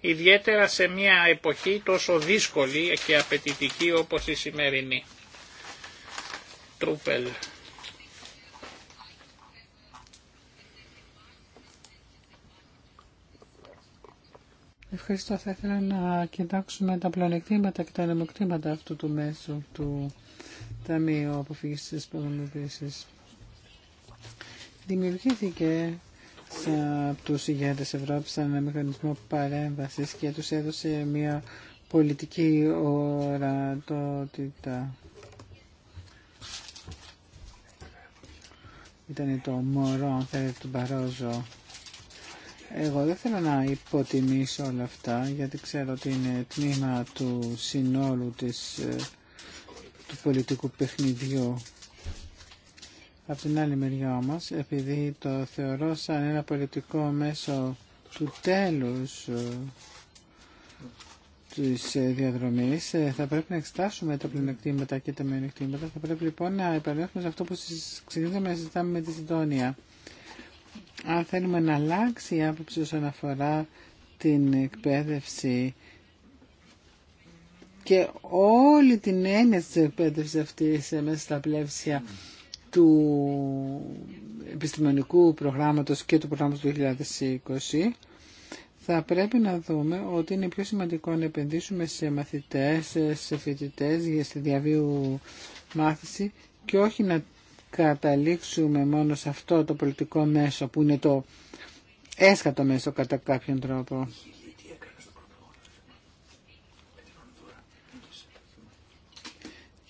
ιδιαίτερα σε μια εποχή τόσο δύσκολη και απαιτητική όπως η σημερινή. Τρούπελ. Ευχαριστώ. Θα ήθελα να κοιτάξουμε τα πλανεκτήματα και τα ανεμοκτήματα αυτού του μέσου του Ταμείου Αποφύγησης τη Προγραμματίσης. Δημιουργήθηκε από τους ηγέτες Ευρώπης σαν ένα μηχανισμό παρέμβασης και τους έδωσε μια πολιτική ορατότητα. Ήταν το μωρό, αν θέλετε, του Μπαρόζο. Εγώ δεν θέλω να υποτιμήσω όλα αυτά, γιατί ξέρω ότι είναι τμήμα του συνόλου της, ε, του πολιτικού παιχνιδιού. Από την άλλη μεριά όμως, επειδή το θεωρώ σαν ένα πολιτικό μέσο του τέλους ε, της ε, διαδρομής, θα πρέπει να εξετάσουμε τα πλεονεκτήματα και τα μειονεκτήματα. Θα πρέπει λοιπόν να επανέλθουμε σε αυτό που ξεκινήσαμε να συζητάμε με τη Συντόνια αν θέλουμε να αλλάξει η άποψη όσον αφορά την εκπαίδευση και όλη την έννοια της εκπαίδευσης αυτής μέσα στα πλαίσια του επιστημονικού προγράμματος και του προγράμματος του 2020 θα πρέπει να δούμε ότι είναι πιο σημαντικό να επενδύσουμε σε μαθητές, σε φοιτητές για στη διαβίου μάθηση και όχι να καταλήξουμε μόνο σε αυτό το πολιτικό μέσο που είναι το έσχατο μέσο κατά κάποιον τρόπο.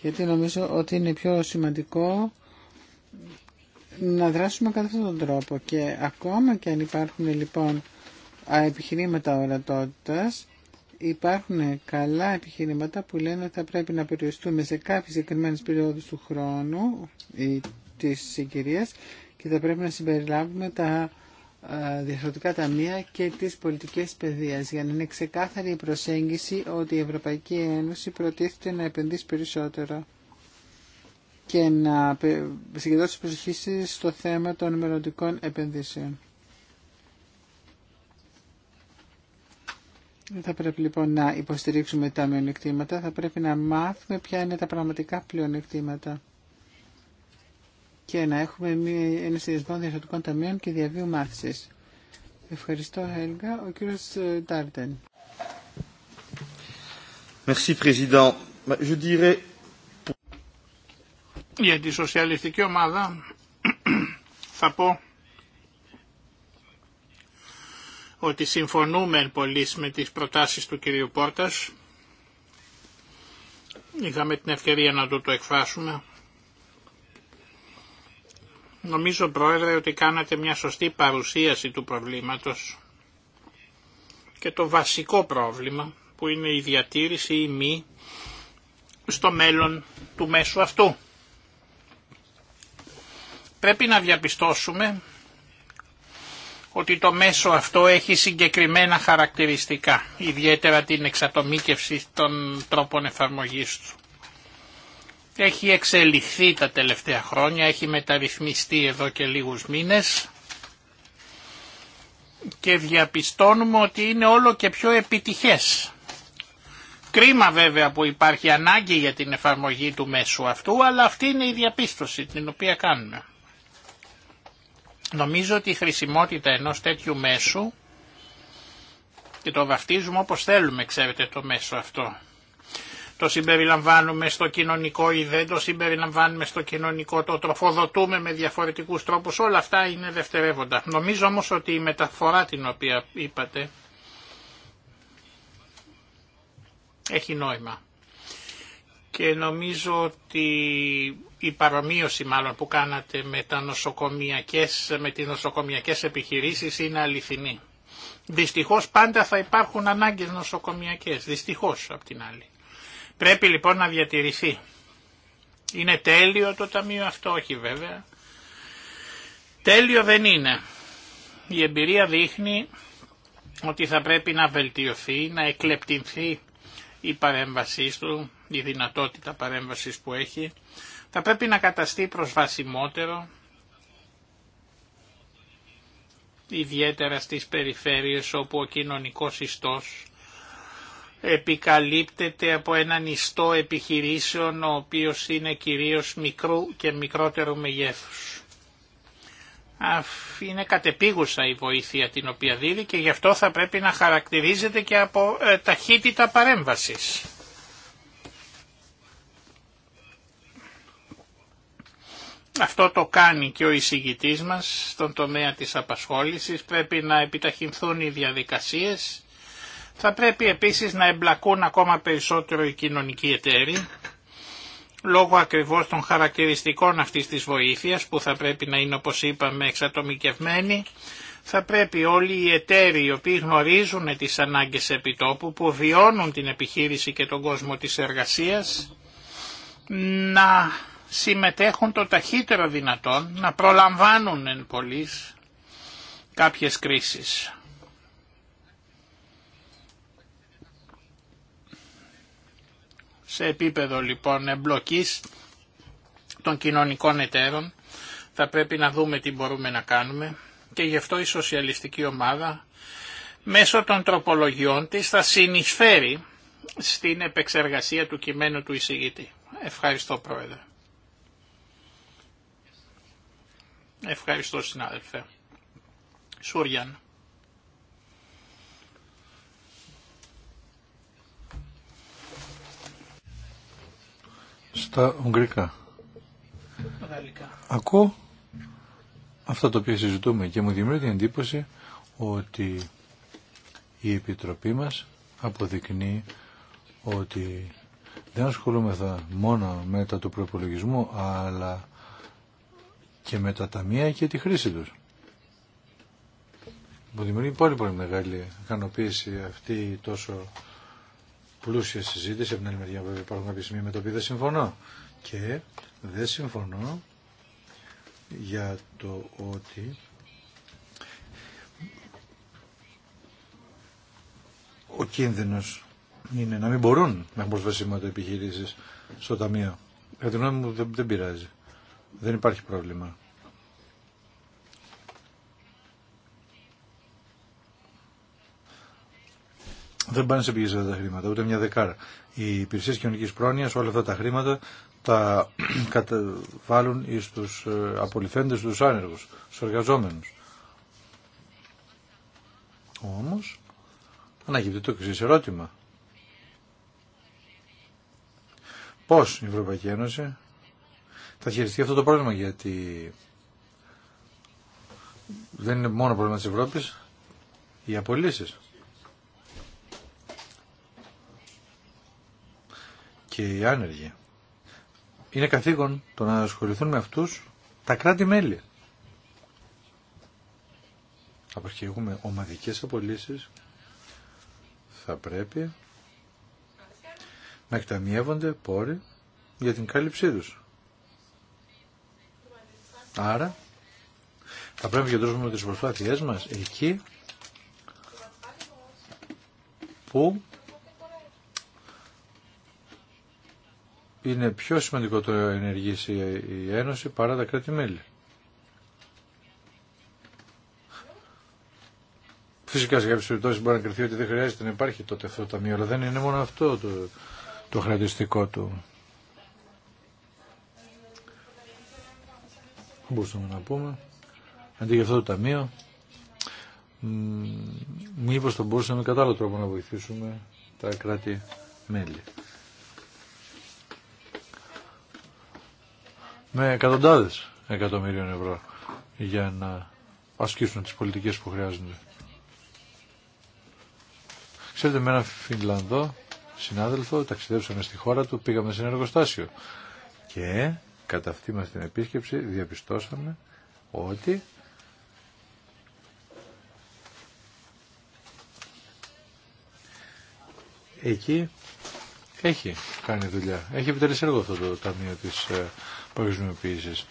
Γιατί νομίζω ότι είναι πιο σημαντικό να δράσουμε κατά αυτόν τον τρόπο και ακόμα και αν υπάρχουν λοιπόν επιχειρήματα ορατότητας υπάρχουν καλά επιχειρήματα που λένε ότι θα πρέπει να περιοριστούμε σε κάποιες συγκεκριμένε περιόδους του χρόνου ή της συγκυρίας και θα πρέπει να συμπεριλάβουμε τα διαφορετικά ταμεία και τις πολιτικές παιδείας για να είναι ξεκάθαρη η προσέγγιση ότι η Ευρωπαϊκή Ένωση προτίθεται να επενδύσει περισσότερο και να συγκεντρώσει προσοχή στο θέμα των μελλοντικών επενδύσεων. θα πρέπει λοιπόν να υποστηρίξουμε τα μειονεκτήματα, θα πρέπει να μάθουμε ποια είναι τα πραγματικά πλεονεκτήματα και να έχουμε ένα συνδυασμό διαστατικών ταμείων και διαβίου μάθησης. Ευχαριστώ, Έλγα. Ο κύριος Ντάρτεν. Για τη σοσιαλιστική ομάδα θα πω ότι συμφωνούμε πολύ με τις προτάσεις του κυρίου Πόρτας. Είχαμε την ευκαιρία να το το εκφράσουμε. Νομίζω, Πρόεδρε, ότι κάνατε μια σωστή παρουσίαση του προβλήματος και το βασικό πρόβλημα που είναι η διατήρηση ή μη στο μέλλον του μέσου αυτού. Πρέπει να διαπιστώσουμε ότι το μέσο αυτό έχει συγκεκριμένα χαρακτηριστικά, ιδιαίτερα την εξατομήκευση των τρόπων εφαρμογής του. Έχει εξελιχθεί τα τελευταία χρόνια, έχει μεταρρυθμιστεί εδώ και λίγους μήνες και διαπιστώνουμε ότι είναι όλο και πιο επιτυχές. Κρίμα βέβαια που υπάρχει ανάγκη για την εφαρμογή του μέσου αυτού, αλλά αυτή είναι η διαπίστωση την οποία κάνουμε. Νομίζω ότι η χρησιμότητα ενός τέτοιου μέσου και το βαφτίζουμε όπως θέλουμε, ξέρετε, το μέσο αυτό. Το συμπεριλαμβάνουμε στο κοινωνικό ή δεν το συμπεριλαμβάνουμε στο κοινωνικό, το τροφοδοτούμε με διαφορετικούς τρόπους, όλα αυτά είναι δευτερεύοντα. Νομίζω όμως ότι η μεταφορά την οποία είπατε έχει νόημα. Και νομίζω ότι η παρομοίωση μάλλον που κάνατε με, τα νοσοκομιακές, με τις νοσοκομιακές επιχειρήσεις είναι αληθινή. Δυστυχώς πάντα θα υπάρχουν ανάγκες νοσοκομιακές, δυστυχώς απ' την άλλη. Πρέπει λοιπόν να διατηρηθεί. Είναι τέλειο το ταμείο αυτό, όχι βέβαια. Τέλειο δεν είναι. Η εμπειρία δείχνει ότι θα πρέπει να βελτιωθεί, να εκλεπτυνθεί η παρέμβασή του, η δυνατότητα παρέμβασης που έχει θα πρέπει να καταστεί προσβασιμότερο ιδιαίτερα στις περιφέρειες όπου ο κοινωνικός ιστός επικαλύπτεται από έναν ιστό επιχειρήσεων ο οποίος είναι κυρίως μικρού και μικρότερου μεγέθους. Είναι κατεπίγουσα η βοήθεια την οποία δίδει και γι' αυτό θα πρέπει να χαρακτηρίζεται και από ε, ταχύτητα παρέμβασης. Αυτό το κάνει και ο εισηγητής μας στον τομέα της απασχόλησης. Πρέπει να επιταχυνθούν οι διαδικασίες. Θα πρέπει επίσης να εμπλακούν ακόμα περισσότερο οι κοινωνικοί εταίροι λόγω ακριβώς των χαρακτηριστικών αυτής της βοήθειας που θα πρέπει να είναι όπως είπαμε εξατομικευμένη θα πρέπει όλοι οι εταίροι οι οποίοι γνωρίζουν τις ανάγκες επιτόπου που βιώνουν την επιχείρηση και τον κόσμο της εργασίας να συμμετέχουν το ταχύτερο δυνατόν να προλαμβάνουν εν πολλής κάποιες κρίσεις. Σε επίπεδο λοιπόν εμπλοκής των κοινωνικών εταίρων θα πρέπει να δούμε τι μπορούμε να κάνουμε και γι' αυτό η σοσιαλιστική ομάδα μέσω των τροπολογιών της θα συνεισφέρει στην επεξεργασία του κειμένου του εισηγητή. Ευχαριστώ Πρόεδρε. Ευχαριστώ συνάδελφε. Σούριαν. Στα Ουγγρικά. Ακό. Ακούω αυτά τα οποία συζητούμε και μου δημιουργεί την εντύπωση ότι η Επιτροπή μας αποδεικνύει ότι δεν ασχολούμεθα μόνο με το του προπολογισμού αλλά και με τα ταμεία και τη χρήση τους. Μου δημιουργεί πολύ πολύ μεγάλη ικανοποίηση αυτή η τόσο πλούσια συζήτηση. Από την άλλη μεριά βέβαια υπάρχουν κάποια σημεία με τα οποία δεν συμφωνώ. Και δεν συμφωνώ για το ότι ο κίνδυνος είναι να μην μπορούν να έχουν προσβασιμότητα επιχειρήσεις στο ταμείο. Για την γνώμη μου δεν πειράζει. Δεν υπάρχει πρόβλημα. Δεν πάνε σε πηγές αυτά τα χρήματα, ούτε μια δεκάρα. Οι υπηρεσίες κοινωνικής πρόνοιας, όλα αυτά τα χρήματα τα καταβάλουν στους ε, απολυθέντες, τους άνεργους, στους εργαζόμενους. Όμως, ανακύπτει το εξής ερώτημα. Πώς η Ευρωπαϊκή Ένωση θα χειριστεί αυτό το πρόβλημα γιατί δεν είναι μόνο πρόβλημα της Ευρώπης οι απολύσεις. Και οι άνεργοι. Είναι καθήκον το να ασχοληθούν με αυτούς τα κράτη-μέλη. Όπως ο έχουμε ομαδικές απολύσεις θα πρέπει να εκταμιεύονται πόροι για την κάλυψή τους. Άρα θα πρέπει να κεντρώσουμε τις προσπάθειές μας εκεί που είναι πιο σημαντικό το ενεργήσει η Ένωση παρά τα κράτη-μέλη. Φυσικά σε κάποιες περιπτώσει μπορεί να κρυθεί ότι δεν χρειάζεται να υπάρχει τότε αυτό το ταμείο, αλλά δεν είναι μόνο αυτό το, το του. μπορούσαμε να πούμε, αντί για αυτό το ταμείο, Μήπω θα μπορούσαμε με άλλο τρόπο να βοηθήσουμε τα κράτη-μέλη. Με εκατοντάδε εκατομμύριων ευρώ για να ασκήσουν τις πολιτικές που χρειάζονται. Ξέρετε με έναν Φινλανδό συνάδελφο, ταξιδέψαμε στη χώρα του, πήγαμε σε ένα εργοστάσιο και Κατά αυτή μας την επίσκεψη διαπιστώσαμε ότι εκεί έχει κάνει δουλειά. Έχει επιτελέσει έργο αυτό το Ταμείο της ε, Παγκοσμιοποίησης.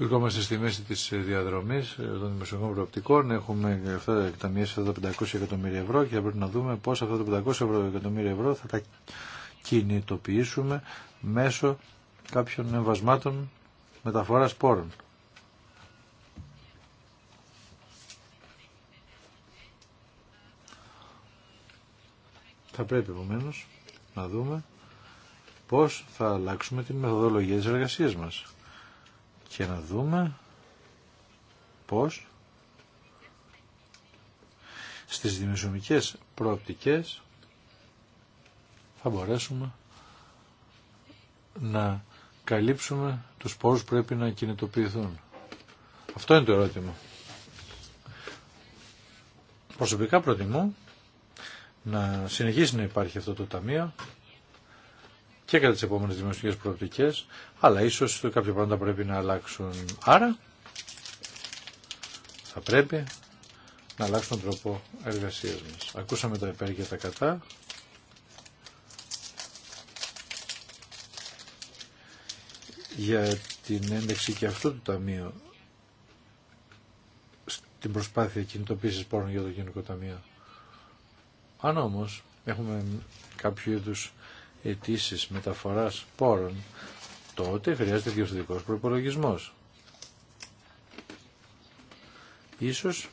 Βρισκόμαστε στη μέση της διαδρομής ε, των δημοσιογών προοπτικών. Έχουμε αυτά τα αυτά τα 500 εκατομμύρια ευρώ και θα πρέπει να δούμε πώς αυτά τα 500 εκατομμύρια ευρώ θα τα κινητοποιήσουμε μέσω κάποιων εμβασμάτων μεταφοράς πόρων. Θα πρέπει επομένω να δούμε πώς θα αλλάξουμε την μεθοδολογία της εργασίας μας και να δούμε πώς στις δημιουργικές προοπτικές θα μπορέσουμε να καλύψουμε τους πόρους που πρέπει να κινητοποιηθούν. Αυτό είναι το ερώτημα. Προσωπικά προτιμώ να συνεχίσει να υπάρχει αυτό το ταμείο και κατά τις επόμενες δημοσιογικές προοπτικές, αλλά ίσως κάποια πράγματα πρέπει να αλλάξουν. Άρα θα πρέπει να αλλάξουν τον τρόπο εργασίας μας. Ακούσαμε τα υπέρ και τα κατά. για την ένταξη και αυτού του ταμείου στην προσπάθεια κινητοποίησης πόρων για το Γενικό Ταμείο. Αν όμως έχουμε κάποιο είδου αιτήσει μεταφοράς πόρων, τότε χρειάζεται διορθωτικό προϋπολογισμός. Ίσως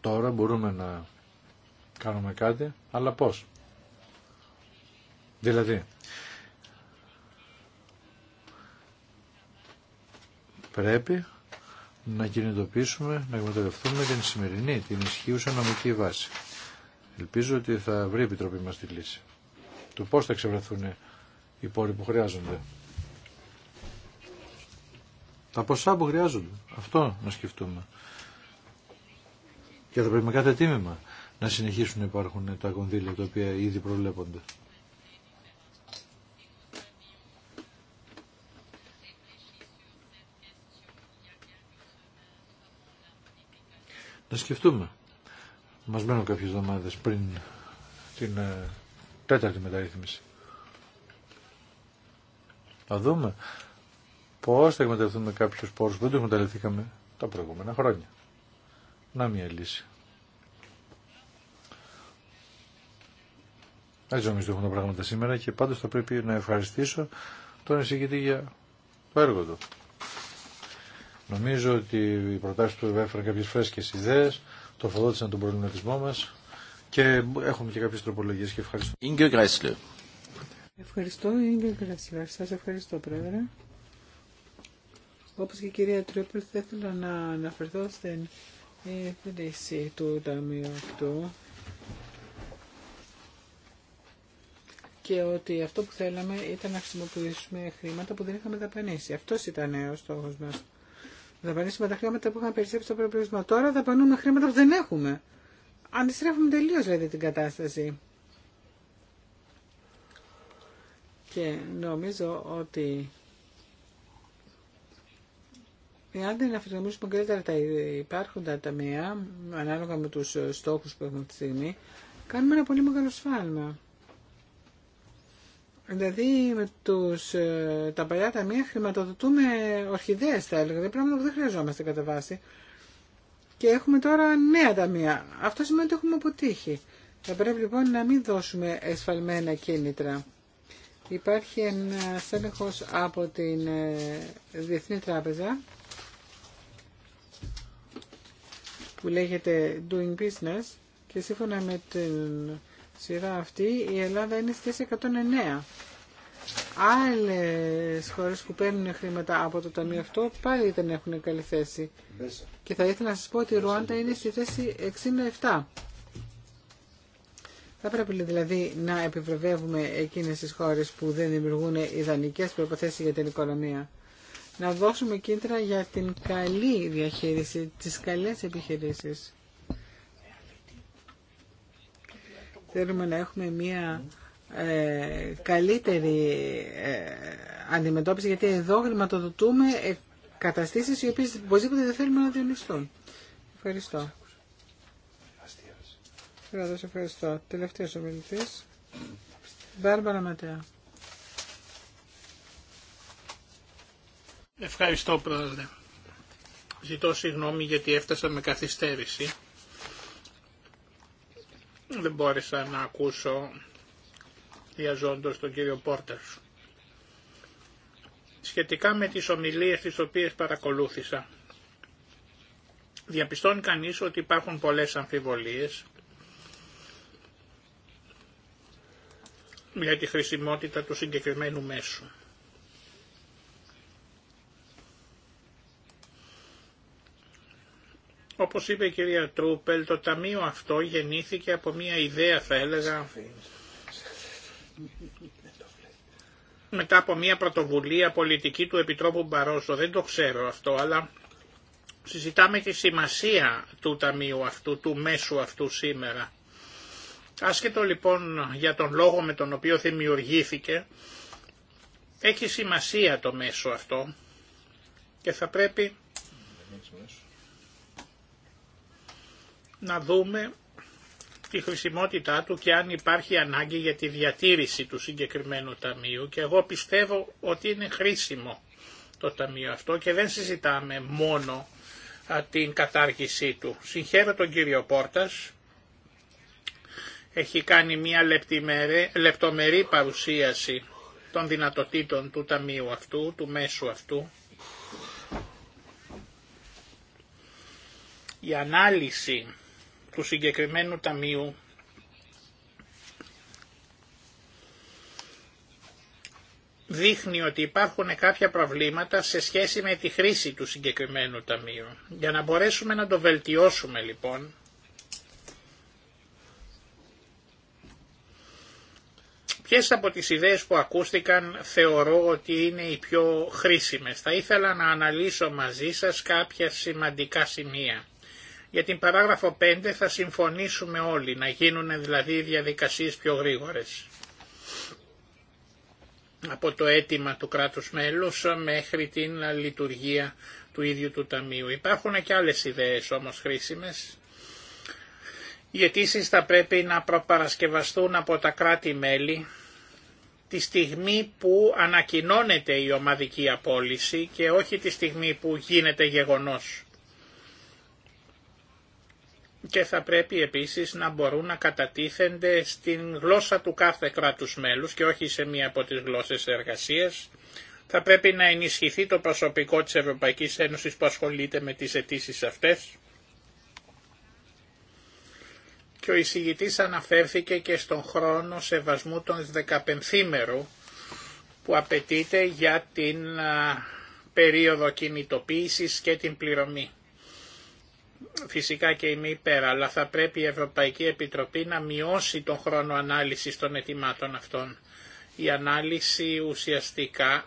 τώρα μπορούμε να κάνουμε κάτι, αλλά πώς. Δηλαδή, πρέπει να κινητοποιήσουμε, να εκμεταλλευτούμε την σημερινή, την ισχύουσα νομική βάση. Ελπίζω ότι θα βρει η Επιτροπή μας τη λύση. Το πώς θα εξευρεθούν οι πόροι που χρειάζονται. Τα ποσά που χρειάζονται. Αυτό να σκεφτούμε. Και θα πρέπει με κάθε τίμημα να συνεχίσουν να υπάρχουν τα κονδύλια τα οποία ήδη προβλέπονται. να σκεφτούμε. Μας μένουν κάποιες εβδομάδες πριν την ε, τέταρτη μεταρρύθμιση. Να δούμε πώς θα εκμεταλλευτούμε κάποιους πόρους που δεν το εκμεταλλευτήκαμε τα προηγούμενα χρόνια. Να μια λύση. Έτσι νομίζω έχουν τα πράγματα σήμερα και πάντως θα πρέπει να ευχαριστήσω τον εισηγητή για το έργο του. Νομίζω ότι οι προτάσει του έφεραν κάποιε φρέσκε ιδέε, τροφοδότησαν τον προβληματισμό μα και έχουμε και κάποιε τροπολογίε ευχαριστώ. ευχαριστώ, Ιγκε Gressler. Σα ευχαριστώ, Πρόεδρε. Όπω και η κυρία Τρόπερ, θα ήθελα να αναφερθώ στην επίδειξη του Ταμείου αυτού και ότι αυτό που θέλαμε ήταν να χρησιμοποιήσουμε χρήματα που δεν είχαμε δαπανίσει. Αυτό ήταν ο στόχο μα δαπανίσουμε τα χρήματα που είχαμε περισσέψει στο προπλησμό. Τώρα δαπανούμε χρήματα που δεν έχουμε. Αντιστρέφουμε τελείω δηλαδή την κατάσταση. Και νομίζω ότι εάν δεν αφιερώσουμε καλύτερα τα υπάρχοντα ταμεία, ανάλογα με τους στόχου που έχουμε αυτή τη στιγμή, κάνουμε ένα πολύ μεγάλο σφάλμα. Δηλαδή με τους, ε, τα παλιά ταμεία χρηματοδοτούμε ορχιδέες θα έλεγα, δηλαδή πράγματα που δεν χρειαζόμαστε κατά βάση. Και έχουμε τώρα νέα ταμεία. Αυτό σημαίνει ότι έχουμε αποτύχει. Θα πρέπει λοιπόν να μην δώσουμε εσφαλμένα κίνητρα. Υπάρχει ένα έλεγχο από την ε, Διεθνή Τράπεζα που λέγεται Doing Business και σύμφωνα με την σειρά αυτή η Ελλάδα είναι στη θέση 109. Άλλε χώρες που παίρνουν χρήματα από το ταμείο αυτό πάλι δεν έχουν καλή θέση. Και θα ήθελα να σας πω ότι η Ρουάντα είναι στη θέση 67. Θα πρέπει δηλαδή να επιβραβεύουμε εκείνες τις χώρες που δεν δημιουργούν ιδανικές προποθέσει για την οικονομία. Να δώσουμε κίνητρα για την καλή διαχείριση, τις καλές επιχειρήσεις. θέλουμε να έχουμε μια ε, καλύτερη ε, αντιμετώπιση γιατί εδώ χρηματοδοτούμε ε, καταστήσεις οι οποίες οπωσδήποτε δεν θέλουμε να διονυστούν. Ευχαριστώ. Ευχαριστώ. ευχαριστώ. Τελευταίος ο μιλητής. Μπάρμπαρα Ματέα. Ευχαριστώ πρόεδρε. Ζητώ συγγνώμη γιατί έφτασα με καθυστέρηση. Δεν μπόρεσα να ακούσω διαζώντος τον κύριο Πόρτερ Σχετικά με τις ομιλίες τις οποίες παρακολούθησα, διαπιστώνει κανείς ότι υπάρχουν πολλές αμφιβολίες για τη χρησιμότητα του συγκεκριμένου μέσου. Όπως είπε η κυρία Τρούπελ, το ταμείο αυτό γεννήθηκε από μια ιδέα, θα έλεγα, μετά από μια πρωτοβουλία πολιτική του Επιτρόπου Μπαρόσο. Δεν το ξέρω αυτό, αλλά συζητάμε τη σημασία του ταμείου αυτού, του μέσου αυτού σήμερα. Άσχετο λοιπόν για τον λόγο με τον οποίο δημιουργήθηκε, έχει σημασία το μέσο αυτό και θα πρέπει να δούμε τη χρησιμότητά του και αν υπάρχει ανάγκη για τη διατήρηση του συγκεκριμένου ταμείου και εγώ πιστεύω ότι είναι χρήσιμο το ταμείο αυτό και δεν συζητάμε μόνο την κατάργησή του. Συγχαίρω τον κύριο Πόρτας, έχει κάνει μια λεπτομερή παρουσίαση των δυνατοτήτων του ταμείου αυτού, του μέσου αυτού. Η ανάλυση του συγκεκριμένου ταμείου δείχνει ότι υπάρχουν κάποια προβλήματα σε σχέση με τη χρήση του συγκεκριμένου ταμείου. Για να μπορέσουμε να το βελτιώσουμε λοιπόν, Ποιες από τις ιδέες που ακούστηκαν θεωρώ ότι είναι οι πιο χρήσιμες. Θα ήθελα να αναλύσω μαζί σας κάποια σημαντικά σημεία. Για την παράγραφο 5 θα συμφωνήσουμε όλοι, να γίνουν δηλαδή οι διαδικασίες πιο γρήγορες. Από το αίτημα του κράτους μέλους μέχρι την λειτουργία του ίδιου του Ταμείου. Υπάρχουν και άλλες ιδέες όμως χρήσιμες. Οι αιτήσει θα πρέπει να προπαρασκευαστούν από τα κράτη-μέλη τη στιγμή που ανακοινώνεται η ομαδική απόλυση και όχι τη στιγμή που γίνεται γεγονός και θα πρέπει επίσης να μπορούν να κατατίθενται στην γλώσσα του κάθε κράτους μέλους και όχι σε μία από τις γλώσσες εργασίας. Θα πρέπει να ενισχυθεί το προσωπικό της Ευρωπαϊκής Ένωσης που ασχολείται με τις αιτήσει αυτές. Και ο εισηγητής αναφέρθηκε και στον χρόνο σεβασμού των 15 που απαιτείται για την περίοδο κινητοποίησης και την πληρωμή φυσικά και είμαι υπέρ, αλλά θα πρέπει η Ευρωπαϊκή Επιτροπή να μειώσει τον χρόνο ανάλυσης των αιτημάτων αυτών. Η ανάλυση ουσιαστικά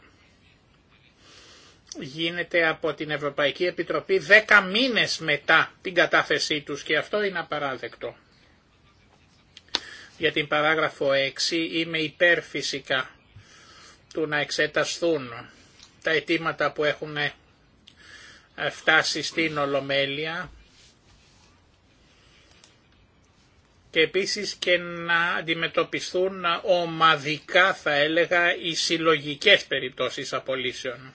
γίνεται από την Ευρωπαϊκή Επιτροπή 10 μήνες μετά την κατάθεσή τους και αυτό είναι απαράδεκτο. Για την παράγραφο 6 είμαι υπέρ φυσικά του να εξεταστούν τα αιτήματα που έχουν ε, φτάσει στην Ολομέλεια και επίσης και να αντιμετωπιστούν ομαδικά θα έλεγα οι συλλογικές περιπτώσεις απολύσεων.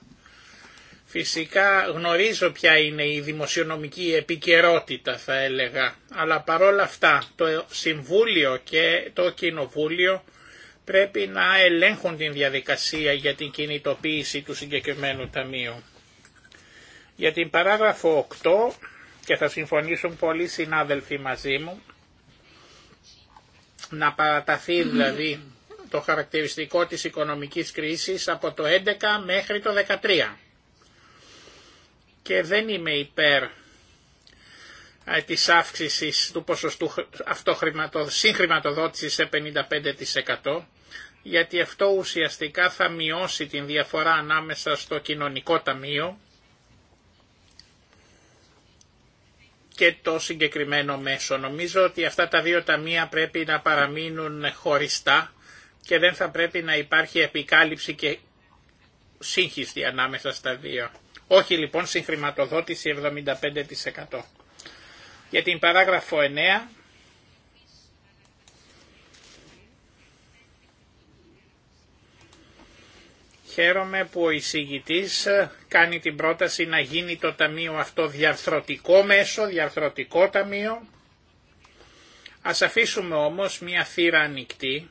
Φυσικά γνωρίζω ποια είναι η δημοσιονομική επικαιρότητα θα έλεγα, αλλά παρόλα αυτά το Συμβούλιο και το Κοινοβούλιο πρέπει να ελέγχουν την διαδικασία για την κινητοποίηση του συγκεκριμένου ταμείου. Για την παράγραφο 8, και θα συμφωνήσουν πολλοί συνάδελφοι μαζί μου, να παραταθεί δηλαδή το χαρακτηριστικό της οικονομικής κρίσης από το 11 μέχρι το 13. Και δεν είμαι υπέρ ε, της αύξησης του ποσοστού συγχρηματοδότησης σε 55% γιατί αυτό ουσιαστικά θα μειώσει την διαφορά ανάμεσα στο κοινωνικό ταμείο και το συγκεκριμένο μέσο. Νομίζω ότι αυτά τα δύο ταμεία πρέπει να παραμείνουν χωριστά και δεν θα πρέπει να υπάρχει επικάλυψη και σύγχυστη ανάμεσα στα δύο. Όχι λοιπόν συγχρηματοδότηση 75%. Για την παράγραφο 9... Χαίρομαι που ο εισηγητής κάνει την πρόταση να γίνει το ταμείο αυτό διαρθρωτικό μέσο, διαρθρωτικό ταμείο. Ας αφήσουμε όμως μια θύρα ανοιχτή,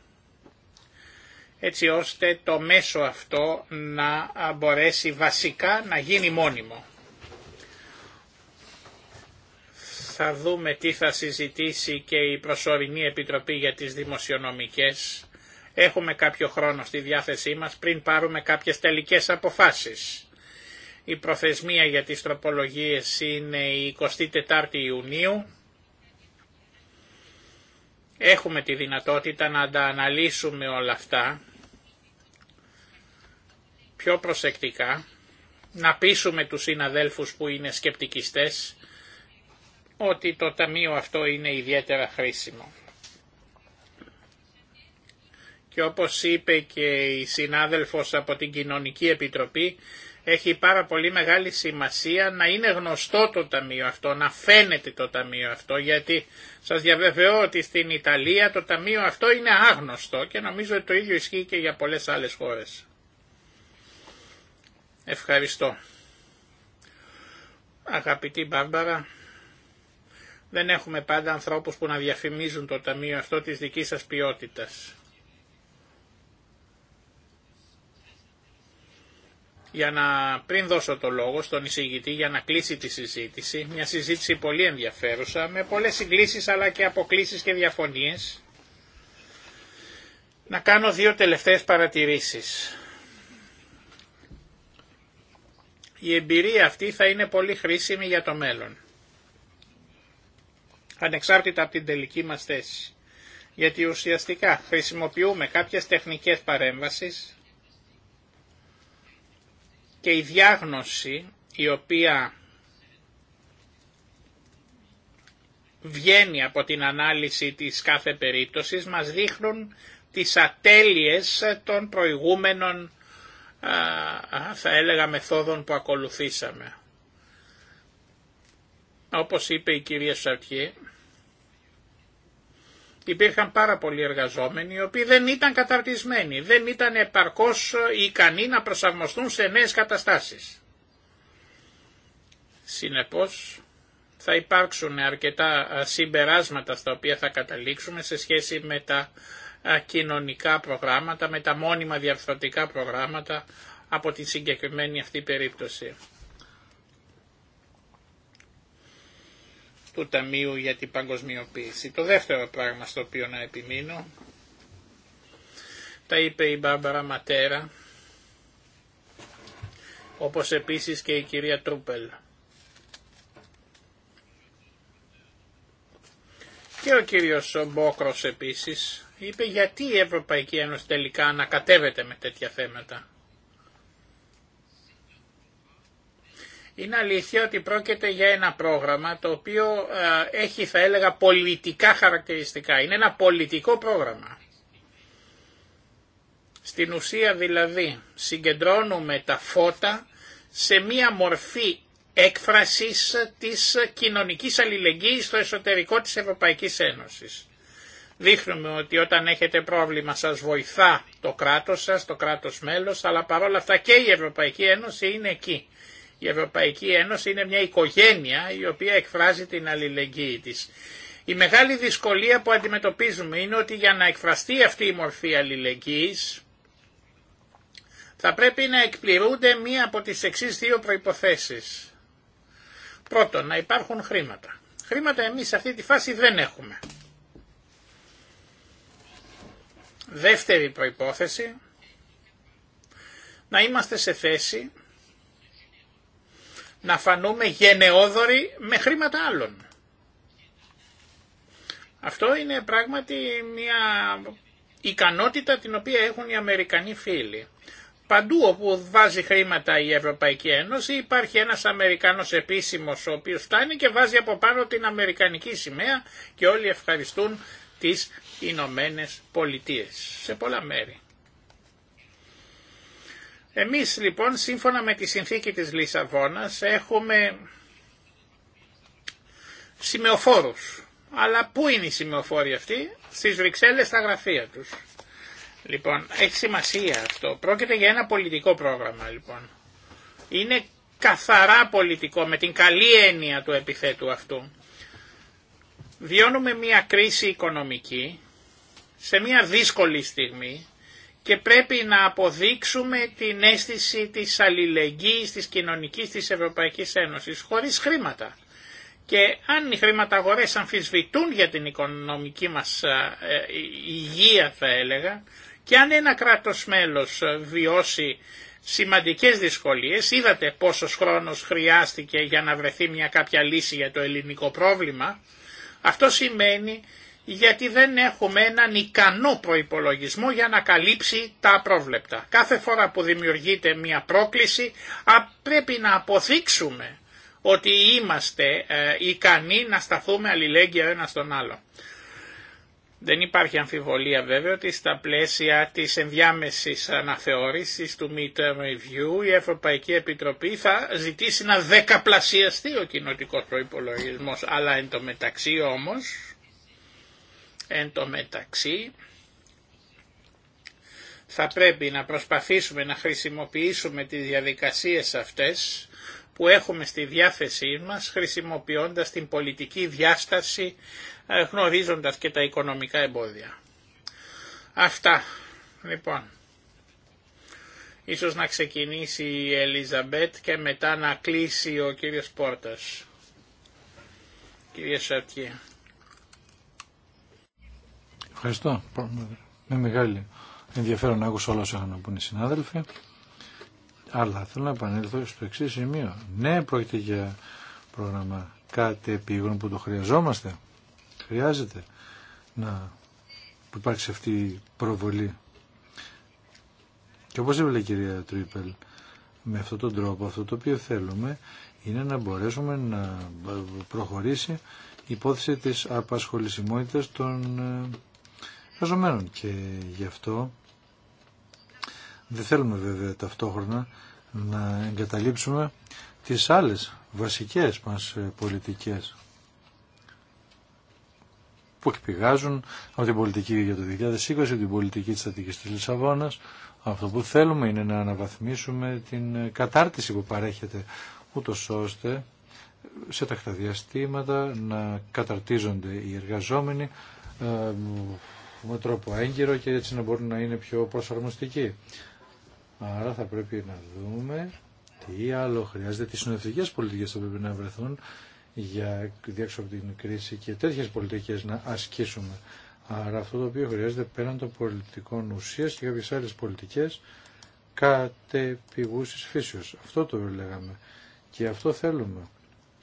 έτσι ώστε το μέσο αυτό να μπορέσει βασικά να γίνει μόνιμο. Θα δούμε τι θα συζητήσει και η προσωρινή Επιτροπή για τις Δημοσιονομικές. Έχουμε κάποιο χρόνο στη διάθεσή μας πριν πάρουμε κάποιες τελικές αποφάσεις. Η προθεσμία για τις τροπολογίες είναι η 24η Ιουνίου. Έχουμε τη δυνατότητα να τα αναλύσουμε όλα αυτά πιο προσεκτικά, να πείσουμε τους συναδέλφους που είναι σκεπτικιστές ότι το ταμείο αυτό είναι ιδιαίτερα χρήσιμο. Και όπως είπε και η συνάδελφος από την Κοινωνική Επιτροπή, έχει πάρα πολύ μεγάλη σημασία να είναι γνωστό το ταμείο αυτό, να φαίνεται το ταμείο αυτό, γιατί σας διαβεβαιώ ότι στην Ιταλία το ταμείο αυτό είναι άγνωστο και νομίζω ότι το ίδιο ισχύει και για πολλές άλλες χώρες. Ευχαριστώ. Αγαπητή Μπάρμπαρα, δεν έχουμε πάντα ανθρώπους που να διαφημίζουν το ταμείο αυτό της δικής σας ποιότητας. για να, πριν δώσω το λόγο στον εισηγητή για να κλείσει τη συζήτηση, μια συζήτηση πολύ ενδιαφέρουσα, με πολλές συγκλήσεις αλλά και αποκλήσεις και διαφωνίες, να κάνω δύο τελευταίες παρατηρήσεις. Η εμπειρία αυτή θα είναι πολύ χρήσιμη για το μέλλον. Ανεξάρτητα από την τελική μας θέση. Γιατί ουσιαστικά χρησιμοποιούμε κάποιες τεχνικές παρέμβασης και η διάγνωση η οποία βγαίνει από την ανάλυση της κάθε περίπτωσης μας δείχνουν τις ατέλειες των προηγούμενων θα έλεγα μεθόδων που ακολουθήσαμε. Όπως είπε η κυρία Σαρτιέ, υπήρχαν πάρα πολλοί εργαζόμενοι οι οποίοι δεν ήταν καταρτισμένοι, δεν ήταν επαρκώς ικανοί να προσαρμοστούν σε νέες καταστάσεις. Συνεπώς θα υπάρξουν αρκετά συμπεράσματα στα οποία θα καταλήξουμε σε σχέση με τα κοινωνικά προγράμματα, με τα μόνιμα διαρθρωτικά προγράμματα από τη συγκεκριμένη αυτή περίπτωση. του Ταμείου για την Παγκοσμιοποίηση. Το δεύτερο πράγμα στο οποίο να επιμείνω, τα είπε η Μπάμπαρα Ματέρα, όπως επίσης και η κυρία Τρούπελ. Και ο κύριος Μπόκρος επίσης είπε γιατί η Ευρωπαϊκή Ένωση τελικά ανακατεύεται με τέτοια θέματα. Είναι αλήθεια ότι πρόκειται για ένα πρόγραμμα το οποίο ε, έχει θα έλεγα πολιτικά χαρακτηριστικά. Είναι ένα πολιτικό πρόγραμμα. Στην ουσία δηλαδή συγκεντρώνουμε τα φώτα σε μία μορφή έκφρασης της κοινωνικής αλληλεγγύης στο εσωτερικό της Ευρωπαϊκής Ένωσης. Δείχνουμε ότι όταν έχετε πρόβλημα σας βοηθά το κράτος σας, το κράτος μέλος, αλλά παρόλα αυτά και η Ευρωπαϊκή Ένωση είναι εκεί. Η Ευρωπαϊκή Ένωση είναι μια οικογένεια η οποία εκφράζει την αλληλεγγύη της. Η μεγάλη δυσκολία που αντιμετωπίζουμε είναι ότι για να εκφραστεί αυτή η μορφή αλληλεγγύης θα πρέπει να εκπληρούνται μία από τις εξής δύο προϋποθέσεις. Πρώτον, να υπάρχουν χρήματα. Χρήματα εμείς σε αυτή τη φάση δεν έχουμε. Δεύτερη προϋπόθεση, να είμαστε σε θέση να φανούμε γενναιόδοροι με χρήματα άλλων. Αυτό είναι πράγματι μια ικανότητα την οποία έχουν οι Αμερικανοί φίλοι. Παντού όπου βάζει χρήματα η Ευρωπαϊκή Ένωση υπάρχει ένας Αμερικάνος επίσημος ο οποίος φτάνει και βάζει από πάνω την Αμερικανική σημαία και όλοι ευχαριστούν τις Ηνωμένε Πολιτείες σε πολλά μέρη. Εμείς λοιπόν σύμφωνα με τη συνθήκη της Λισαβόνας έχουμε σημεοφόρους. Αλλά πού είναι οι σημεοφόροι αυτοί, στις Βρυξέλλες στα γραφεία τους. Λοιπόν, έχει σημασία αυτό. Πρόκειται για ένα πολιτικό πρόγραμμα λοιπόν. Είναι καθαρά πολιτικό με την καλή έννοια του επιθέτου αυτού. Βιώνουμε μια κρίση οικονομική σε μια δύσκολη στιγμή και πρέπει να αποδείξουμε την αίσθηση της αλληλεγγύης της κοινωνικής της Ευρωπαϊκής Ένωσης χωρίς χρήματα. Και αν οι χρηματαγορές αμφισβητούν για την οικονομική μας ε, ε, υγεία θα έλεγα και αν ένα κράτος μέλος βιώσει σημαντικές δυσκολίες, είδατε πόσος χρόνος χρειάστηκε για να βρεθεί μια κάποια λύση για το ελληνικό πρόβλημα, αυτό σημαίνει γιατί δεν έχουμε έναν ικανό προϋπολογισμό για να καλύψει τα απρόβλεπτα. Κάθε φορά που δημιουργείται μια πρόκληση πρέπει να αποθήξουμε ότι είμαστε ε, ικανοί να σταθούμε αλληλέγγυα ένα στον άλλο. Δεν υπάρχει αμφιβολία βέβαια ότι στα πλαίσια της ενδιάμεσης αναθεώρησης του Midterm Review η Ευρωπαϊκή Επιτροπή θα ζητήσει να δεκαπλασιαστεί ο κοινοτικός προϋπολογισμός, αλλά εν τω μεταξύ όμως Εν τω μεταξύ θα πρέπει να προσπαθήσουμε να χρησιμοποιήσουμε τις διαδικασίες αυτές που έχουμε στη διάθεσή μας χρησιμοποιώντας την πολιτική διάσταση ε, γνωρίζοντας και τα οικονομικά εμπόδια. Αυτά λοιπόν. Ίσως να ξεκινήσει η Ελίζαμπετ και μετά να κλείσει ο κύριος Πόρτας. Κύριε Σαρτιέ. Ευχαριστώ. Με μεγάλη ενδιαφέρον άκουσα όλα όσα είχαν να πούνε οι συνάδελφοι. Αλλά θέλω να επανέλθω στο εξή σημείο. Ναι, πρόκειται για πρόγραμμα κάτι επίγον που το χρειαζόμαστε. Χρειάζεται να υπάρξει αυτή η προβολή. Και όπως είπε η κυρία Τρίπελ, με αυτόν τον τρόπο, αυτό το οποίο θέλουμε είναι να μπορέσουμε να προχωρήσει η υπόθεση της απασχολησιμότητας των ε, και γι' αυτό δεν θέλουμε βέβαια ταυτόχρονα να εγκαταλείψουμε τις άλλες βασικές μας ε, πολιτικές που εκπηγάζουν από την πολιτική για το 2020, από την πολιτική της Αττικής της Λισαβόνας. Αυτό που θέλουμε είναι να αναβαθμίσουμε την ε, κατάρτιση που παρέχεται ούτω ώστε σε τακταδιαστήματα να καταρτίζονται οι εργαζόμενοι ε, με τρόπο έγκυρο και έτσι να μπορούν να είναι πιο προσαρμοστικοί. Άρα θα πρέπει να δούμε τι άλλο χρειάζεται, τι συνοδευτικές πολιτικές θα πρέπει να βρεθούν για διέξω από την κρίση και τέτοιες πολιτικές να ασκήσουμε. Άρα αυτό το οποίο χρειάζεται πέραν των πολιτικών ουσίας και κάποιες άλλες πολιτικές κατεπηγούσης φύσεως. Αυτό το λέγαμε και αυτό θέλουμε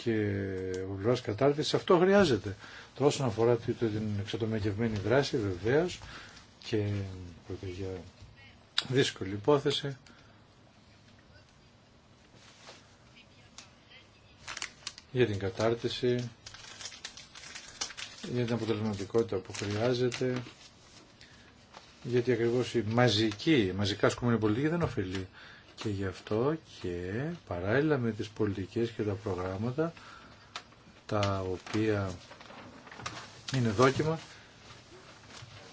και ολοκληρώσει κατάρτιση. Αυτό χρειάζεται. Τώρα όσον αφορά την εξατομικευμένη δράση βεβαίω και για δύσκολη υπόθεση. για την κατάρτιση, για την αποτελεσματικότητα που χρειάζεται, γιατί ακριβώς η μαζική, μαζικά σκούμενη πολιτική δεν ωφελεί και γι' αυτό και παράλληλα με τις πολιτικές και τα προγράμματα τα οποία είναι δόκιμα,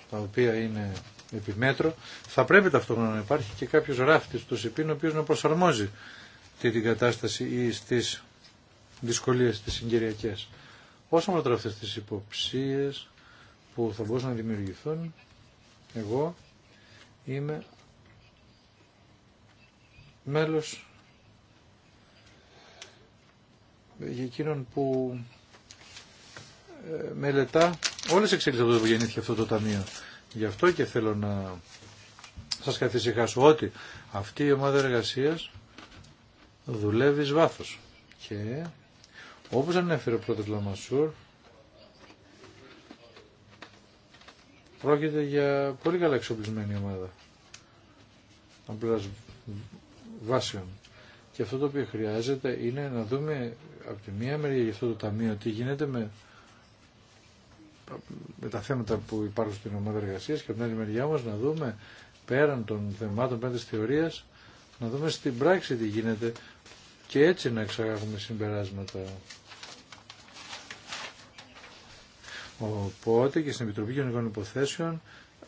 τα οποία είναι επιμέτρο, θα πρέπει ταυτόχρονα να υπάρχει και κάποιος ράφτης του ΣΥΠΗΝ ο οποίος να προσαρμόζει την κατάσταση ή στις δυσκολίες τις συγκυριακές. Όσο αφορά αυτές τις υποψίες που θα μπορούσαν να δημιουργηθούν, εγώ είμαι μέλος για που ε, μελετά όλες εξέλιξεις από το που γεννήθηκε αυτό το ταμείο. Γι' αυτό και θέλω να σας καθησυχάσω ότι αυτή η ομάδα εργασίας δουλεύει εις Και όπως ανέφερε ο πρώτος Λαμασούρ, πρόκειται για πολύ καλά εξοπλισμένη ομάδα. Απλά βάσεων. Και αυτό το οποίο χρειάζεται είναι να δούμε από τη μία μεριά για αυτό το ταμείο τι γίνεται με, με τα θέματα που υπάρχουν στην ομάδα εργασία και από την άλλη μεριά όμω να δούμε πέραν των θεμάτων, πέραν τη θεωρία, να δούμε στην πράξη τι γίνεται και έτσι να εξαγάγουμε συμπεράσματα. Οπότε και στην Επιτροπή Γενικών Υποθέσεων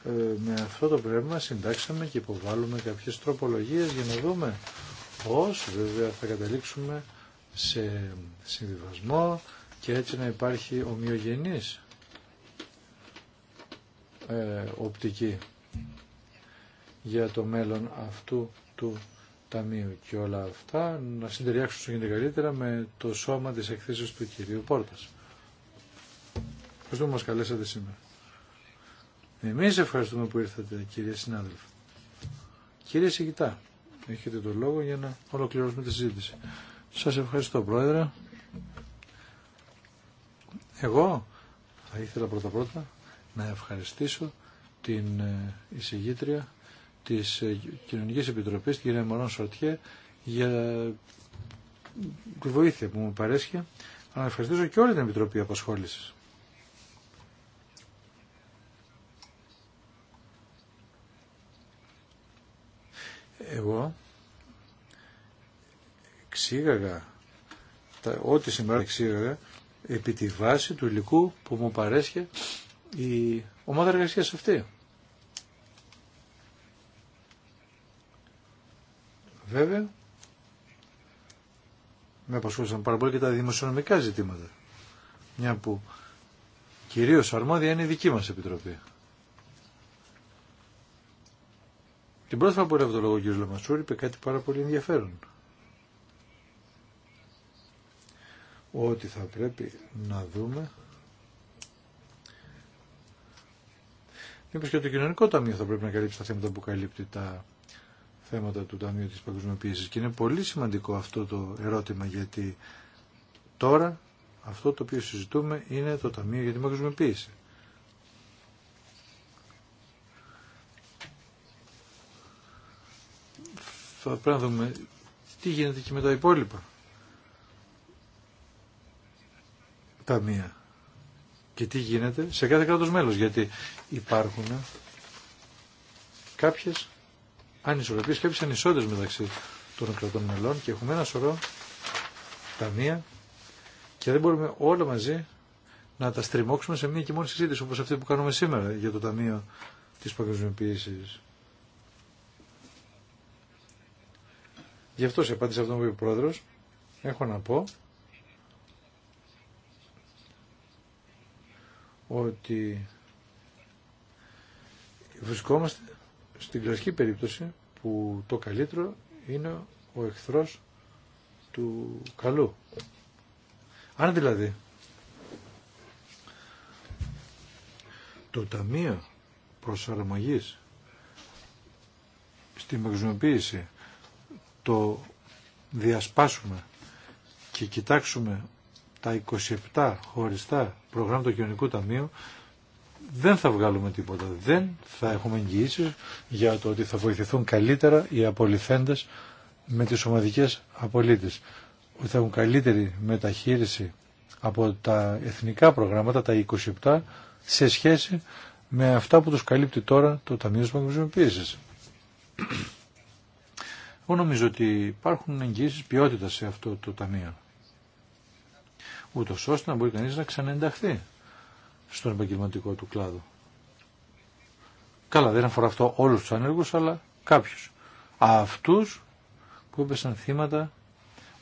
ε, με αυτό το πνεύμα συντάξαμε και υποβάλλουμε κάποιες τροπολογίες για να δούμε πώς βέβαια θα καταλήξουμε σε συνδυασμό και έτσι να υπάρχει ομοιογενής ε, οπτική για το μέλλον αυτού του ταμείου και όλα αυτά να συντεριάξουν στο γίνεται καλύτερα με το σώμα της εκθέσεως του κυρίου Πόρτας. Ευχαριστούμε που μας καλέσατε σήμερα. Εμείς ευχαριστούμε που ήρθατε κύριε συνάδελφε. Κύριε Σιγητά, έχετε το λόγο για να ολοκληρώσουμε τη συζήτηση. Σας ευχαριστώ Πρόεδρε. Εγώ θα ήθελα πρώτα πρώτα να ευχαριστήσω την ε, εισηγήτρια της ε, Κοινωνικής Επιτροπής, την κυρία Μωρόν Σορτιέ, για τη βοήθεια που μου παρέσχει, αλλά να ευχαριστήσω και όλη την Επιτροπή Απασχόλησης. Εγώ εξήγαγα τα, ό,τι σήμερα εξήγαγα επί τη βάση του υλικού που μου παρέσχε η ομάδα εργασία αυτή. Βέβαια, με απασχόλησαν πάρα πολύ και τα δημοσιονομικά ζητήματα. Μια που κυρίως αρμόδια είναι η δική μας επιτροπή. Την πρώτη φορά που έλαβε το λόγο ο κ. Λαμασούρη είπε κάτι πάρα πολύ ενδιαφέρον. Ότι θα πρέπει να δούμε Μήπω και το κοινωνικό ταμείο θα πρέπει να καλύψει τα θέματα που καλύπτει τα θέματα του Ταμείου της Παγκοσμιοποίησης. Και είναι πολύ σημαντικό αυτό το ερώτημα γιατί τώρα αυτό το οποίο συζητούμε είναι το Ταμείο για την Παγκοσμιοποίηση. Πρέπει να δούμε τι γίνεται και με τα υπόλοιπα. Ταμεία. Και τι γίνεται σε κάθε κράτος μέλος. Γιατί υπάρχουν κάποιες ανισορροπίες, κάποιες ανισότητες μεταξύ των κρατών μελών και έχουμε ένα σωρό ταμεία και δεν μπορούμε όλα μαζί να τα στριμώξουμε σε μία και μόνη συζήτηση όπως αυτή που κάνουμε σήμερα για το Ταμείο της Παγκοσμιοποίησης. Γι' αυτό σε απάντησα αυτό που είπε ο πρόεδρος. Έχω να πω ότι βρισκόμαστε στην κλασική περίπτωση που το καλύτερο είναι ο εχθρός του καλού. Αν δηλαδή το Ταμείο Προσαρμογής στη Μεξονοποίηση το διασπάσουμε και κοιτάξουμε τα 27 χωριστά προγράμματα του Κοινωνικού Ταμείου, δεν θα βγάλουμε τίποτα. Δεν θα έχουμε εγγυήσει για το ότι θα βοηθηθούν καλύτερα οι απολυθέντες με τις ομαδικές απολύτες. Ότι θα έχουν καλύτερη μεταχείριση από τα εθνικά προγράμματα, τα 27, σε σχέση με αυτά που τους καλύπτει τώρα το Ταμείο της Παγκοσμιοποίηση. Εγώ νομίζω ότι υπάρχουν εγγύσεις ποιότητα σε αυτό το ταμείο. Ούτως ώστε να μπορεί κανείς να ξανενταχθεί στον επαγγελματικό του κλάδο. Καλά, δεν αφορά αυτό όλους τους ανέργους, αλλά κάποιους. Αυτούς που έπεσαν θύματα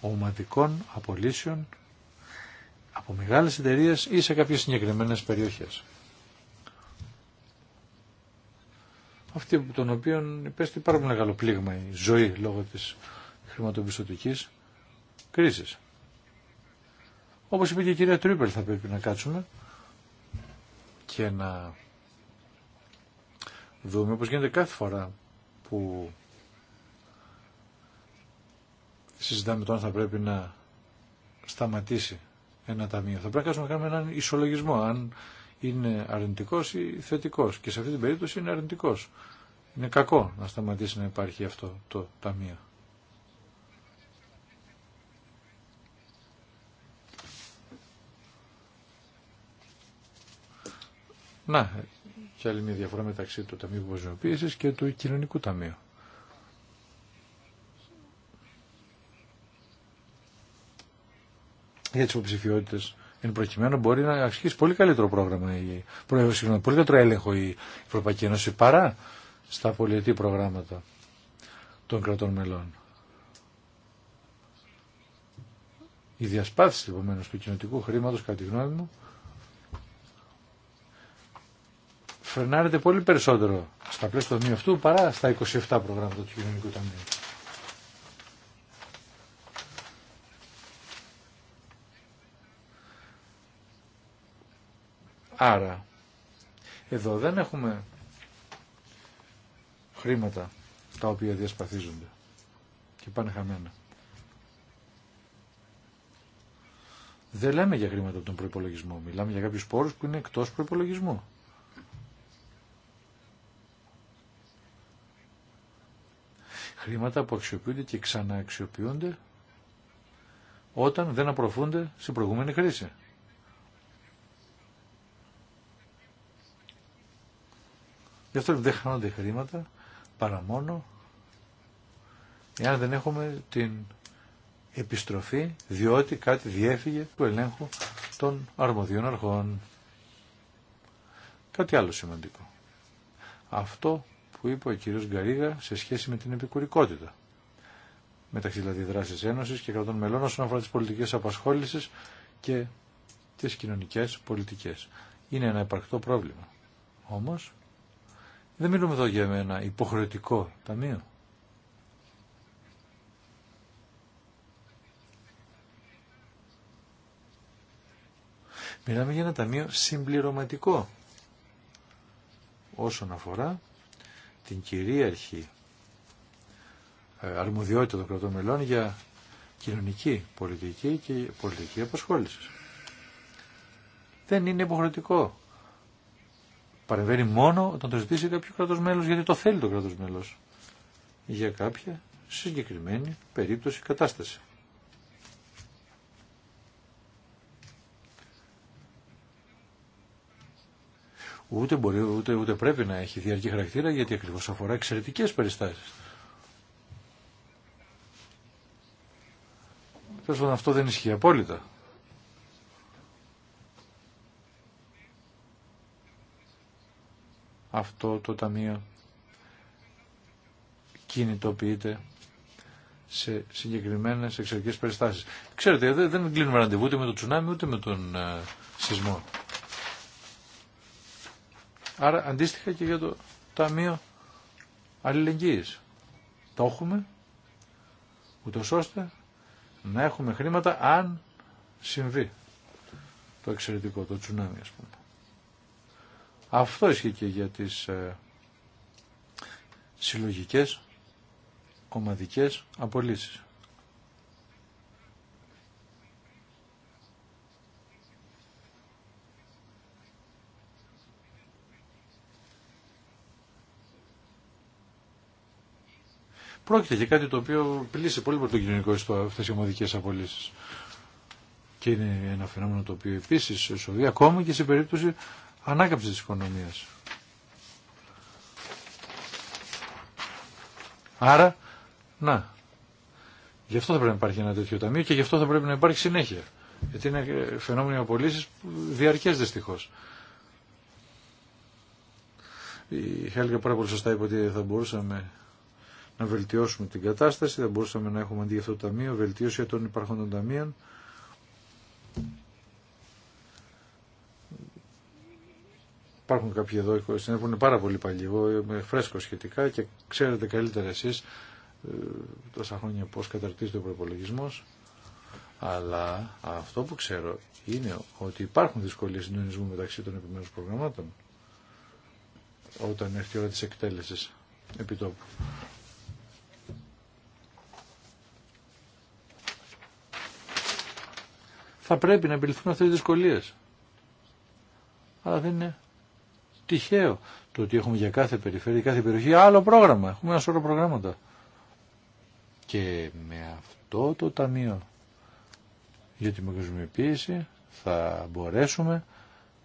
ομαδικών απολύσεων από μεγάλες εταιρείε ή σε κάποιες συγκεκριμένες περιοχές. αυτή τον οποίων υπέστη πάρα πολύ μεγάλο πλήγμα η ζωή λόγω της χρηματοπιστωτικής κρίσης. Όπως είπε και η κυρία Τρίπελ θα πρέπει να κάτσουμε και να δούμε όπως γίνεται κάθε φορά που συζητάμε το αν θα πρέπει να σταματήσει ένα ταμείο. Θα πρέπει να κάνουμε έναν ισολογισμό αν είναι αρνητικός ή θετικός. Και σε αυτή την περίπτωση είναι αρνητικός. Είναι κακό να σταματήσει να υπάρχει αυτό το ταμείο. Να, και άλλη μια διαφορά μεταξύ του Ταμείου Παγκοσμιοποίησης και του Κοινωνικού Ταμείου. Για τις υποψηφιότητες εν προκειμένου μπορεί να ασκήσει πολύ καλύτερο πρόγραμμα, η, πολύ καλύτερο έλεγχο η Ευρωπαϊκή Ένωση παρά στα πολιετή προγράμματα των κρατών μελών. Η διασπάθηση επομένω του κοινοτικού χρήματος, κατά τη γνώμη μου, φρενάρεται πολύ περισσότερο στα πλαίσια του αυτού παρά στα 27 προγράμματα του κοινωνικού ταμείου. Άρα, εδώ δεν έχουμε χρήματα τα οποία διασπαθίζονται και πάνε χαμένα. Δεν λέμε για χρήματα από τον προπολογισμό. Μιλάμε για κάποιους πόρους που είναι εκτός προπολογισμού. Χρήματα που αξιοποιούνται και ξανααξιοποιούνται όταν δεν απορροφούνται στην προηγούμενη χρήση. Γι' αυτό δεν χάνονται χρήματα παρά μόνο εάν δεν έχουμε την επιστροφή διότι κάτι διέφυγε του ελέγχου των αρμοδίων αρχών. Κάτι άλλο σημαντικό. Αυτό που είπε ο κύριος Γκαρίγα σε σχέση με την επικουρικότητα. Μεταξύ δηλαδή δράσης Ένωσης και κρατών μελών όσον αφορά τις πολιτικές απασχόλησης και τις κοινωνικές πολιτικές. Είναι ένα επαρκτό πρόβλημα. Όμως δεν μιλούμε εδώ για ένα υποχρεωτικό ταμείο. Μιλάμε για ένα ταμείο συμπληρωματικό όσον αφορά την κυρίαρχη ε, αρμοδιότητα των κρατών μελών για κοινωνική πολιτική και πολιτική απασχόληση. Δεν είναι υποχρεωτικό παρεμβαίνει μόνο όταν το ζητήσει κάποιο κράτος μέλος, γιατί το θέλει το κράτος μέλος για κάποια συγκεκριμένη περίπτωση κατάσταση. Ούτε μπορεί, ούτε, ούτε πρέπει να έχει διαρκή χαρακτήρα γιατί ακριβώς αφορά εξαιρετικές περιστάσεις. Τέλος αυτό δεν ισχύει απόλυτα. αυτό το ταμείο κινητοποιείται σε συγκεκριμένες εξαιρετικές περιστάσεις. Ξέρετε, δεν κλείνουμε ραντεβού ούτε με το τσουνάμι ούτε με τον ε, σεισμό. Άρα αντίστοιχα και για το Ταμείο Αλληλεγγύης. Το έχουμε, ούτω ώστε να έχουμε χρήματα αν συμβεί το εξαιρετικό, το τσουνάμι ας πούμε. Αυτό ισχύει και για τις ε, συλλογικές, ομαδικές απολύσεις. Πρόκειται για κάτι το οποίο πλήσει πολύ πολύ το κοινωνικό ιστό αυτέ οι ομαδικέ απολύσει. Και είναι ένα φαινόμενο το οποίο επίση σοβεί ακόμα και σε περίπτωση ανάκαμψη της οικονομίας. Άρα, να, γι' αυτό θα πρέπει να υπάρχει ένα τέτοιο ταμείο και γι' αυτό θα πρέπει να υπάρχει συνέχεια. Γιατί είναι φαινόμενοι απολύσεις διαρκές δυστυχώς. Η Χέλγα πάρα πολύ σωστά είπε ότι θα μπορούσαμε να βελτιώσουμε την κατάσταση, θα μπορούσαμε να έχουμε αντί αυτό το ταμείο, βελτίωση των υπαρχών των ταμείων. Υπάρχουν κάποιοι εδώ που είναι πάρα πολύ παλιοί. Εγώ είμαι φρέσκο σχετικά και ξέρετε καλύτερα εσεί ε, τόσα χρόνια πώ καταρτίζεται ο προπολογισμό. Αλλά αυτό που ξέρω είναι ότι υπάρχουν δυσκολίε συντονισμού μεταξύ των επιμέρου προγραμμάτων όταν έρθει η ώρα τη εκτέλεση επιτόπου. Θα πρέπει να επιληθούν αυτέ οι δυσκολίε, Αλλά δεν είναι τυχαίο το ότι έχουμε για κάθε περιφέρεια, κάθε περιοχή άλλο πρόγραμμα. Έχουμε ένα σωρό προγράμματα. Και με αυτό το ταμείο για τη Μεγισμιοποίηση θα μπορέσουμε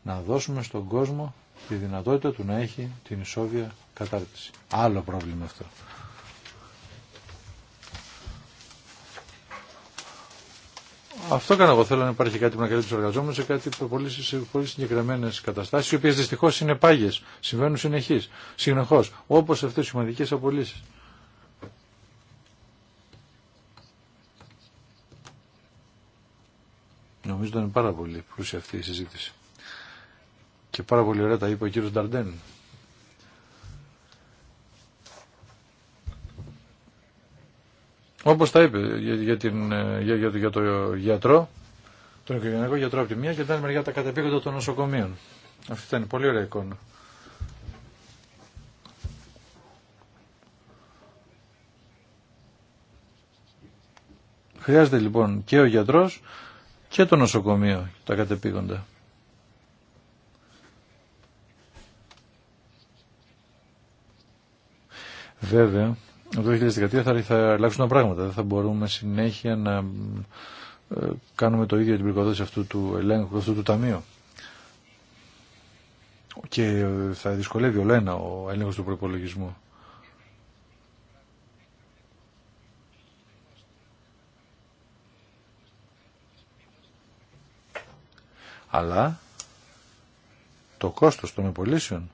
να δώσουμε στον κόσμο τη δυνατότητα του να έχει την ισόβια κατάρτιση. Άλλο πρόβλημα αυτό. Αυτό κάνω εγώ. Θέλω να υπάρχει κάτι που να καλύπτει του εργαζόμενου σε κάτι που πολύ, πολύ συγκεκριμένε καταστάσει, οι οποίε δυστυχώ είναι πάγιε. Συμβαίνουν συνεχεί, συνεχώ, όπω αυτέ οι σημαντικέ απολύσει. Νομίζω ήταν πάρα πολύ πλούσια αυτή η συζήτηση. Και πάρα πολύ ωραία τα είπε ο κύριο Νταρντέν. Όπως τα είπε για, για, την, ε, για, για, το γιατρό, τον οικογενειακό γιατρό από τη μία και την άλλη μεριά τα κατεπήγοντα των νοσοκομείων. Αυτή ήταν πολύ ωραία εικόνα. Χρειάζεται λοιπόν και ο γιατρός και το νοσοκομείο τα κατεπήγοντα. Βέβαια, το 2013 θα, θα αλλάξουν τα πράγματα. Δεν θα μπορούμε συνέχεια να ε, κάνουμε το ίδιο την πρικοδότηση αυτού του ελέγχου, αυτού του ταμείου. Και ε, θα δυσκολεύει ο Λένα ο έλεγχος του προπολογισμού. Αλλά το κόστος των επολύσεων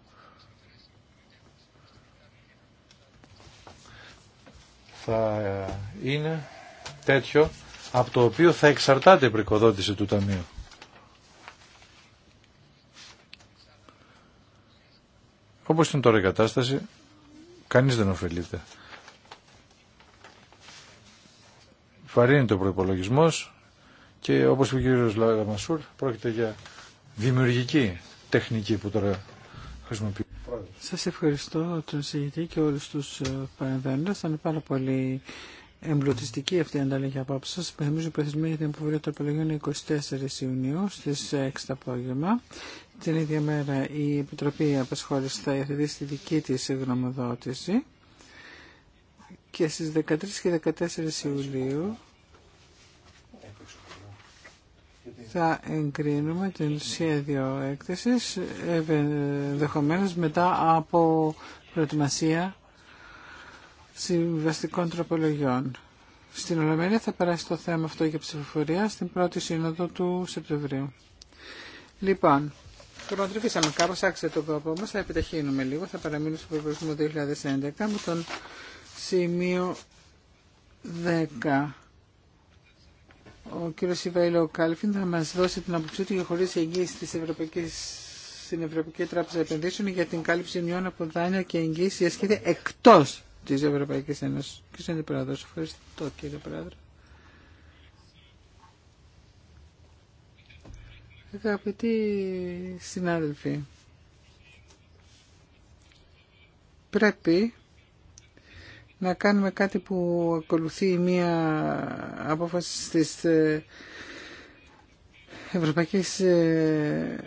θα ε, είναι τέτοιο από το οποίο θα εξαρτάται η πρικοδότηση του Ταμείου. Όπως είναι τώρα η κατάσταση, κανείς δεν ωφελείται. Βαρύνεται ο προπολογισμό και όπως είπε ο κ. Λαμασούρ, πρόκειται για δημιουργική τεχνική που τώρα χρησιμοποιεί. Σας ευχαριστώ τον συγητή και όλους τους Θα ε, Ήταν πάρα πολύ εμπλουτιστική αυτή η ανταλλαγή απόψε σας. Υπενθυμίζω η για την αποβολή των απολογιών 24 Ιουνίου στις 6 το απόγευμα. Την ίδια μέρα η Επιτροπή Απασχόληση θα υιοθετήσει τη δική της γνωμοδότηση και στις 13 και 14 Ιουλίου θα εγκρίνουμε την σχέδιο έκθεση ενδεχομένω μετά από προετοιμασία συμβαστικών τροπολογιών. Στην Ολομέλεια θα περάσει το θέμα αυτό για ψηφοφορία στην πρώτη σύνοδο του Σεπτεμβρίου. Λοιπόν, χρονοτρυφήσαμε κάπως, άξιζε το κόπο μας, θα επιταχύνουμε λίγο, θα παραμείνουμε στο προβλησμό 2011 με τον σημείο 10. Ο κύριος Ιβαϊλό Κάλφιν θα μας δώσει την αποψή του για χωρίς εγγύηση της Ευρωπαϊκής στην Ευρωπαϊκή Τράπεζα Επενδύσεων για την κάλυψη μειών από δάνεια και εγγύηση για σχέδια εκτός της Ευρωπαϊκής Ένωσης. Κύριε Πρόεδρο, Ευχαριστώ κύριε Πρόεδρο. Αγαπητοί συνάδελφοι, πρέπει να κάνουμε κάτι που ακολουθεί μία απόφαση της ε, Ευρωπαϊκής ε,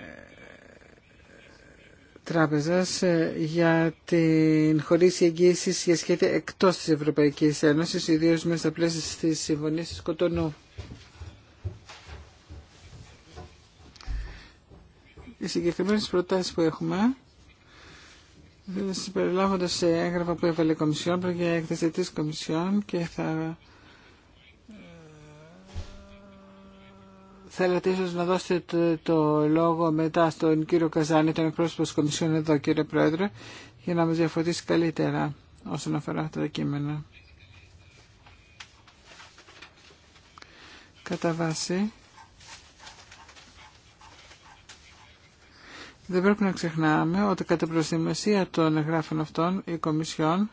Τράπεζας ε, για την χωρίς εγγύησης για σχέδια εκτός της Ευρωπαϊκής Ένωσης, ιδίως μέσα στα πλαίσια της Συμφωνίας της Κοτονού. Οι συγκεκριμένες προτάσεις που έχουμε συμπεριλάβονται σε έγγραφα που έβαλε η Κομισιόν, πρόκειται για έκθεση της Κομισιόν και θα ε, θέλατε ίσως να δώσετε το, λόγο μετά στον κύριο Καζάνη, τον εκπρόσωπο της Κομισιόν εδώ κύριε Πρόεδρε, για να μας διαφωτίσει καλύτερα όσον αφορά αυτά τα κείμενα. Κατά βάση, Δεν πρέπει να ξεχνάμε ότι κατά προσδημασία των εγγράφων αυτών η Κομισιόν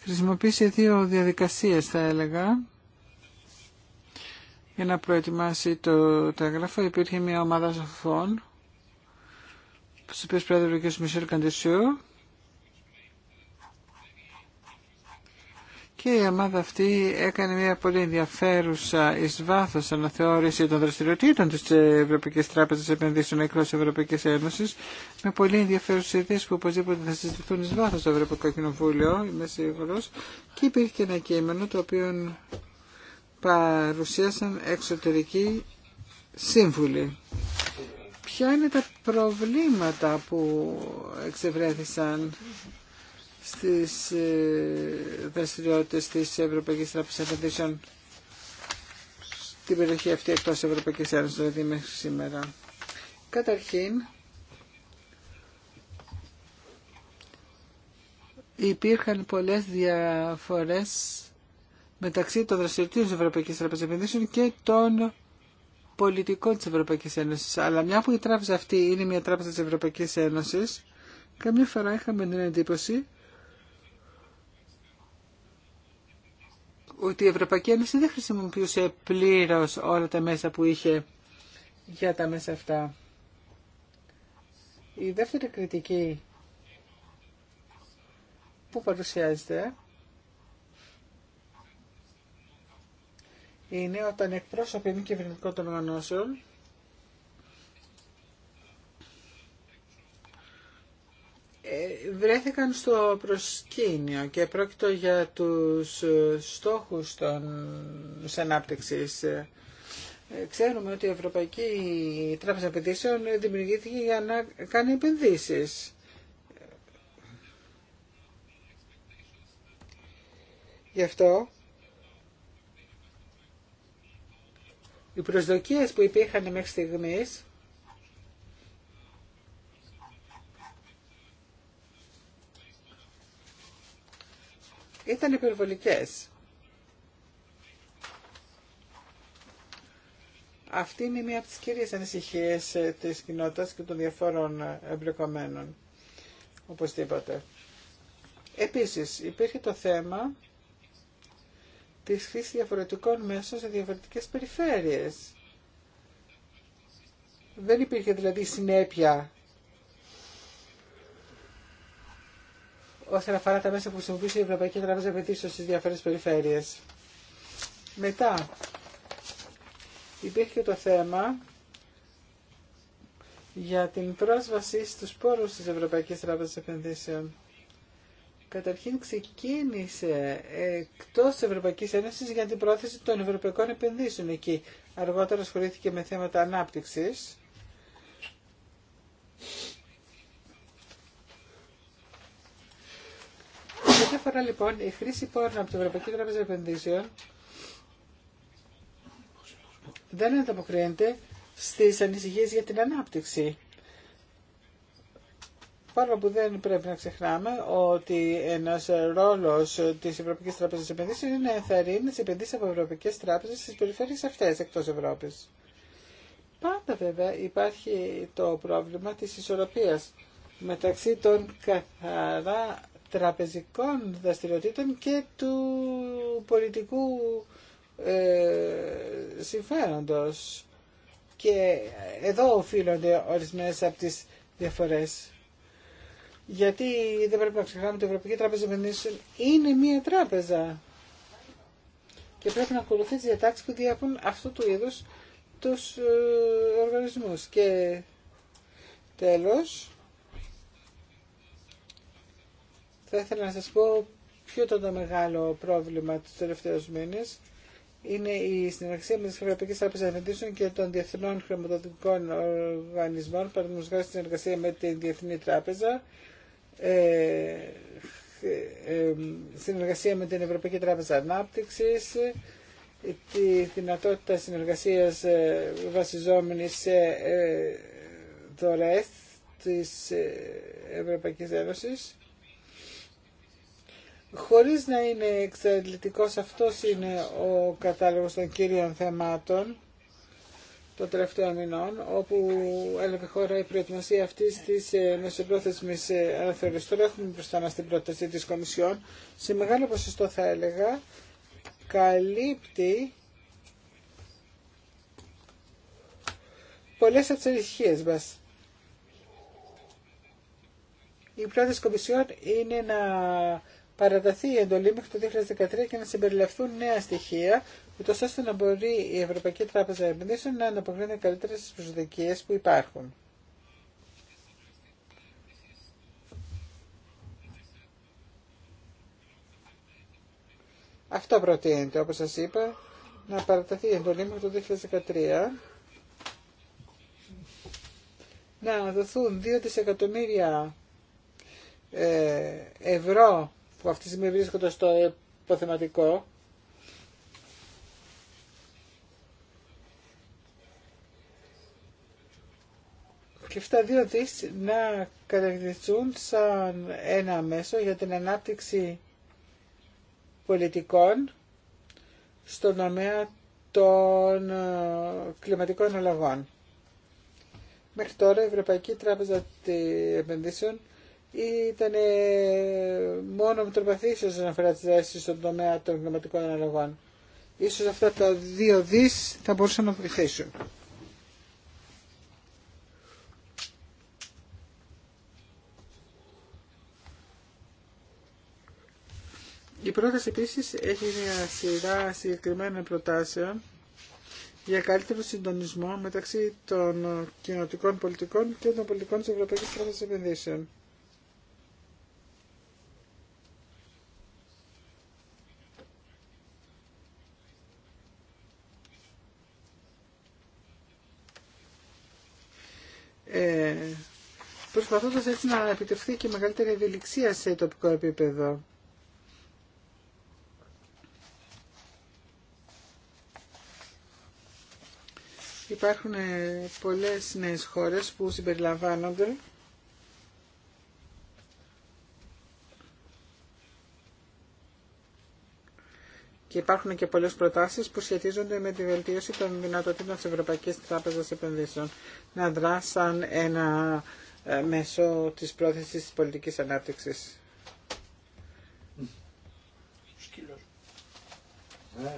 χρησιμοποίησε δύο διαδικασίες θα έλεγα για να προετοιμάσει το, το έγγραφο. Υπήρχε μια ομάδα σοφών στους οποίους πρόεδρε ο κ. Μισελ Καντεσιού Και η ομάδα αυτή έκανε μια πολύ ενδιαφέρουσα εις βάθος αναθεώρηση των δραστηριοτήτων της Ευρωπαϊκής Τράπεζας Επενδύσεων εκτό Ευρωπαϊκής Ένωσης με πολύ ενδιαφέρουσες ιδέες που οπωσδήποτε θα συζητηθούν εις βάθος στο Ευρωπαϊκό Κοινοβούλιο, είμαι σίγουρος. Και υπήρχε ένα κείμενο το οποίο παρουσίασαν εξωτερικοί σύμβουλοι. Ποια είναι τα προβλήματα που εξευρέθησαν στις ε, δραστηριότητες της Ευρωπαϊκής Τράπεζας Επενδύσεων στην περιοχή αυτή εκτός Ευρωπαϊκής Ένωσης, δηλαδή μέχρι σήμερα. Καταρχήν, υπήρχαν πολλές διαφορές μεταξύ των δραστηριοτήτων της Ευρωπαϊκής Τράπεζας Επενδύσεων και των πολιτικών της Ευρωπαϊκής Ένωσης. Αλλά μια που η τράπεζα αυτή είναι μια τράπεζα της Ευρωπαϊκής Ένωσης, καμιά φορά είχαμε την εντύπωση ότι η Ευρωπαϊκή Ένωση δεν χρησιμοποιούσε πλήρως όλα τα μέσα που είχε για τα μέσα αυτά. Η δεύτερη κριτική που παρουσιάζεται είναι όταν εκπρόσωποι μη κυβερνητικών των οργανώσεων Ε, βρέθηκαν στο προσκήνιο και πρόκειτο για τους ε, στόχους των ανάπτυξης. Ε, ξέρουμε ότι η Ευρωπαϊκή Τράπεζα Επενδύσεων δημιουργήθηκε για να κάνει επενδύσεις. Γι' αυτό οι προσδοκίες που υπήρχαν μέχρι στιγμής ήταν υπερβολικές. Αυτή είναι μία από τις κυρίες ανησυχίες ε, της κοινότητας και των διαφόρων ε, εμπλεκομένων, οπωσδήποτε. Επίσης, υπήρχε το θέμα της χρήσης διαφορετικών μέσων σε διαφορετικές περιφέρειες. Δεν υπήρχε δηλαδή συνέπεια όσον αφορά τα μέσα που χρησιμοποιούσε η Ευρωπαϊκή Τράπεζα Επενδύσεων στι διάφορες περιφέρειες. Μετά υπήρχε το θέμα για την πρόσβαση στους πόρους της Ευρωπαϊκής Τράπεζας Επενδύσεων. Καταρχήν ξεκίνησε εκτός της Ευρωπαϊκής Ένωσης για την πρόθεση των ευρωπαϊκών επενδύσεων εκεί. Αργότερα ασχολήθηκε με θέματα ανάπτυξης ό,τι φορά λοιπόν η χρήση πόρων από την Ευρωπαϊκή Τράπεζα Επενδύσεων, δεν ανταποκρίνεται στι ανησυχίε για την ανάπτυξη. Παρόλο που δεν πρέπει να ξεχνάμε ότι ένα ρόλο τη Ευρωπαϊκή Τράπεζα Επενδύσεων είναι να ενθαρρύνει τι επενδύσει από ευρωπαϊκέ τράπεζε στι περιφέρειε αυτέ εκτό Ευρώπη. Πάντα βέβαια υπάρχει το πρόβλημα της ισορροπίας μεταξύ των καθαρά τραπεζικών δραστηριοτήτων και του πολιτικού ε, συμφέροντος. Και εδώ οφείλονται ορισμένες από τις διαφορές. Γιατί δεν πρέπει να ξεχνάμε ότι η Ευρωπαϊκή Τράπεζα Επενδύσεων είναι μία τράπεζα. Και πρέπει να ακολουθεί τις διατάξει που διαπούν αυτού του είδου του ε, οργανισμούς. Και τέλος, Θα ήθελα να σας πω ποιο ήταν το μεγάλο πρόβλημα του τελευταίου μήνε. Είναι η συνεργασία με τι Ευρωπαϊκές Τράπεζες Επενδύσεων και των Διεθνών Χρηματοδοτικών Οργανισμών, παραδείγματο χάρη συνεργασία με την Διεθνή Τράπεζα, ε, ε, συνεργασία με την Ευρωπαϊκή Τράπεζα ανάπτυξη, τη δυνατότητα συνεργασίας ε, βασιζόμενη σε δωρεές της Ευρωπαϊκή Ένωση. Χωρίς να είναι εξαιρετικός αυτός είναι ο κατάλογος των κύριων θεμάτων των τελευταίων μηνών, όπου έλεγε χώρα η προετοιμασία αυτή τη ε, μεσοπρόθεσμη ε, αναθεωρήση. Τώρα έχουμε μπροστά μα την πρόταση τη Κομισιόν. Σε μεγάλο ποσοστό, θα έλεγα, καλύπτει πολλέ από τι ανησυχίε μα. Η πρόταση Κομισιόν είναι να Παραταθεί η εντολή μέχρι το 2013 και να συμπεριληφθούν νέα στοιχεία, ούτω ώστε να μπορεί η Ευρωπαϊκή Τράπεζα Επενδύσεων να αναποκρίνεται καλύτερα στι προσδοκίε που υπάρχουν. Αυτό προτείνεται, όπως σας είπα, να παραταθεί η εντολή μέχρι το 2013, να δοθούν 2 δισεκατομμύρια ε, ευρώ που αυτή τη στιγμή βρίσκονται στο υποθεματικό και αυτά δύο δις να κατακτηθούν σαν ένα μέσο για την ανάπτυξη πολιτικών στον τομέα των ε, κλιματικών αλλαγών. Μέχρι τώρα η Ευρωπαϊκή Τράπεζα Επενδύσεων ήταν μόνο τροπαθήσεις όσον αφορά τις δέσεις στον τομέα των κλιματικών αναλογών. Ίσως αυτά τα δύο δις θα μπορούσαν να βοηθήσουν. Η πρόταση επίση έχει μια σειρά συγκεκριμένων προτάσεων για καλύτερο συντονισμό μεταξύ των κοινωτικών πολιτικών και των πολιτικών της Ευρωπαϊκής Τράπεζας Επενδύσεων. ε, προσπαθώντας έτσι να επιτευχθεί και μεγαλύτερη ευελιξία σε τοπικό επίπεδο. Υπάρχουν ε, πολλές νέες χώρες που συμπεριλαμβάνονται Και υπάρχουν και πολλές προτάσεις που σχετίζονται με τη βελτίωση των δυνατοτήτων της Ευρωπαϊκής Τράπεζας Επενδύσεων να δράσαν ένα ε, μέσο της πρόθεσης της πολιτικής ανάπτυξης. Ναι.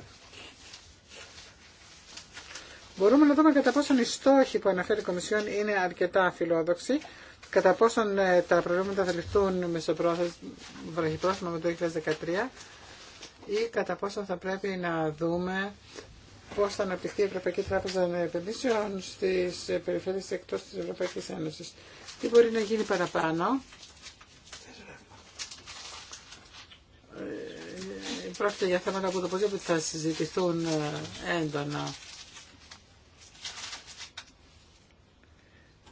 Μπορούμε να δούμε κατά πόσον οι στόχοι που αναφέρει η Κομισιόν είναι αρκετά φιλόδοξοι, κατά πόσον ε, τα προβλήματα θα ληφθούν με το 2013 ή κατά πόσο θα πρέπει να δούμε πώς θα αναπτυχθεί η Ευρωπαϊκή Τράπεζα Επενδύσεων στις περιφέρειες εκτός της Ευρωπαϊκής Ένωσης. Τι μπορεί να γίνει παραπάνω. Ε, πρόκειται για θέματα που το θα συζητηθούν ε, έντονα.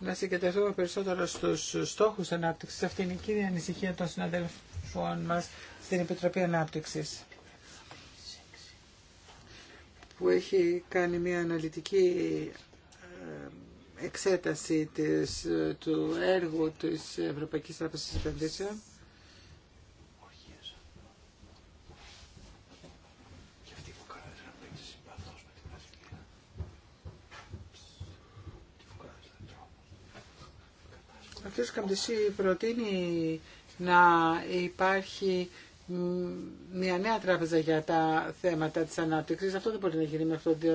Να συγκεντρωθούμε περισσότερο στους στόχους ανάπτυξης. Αυτή είναι η κύρια ανησυχία των συναδέλφων μας στην Επιτροπή Ανάπτυξης που έχει κάνει μια αναλυτική ε, εξέταση της, του έργου της Ευρωπαϊκής Τράπεζας Επενδύσεων. Ο κ. Καμπτεσί προτείνει να υπάρχει μια νέα τράπεζα για τα θέματα της ανάπτυξης. Αυτό δεν μπορεί να γίνει αυτό το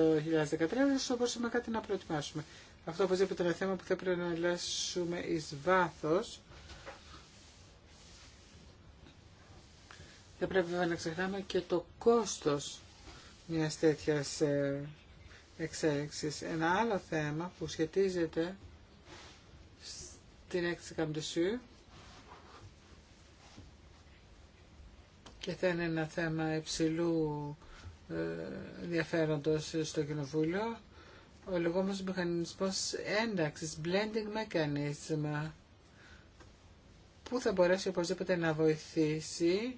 2013, όσο μπορούσαμε κάτι να προετοιμάσουμε. Αυτό είπε, είναι θέμα που θα πρέπει να ελέγξουμε εις βάθος. Δεν πρέπει να ξεχνάμε και το κόστος μιας τέτοιας ε, εξέλιξης. Ένα άλλο θέμα που σχετίζεται στην έκθεση Καμπτεσίου και θα είναι ένα θέμα υψηλού ε, ενδιαφέροντος στο Κοινοβούλιο. Ο λεγόμενος μηχανισμός ένταξης, blending mechanism, που θα μπορέσει οπωσδήποτε να βοηθήσει.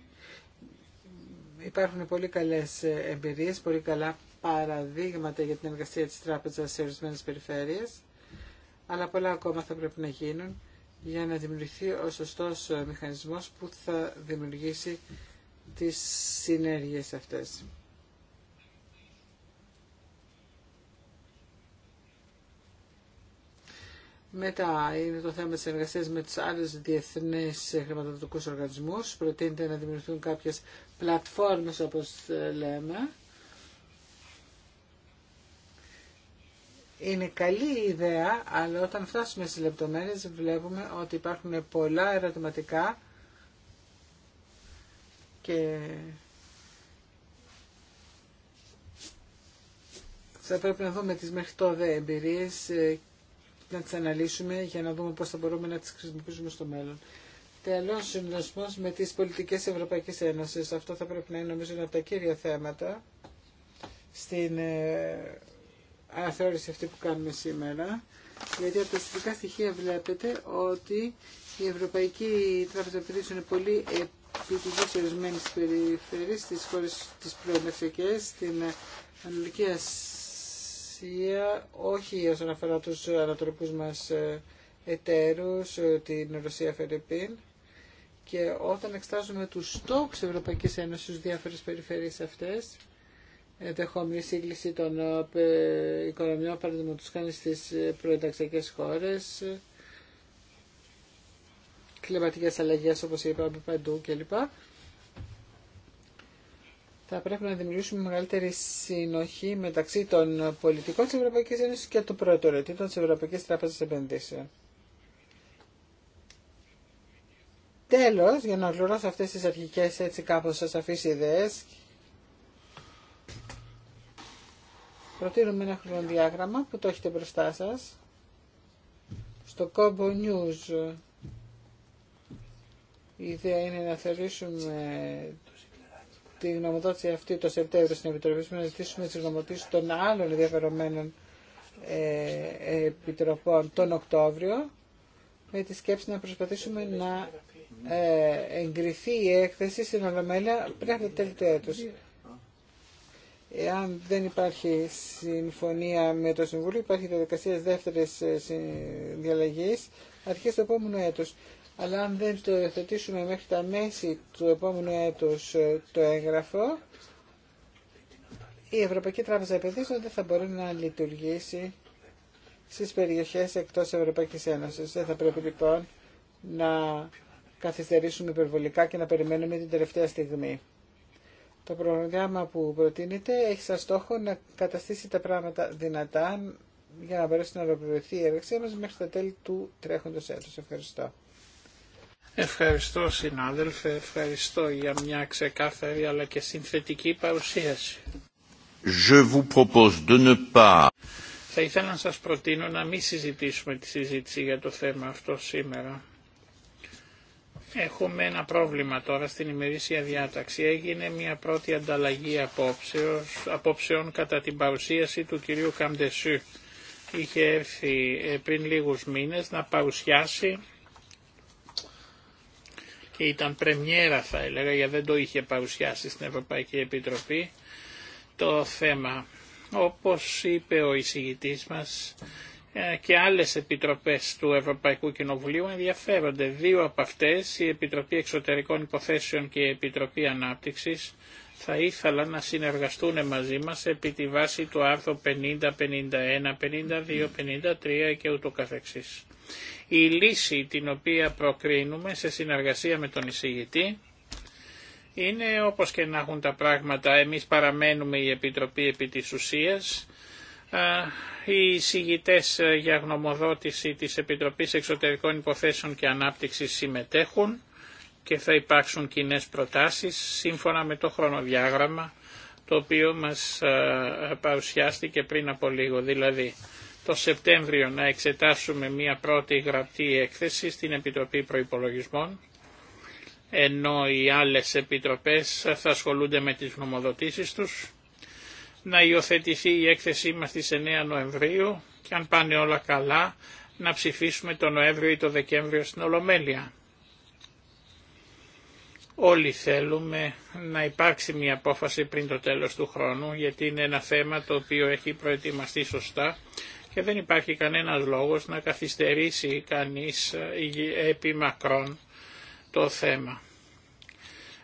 Υπάρχουν πολύ καλές εμπειρίες, πολύ καλά παραδείγματα για την εργασία της τράπεζας σε ορισμένες περιφέρειες, αλλά πολλά ακόμα θα πρέπει να γίνουν για να δημιουργηθεί ο σωστός μηχανισμός που θα δημιουργήσει τις συνέργειες αυτές. Μετά είναι το θέμα της εργασίας με τους άλλους διεθνείς χρηματοδοτικούς οργανισμούς. Προτείνεται να δημιουργηθούν κάποιες πλατφόρμες όπως λέμε. Είναι καλή ιδέα, αλλά όταν φτάσουμε στις λεπτομέρειες βλέπουμε ότι υπάρχουν πολλά ερωτηματικά και θα πρέπει να δούμε τις μέχρι τότε εμπειρίες ε, να τις αναλύσουμε για να δούμε πώς θα μπορούμε να τις χρησιμοποιήσουμε στο μέλλον. Τέλος, συνδεσμός με τις πολιτικές Ευρωπαϊκής Ένωσης. Αυτό θα πρέπει να είναι νομίζω ένα από τα κύρια θέματα στην ε, αναθεώρηση αυτή που κάνουμε σήμερα. Γιατί από τα στιγμικά στοιχεία βλέπετε ότι η Ευρωπαϊκή Τράπεζα είναι πολύ και σε ορισμένε περιφέρειε, στι χώρε τη προομεθρικέ, στην Ανατολική Ασία, όχι όσον αφορά του ανατολικού μα ε, εταίρου, ε, την Ρωσία Φερρυπίν. Και όταν εξτάζουμε του στόχου τη Ευρωπαϊκή Ένωση στι διάφορε περιφέρειε αυτέ, ενδεχόμενη σύγκληση των ε, οικονομιών, παραδείγματο χάρη στι προενταξιακέ χώρε, κλιματικές αλλαγές όπως είπαμε παντού κλπ. Θα πρέπει να δημιουργήσουμε μεγαλύτερη συνοχή μεταξύ των πολιτικών τη Ευρωπαϊκή Ένωση και των προτεραιοτήτων τη Ευρωπαϊκή Τράπεζα Επενδύσεων. Τέλος, για να ολοκληρώσω αυτές τις αρχικές έτσι κάπως αφήσει ιδέες, προτείνουμε ένα χρονοδιάγραμμα που το έχετε μπροστά σας, στο Combo News η ιδέα είναι να θεωρήσουμε τη γνωμοδότηση αυτή το Σεπτέμβριο στην Επιτροπή να ζητήσουμε τις γνωμοτήσεις των άλλων ενδιαφερομένων ε, επιτροπών τον Οκτώβριο με τη σκέψη να προσπαθήσουμε να ε, εγκριθεί η έκθεση στην Ολομέλεια πριν από το τέλη του έτους. Εάν δεν υπάρχει συμφωνία με το Συμβούλιο, υπάρχει διαδικασία δεύτερης ε, διαλλαγής αρχές του επόμενου έτους αλλά αν δεν το εθετήσουμε μέχρι τα μέση του επόμενου έτους ε, το έγγραφο, η Ευρωπαϊκή Τράπεζα Επενδύσεων δεν θα μπορεί να λειτουργήσει στις περιοχές εκτός Ευρωπαϊκής Ένωσης. Δεν θα πρέπει λοιπόν να καθυστερήσουμε υπερβολικά και να περιμένουμε την τελευταία στιγμή. Το πρόγραμμα που προτείνεται έχει σαν στόχο να καταστήσει τα πράγματα δυνατά για να μπορέσει να ολοκληρωθεί η έρευξή μας μέχρι τα τέλη του τρέχοντος έτους. Ευχαριστώ. Ευχαριστώ συνάδελφε, ευχαριστώ για μια ξεκάθαρη αλλά και συνθετική παρουσίαση. Je vous propose de ne pas... Θα ήθελα να σας προτείνω να μην συζητήσουμε τη συζήτηση για το θέμα αυτό σήμερα. Έχουμε ένα πρόβλημα τώρα στην ημερήσια διάταξη. Έγινε μια πρώτη ανταλλαγή απόψεως, απόψεων κατά την παρουσίαση του κυρίου Καμτεσού. Είχε έρθει ε, πριν λίγους μήνες να παρουσιάσει και ήταν πρεμιέρα θα έλεγα γιατί δεν το είχε παρουσιάσει στην Ευρωπαϊκή Επιτροπή το θέμα. Όπως είπε ο εισηγητής μας ε, και άλλες επιτροπές του Ευρωπαϊκού Κοινοβουλίου ενδιαφέρονται. Δύο από αυτές, η Επιτροπή Εξωτερικών Υποθέσεων και η Επιτροπή Ανάπτυξης, θα ήθελα να συνεργαστούν μαζί μας επί τη βάση του άρθρου 50, 51, 52, 53 και ούτω καθεξής. Η λύση την οποία προκρίνουμε σε συνεργασία με τον εισηγητή είναι όπως και να έχουν τα πράγματα. Εμείς παραμένουμε η Επιτροπή επί της ουσίας. Οι εισηγητές για γνωμοδότηση της Επιτροπής Εξωτερικών Υποθέσεων και Ανάπτυξης συμμετέχουν και θα υπάρξουν κοινέ προτάσεις σύμφωνα με το χρονοδιάγραμμα το οποίο μας παρουσιάστηκε πριν από λίγο. Δηλαδή το Σεπτέμβριο να εξετάσουμε μία πρώτη γραπτή έκθεση στην Επιτροπή Προϋπολογισμών, ενώ οι άλλες επιτροπές θα ασχολούνται με τις νομοδοτήσεις τους, να υιοθετηθεί η έκθεσή μας στις 9 Νοεμβρίου και αν πάνε όλα καλά να ψηφίσουμε το Νοέμβριο ή το Δεκέμβριο στην Ολομέλεια. Όλοι θέλουμε να υπάρξει μια απόφαση πριν το τέλος του χρόνου γιατί είναι ένα θέμα το οποίο έχει προετοιμαστεί σωστά και δεν υπάρχει κανένας λόγος να καθυστερήσει κανείς ε, επί μακρόν το θέμα.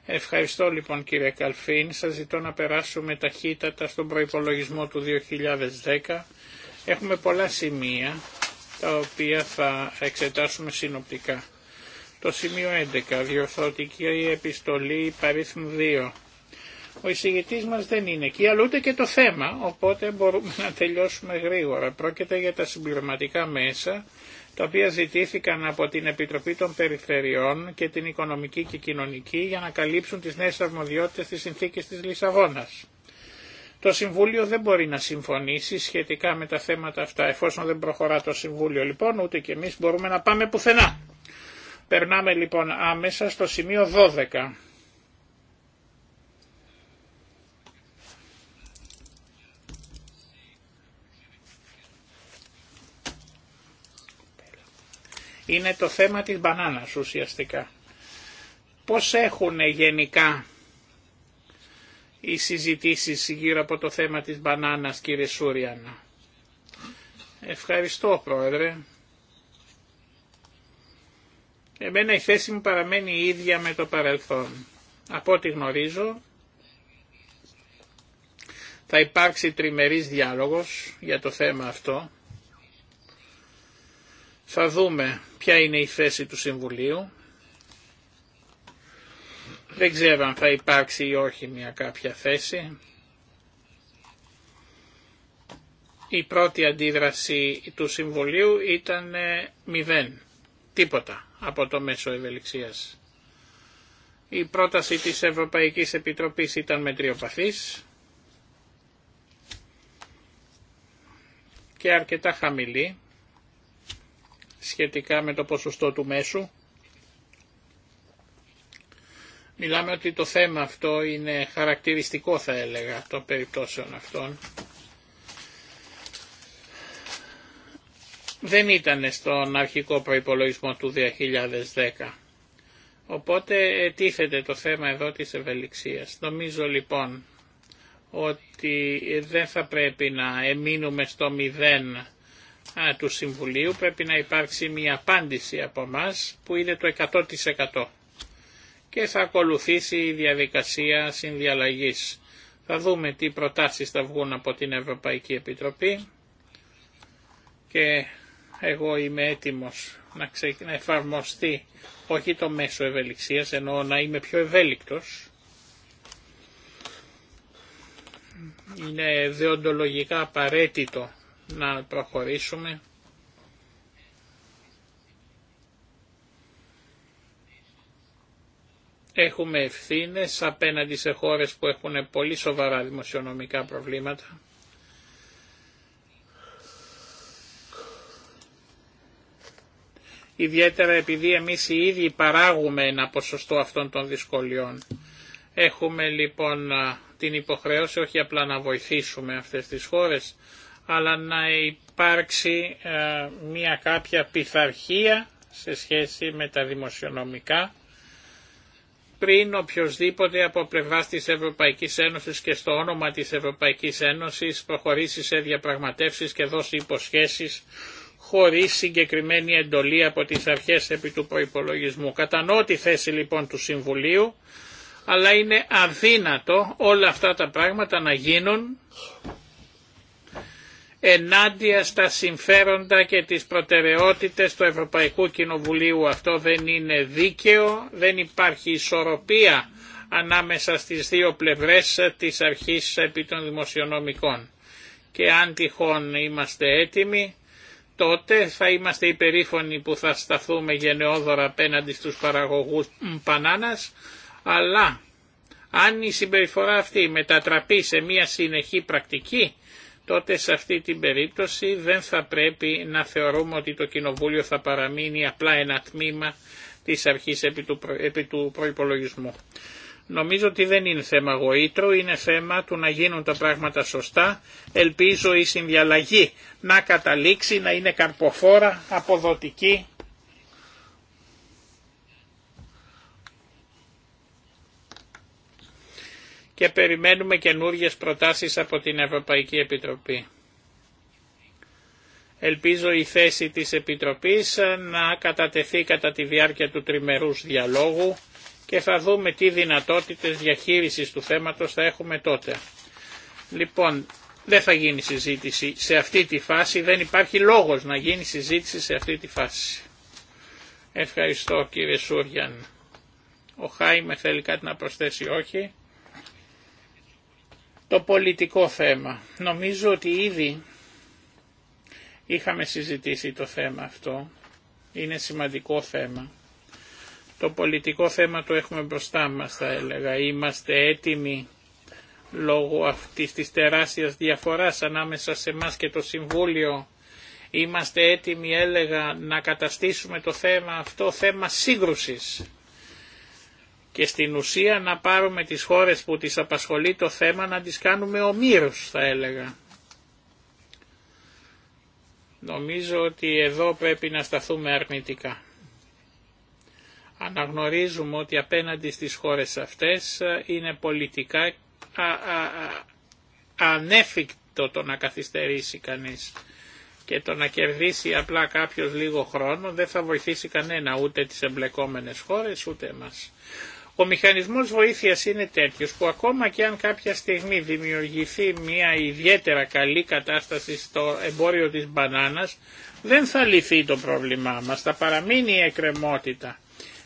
Ευχαριστώ λοιπόν κύριε Καλφίν. Σας ζητώ να περάσουμε ταχύτατα στον προϋπολογισμό του 2010. Έχουμε πολλά σημεία τα οποία θα εξετάσουμε συνοπτικά. Το σημείο 11, διορθωτική επιστολή παρίθμου 2 ο εισηγητή μα δεν είναι εκεί, αλλά ούτε και το θέμα, οπότε μπορούμε να τελειώσουμε γρήγορα. Πρόκειται για τα συμπληρωματικά μέσα, τα οποία ζητήθηκαν από την Επιτροπή των Περιφερειών και την Οικονομική και Κοινωνική για να καλύψουν τι νέε αρμοδιότητε τη συνθήκη τη Λισαβόνα. Το Συμβούλιο δεν μπορεί να συμφωνήσει σχετικά με τα θέματα αυτά. Εφόσον δεν προχωρά το Συμβούλιο λοιπόν, ούτε και εμείς μπορούμε να πάμε πουθενά. Περνάμε λοιπόν άμεσα στο σημείο 12 είναι το θέμα της μπανάνας ουσιαστικά. Πώς έχουν γενικά οι συζητήσεις γύρω από το θέμα της μπανάνας κύριε Σούριανα. Ευχαριστώ πρόεδρε. Εμένα η θέση μου παραμένει η ίδια με το παρελθόν. Από ό,τι γνωρίζω θα υπάρξει τριμερής διάλογος για το θέμα αυτό θα δούμε ποια είναι η θέση του Συμβουλίου. Δεν ξέρω αν θα υπάρξει ή όχι μια κάποια θέση. Η πρώτη αντίδραση του Συμβουλίου ήταν ε, μηδέν. Τίποτα από το μέσο ευελιξίας. Η πρόταση της Ευρωπαϊκής Επιτροπής ήταν μετριοπαθής και αρκετά χαμηλή σχετικά με το ποσοστό του μέσου. Μιλάμε ότι το θέμα αυτό είναι χαρακτηριστικό θα έλεγα των περιπτώσεων αυτών. Δεν ήταν στον αρχικό προϋπολογισμό του 2010. Οπότε τίθεται το θέμα εδώ της ευελιξίας. Νομίζω λοιπόν ότι δεν θα πρέπει να εμείνουμε στο μηδέν του Συμβουλίου πρέπει να υπάρξει μια απάντηση από εμά που είναι το 100% και θα ακολουθήσει η διαδικασία συνδιαλλαγής. Θα δούμε τι προτάσεις θα βγουν από την Ευρωπαϊκή Επιτροπή και εγώ είμαι έτοιμος να, να εφαρμοστεί όχι το μέσο ευελιξίας, ενώ να είμαι πιο ευέλικτος. Είναι διοντολογικά απαραίτητο να προχωρήσουμε Έχουμε ευθύνες απέναντι σε χώρες που έχουν πολύ σοβαρά δημοσιονομικά προβλήματα. Ιδιαίτερα επειδή εμείς οι ίδιοι παράγουμε ένα ποσοστό αυτών των δυσκολιών. Έχουμε λοιπόν την υποχρέωση όχι απλά να βοηθήσουμε αυτές τις χώρες, αλλά να υπάρξει ε, μια κάποια πειθαρχία σε σχέση με τα δημοσιονομικά πριν οποιοδήποτε από πλευρά τη Ευρωπαϊκή Ένωση και στο όνομα της Ευρωπαϊκή Ένωση, προχωρήσει σε διαπραγματεύσεις και δώσει υποσχέσει χωρίς συγκεκριμένη εντολή από τις αρχές επί του προϋπολογισμού. Κατανοώ τη θέση λοιπόν του Συμβουλίου, αλλά είναι αδύνατο όλα αυτά τα πράγματα να γίνουν ενάντια στα συμφέροντα και τις προτεραιότητες του Ευρωπαϊκού Κοινοβουλίου. Αυτό δεν είναι δίκαιο, δεν υπάρχει ισορροπία ανάμεσα στις δύο πλευρές της αρχής επί των δημοσιονομικών. Και αν τυχόν είμαστε έτοιμοι, τότε θα είμαστε υπερήφανοι που θα σταθούμε γενναιόδωρα απέναντι στους παραγωγούς πανάνας, αλλά αν η συμπεριφορά αυτή μετατραπεί σε μια συνεχή πρακτική, τότε σε αυτή την περίπτωση δεν θα πρέπει να θεωρούμε ότι το Κοινοβούλιο θα παραμείνει απλά ένα τμήμα της αρχής επί του, επί του προϋπολογισμού. Νομίζω ότι δεν είναι θέμα γοήτρου, είναι θέμα του να γίνουν τα πράγματα σωστά. Ελπίζω η συνδιαλλαγή να καταλήξει, να είναι καρποφόρα, αποδοτική και περιμένουμε καινούργιες προτάσεις από την Ευρωπαϊκή Επιτροπή. Ελπίζω η θέση της Επιτροπής να κατατεθεί κατά τη διάρκεια του τριμερούς διαλόγου και θα δούμε τι δυνατότητες διαχείρισης του θέματος θα έχουμε τότε. Λοιπόν, δεν θα γίνει συζήτηση σε αυτή τη φάση, δεν υπάρχει λόγος να γίνει συζήτηση σε αυτή τη φάση. Ευχαριστώ κύριε Σούριαν. Ο Χάιμε θέλει κάτι να προσθέσει, όχι. Το πολιτικό θέμα. Νομίζω ότι ήδη είχαμε συζητήσει το θέμα αυτό. Είναι σημαντικό θέμα. Το πολιτικό θέμα το έχουμε μπροστά μας θα έλεγα. Είμαστε έτοιμοι λόγω αυτής της τεράστιας διαφοράς ανάμεσα σε μας και το Συμβούλιο. Είμαστε έτοιμοι έλεγα να καταστήσουμε το θέμα αυτό θέμα σύγκρουσης και στην ουσία να πάρουμε τις χώρες που τις απασχολεί το θέμα να τις κάνουμε ομήρους θα έλεγα. Νομίζω ότι εδώ πρέπει να σταθούμε αρνητικά. Αναγνωρίζουμε ότι απέναντι στις χώρες αυτές ε, είναι πολιτικά ανέφικτο το να καθυστερήσει κανείς και το να κερδίσει απλά κάποιος λίγο χρόνο δεν θα βοηθήσει κανένα ούτε τις εμπλεκόμενες χώρες ούτε εμάς. Ο μηχανισμός βοήθειας είναι τέτοιος που ακόμα και αν κάποια στιγμή δημιουργηθεί μια ιδιαίτερα καλή κατάσταση στο εμπόριο της μπανάνας, δεν θα λυθεί το πρόβλημά μας, θα παραμείνει η εκκρεμότητα.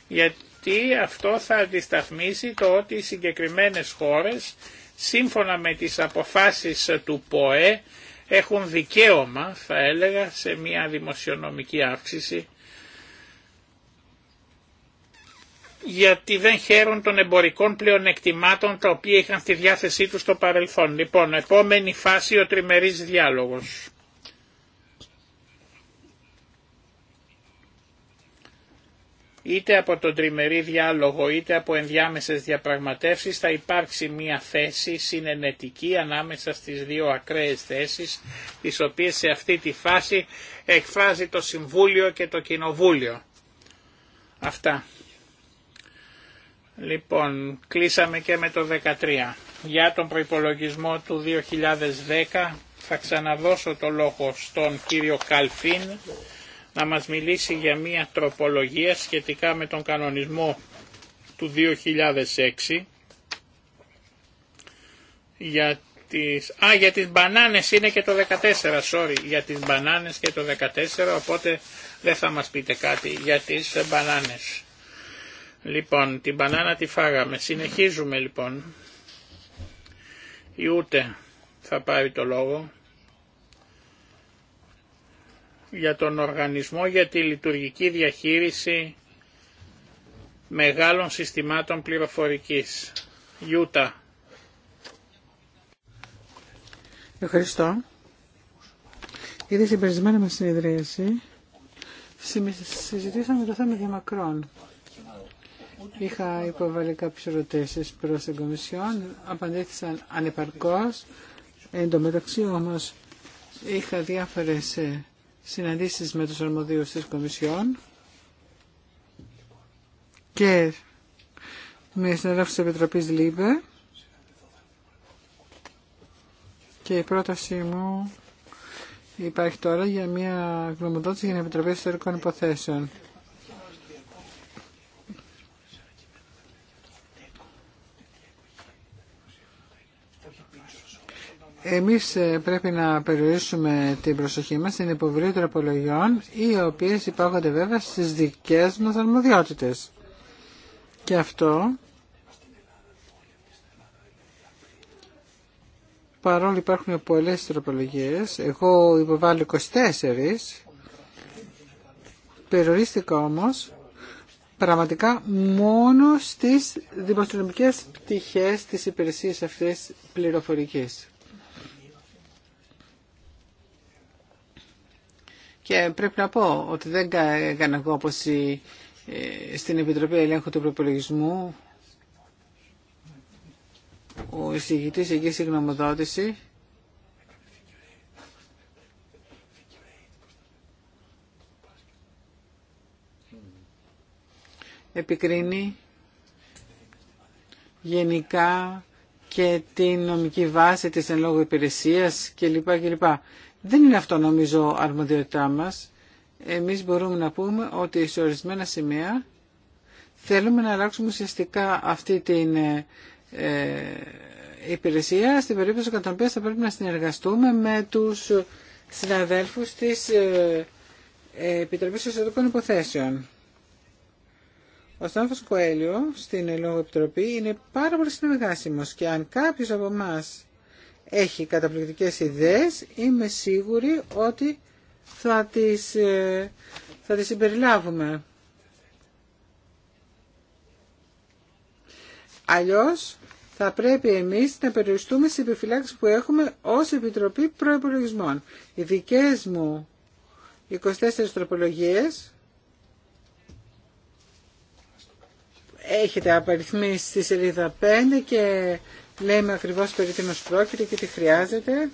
Γιατί αυτό θα αντισταθμίσει το ότι οι συγκεκριμένες χώρες, σύμφωνα με τις αποφάσεις του ΠΟΕ, έχουν δικαίωμα, θα έλεγα, σε μια δημοσιονομική αύξηση γιατί δεν χαίρουν των εμπορικών πλεονεκτημάτων τα οποία είχαν στη διάθεσή τους στο παρελθόν. Λοιπόν, επόμενη φάση ο τριμερής διάλογος. Είτε από τον τριμερή διάλογο είτε από ενδιάμεσες διαπραγματεύσεις θα υπάρξει μια θέση συνενετική ανάμεσα στις δύο ακραίες θέσεις τις οποίες σε αυτή τη φάση εκφράζει το Συμβούλιο και το Κοινοβούλιο. Αυτά. Λοιπόν, κλείσαμε και με το 13. Για τον προϋπολογισμό του 2010 θα ξαναδώσω το λόγο στον κύριο Καλφίν να μας μιλήσει για μία τροπολογία σχετικά με τον κανονισμό του 2006 για τις... Α, για τις μπανάνες είναι και το 14, sorry, για τις μπανάνες και το 14, οπότε δεν θα μας πείτε κάτι για τις μπανάνες. Λοιπόν, την μπανάνα τη φάγαμε. Συνεχίζουμε λοιπόν. Η ούτε θα πάρει το λόγο για τον οργανισμό για τη λειτουργική διαχείριση μεγάλων συστημάτων πληροφορικής. Ιούτα. Ευχαριστώ. Είδες η περισμένη μας συνειδρίαση συζητήσαμε το θέμα για μακρόν Είχα υποβάλει κάποιες ερωτήσεις προς την Κομισιόν, απαντήθησαν ανεπαρκώς. Εν τω μεταξύ όμως είχα διάφορες ε, συναντήσεις με τους αρμοδίους της Κομισιόν και με συνεργάφους της Επιτροπής ΛΥΜΠΕ και η πρότασή μου υπάρχει τώρα για μια γνωμοδότηση για την Επιτροπή Ιστορικών Υποθέσεων. Εμείς ε, πρέπει να περιορίσουμε την προσοχή μας στην υποβολή τροπολογιών οι οποίες υπάρχονται βέβαια στις δικές μας αρμοδιότητες. Και αυτό παρόλο υπάρχουν πολλές τροπολογίες, εγώ υποβάλλω 24, περιορίστηκα όμως πραγματικά μόνο στις δημοσιονομικές πτυχές της υπηρεσίας αυτής πληροφορικής. Και πρέπει να πω ότι δεν έκανα εγώ ε, στην Επιτροπή Ελέγχου του Προπολογισμού ο εισηγητής εκεί στη γνωμοδότηση επικρίνει γενικά και την νομική βάση της εν λόγω υπηρεσίας κλπ. Δεν είναι αυτό νομίζω αρμοδιότητά μας. Εμείς μπορούμε να πούμε ότι σε ορισμένα σημεία θέλουμε να αλλάξουμε ουσιαστικά αυτή την ε, ε, υπηρεσία στην περίπτωση κατά οποία θα πρέπει να συνεργαστούμε με τους συναδέλφους της ε, Επιτροπής Εσωτερικών Υποθέσεων. Ο Στάνφος Κοέλιο στην Ελλόγου Επιτροπή είναι πάρα πολύ συνεργάσιμος και αν κάποιος από εμάς έχει καταπληκτικές ιδέες, είμαι σίγουρη ότι θα τις, ε, θα τις συμπεριλάβουμε. Αλλιώς θα πρέπει εμείς να περιοριστούμε στις επιφυλάξεις που έχουμε ως Επιτροπή Προϋπολογισμών. Οι δικές μου 24 τροπολογίες έχετε απαριθμίσει στη σελίδα 5 και λέμε ακριβώς περί τίνος πρόκειται και τι χρειάζεται.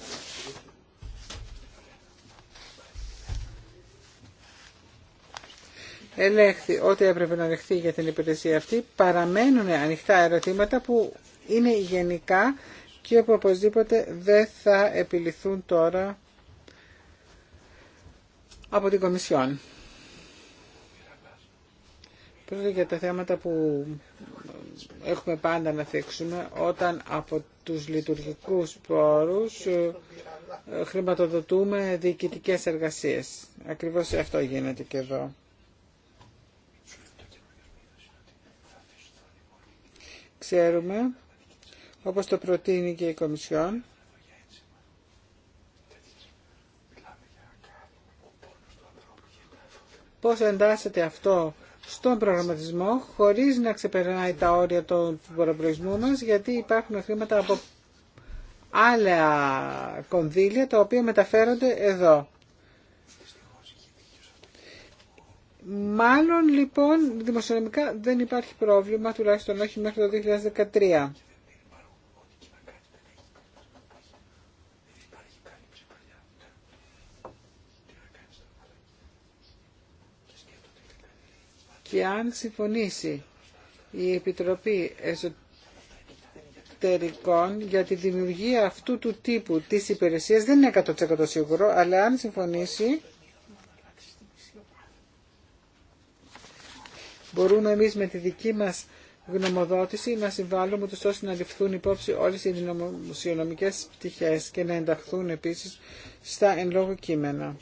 Ελέγχθη ό,τι έπρεπε να δεχθεί για την υπηρεσία αυτή. Παραμένουν ανοιχτά ερωτήματα που είναι γενικά και όπου οπωσδήποτε δεν θα επιληθούν τώρα από την Κομισιόν. Πρώτα για τα θέματα που έχουμε πάντα να θίξουμε όταν από τους λειτουργικούς πόρους ε, χρηματοδοτούμε διοικητικές εργασίες. Ακριβώς αυτό γίνεται και εδώ. Ξέρουμε, όπως το προτείνει και η Κομισιόν, πώς εντάσσεται αυτό στον προγραμματισμό χωρίς να ξεπερνάει τα όρια του προπολογισμού μας γιατί υπάρχουν χρήματα από άλλα κονδύλια τα οποία μεταφέρονται εδώ. Μάλλον λοιπόν δημοσιονομικά δεν υπάρχει πρόβλημα, τουλάχιστον όχι μέχρι το 2013. και αν συμφωνήσει η Επιτροπή Εσωτερικών για τη δημιουργία αυτού του τύπου της υπηρεσίας δεν είναι 100% σίγουρο, αλλά αν συμφωνήσει μπορούμε εμείς με τη δική μας γνωμοδότηση να συμβάλλουμε τους ώστε να ληφθούν υπόψη όλες οι δημοσιονομικές πτυχές και να ενταχθούν επίσης στα εν λόγω κείμενα.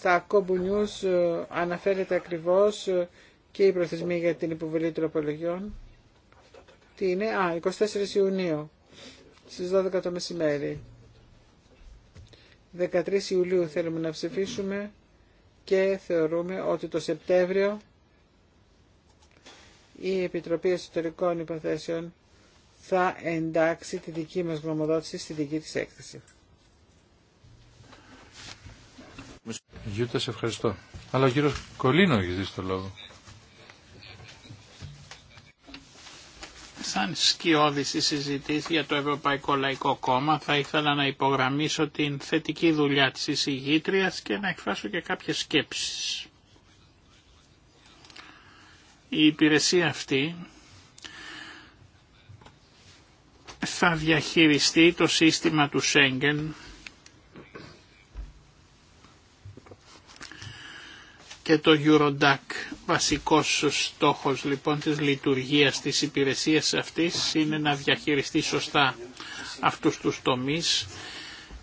Στα Κόμπου νιούς ε, αναφέρεται ακριβώς ε, και η προθεσμία για την υποβολή τροπολογιών. Τι είναι, α, 24 Ιουνίου, στις 12 το μεσημέρι. 13 Ιουλίου θέλουμε να ψηφίσουμε και θεωρούμε ότι το Σεπτέμβριο η Επιτροπή Εσωτερικών Υποθέσεων θα εντάξει τη δική μας γνωμοδότηση στη δική της έκθεση. Γιούτα, σε ευχαριστώ. Αλλά ο κύριος Κολίνο έχει δει στο λόγο. Σαν σκιώδη στη για το Ευρωπαϊκό Λαϊκό Κόμμα θα ήθελα να υπογραμμίσω την θετική δουλειά της εισηγήτριας και να εκφράσω και κάποιες σκέψεις. Η υπηρεσία αυτή θα διαχειριστεί το σύστημα του Σέγγεν και το Eurodac. Βασικός στόχος λοιπόν της λειτουργίας της υπηρεσίας αυτής είναι να διαχειριστεί σωστά αυτούς τους τομείς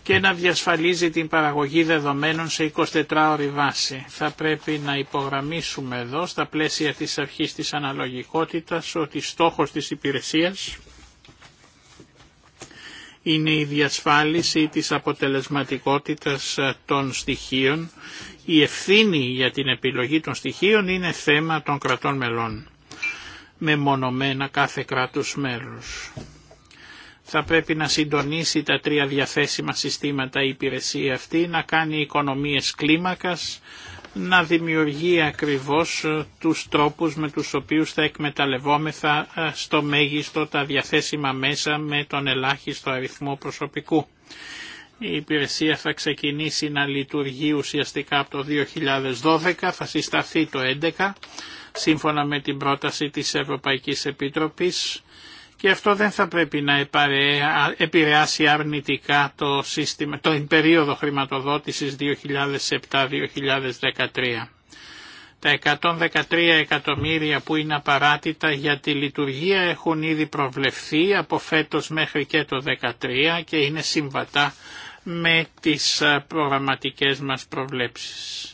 και να διασφαλίζει την παραγωγή δεδομένων σε 24 ώρη βάση. Θα πρέπει να υπογραμμίσουμε εδώ στα πλαίσια της αρχής της αναλογικότητας ότι στόχος της υπηρεσίας είναι η διασφάλιση της αποτελεσματικότητας των στοιχείων η ευθύνη για την επιλογή των στοιχείων είναι θέμα των κρατών μελών, μονομένα κάθε κράτους μέλους. Θα πρέπει να συντονίσει τα τρία διαθέσιμα συστήματα η υπηρεσία αυτή, να κάνει οικονομίες κλίμακας, να δημιουργεί ακριβώς τους τρόπους με τους οποίους θα εκμεταλλευόμεθα ε, στο μέγιστο τα διαθέσιμα μέσα με τον ελάχιστο αριθμό προσωπικού. Η υπηρεσία θα ξεκινήσει να λειτουργεί ουσιαστικά από το 2012, θα συσταθεί το 2011, σύμφωνα με την πρόταση της Ευρωπαϊκής Επιτροπής και αυτό δεν θα πρέπει να επηρεάσει αρνητικά το σύστημα, το περίοδο χρηματοδότησης 2007-2013. Τα 113 εκατομμύρια που είναι απαράτητα για τη λειτουργία έχουν ήδη προβλεφθεί από φέτος μέχρι και το 2013 και είναι συμβατά με τις ε, προγραμματικές μας προβλέψεις.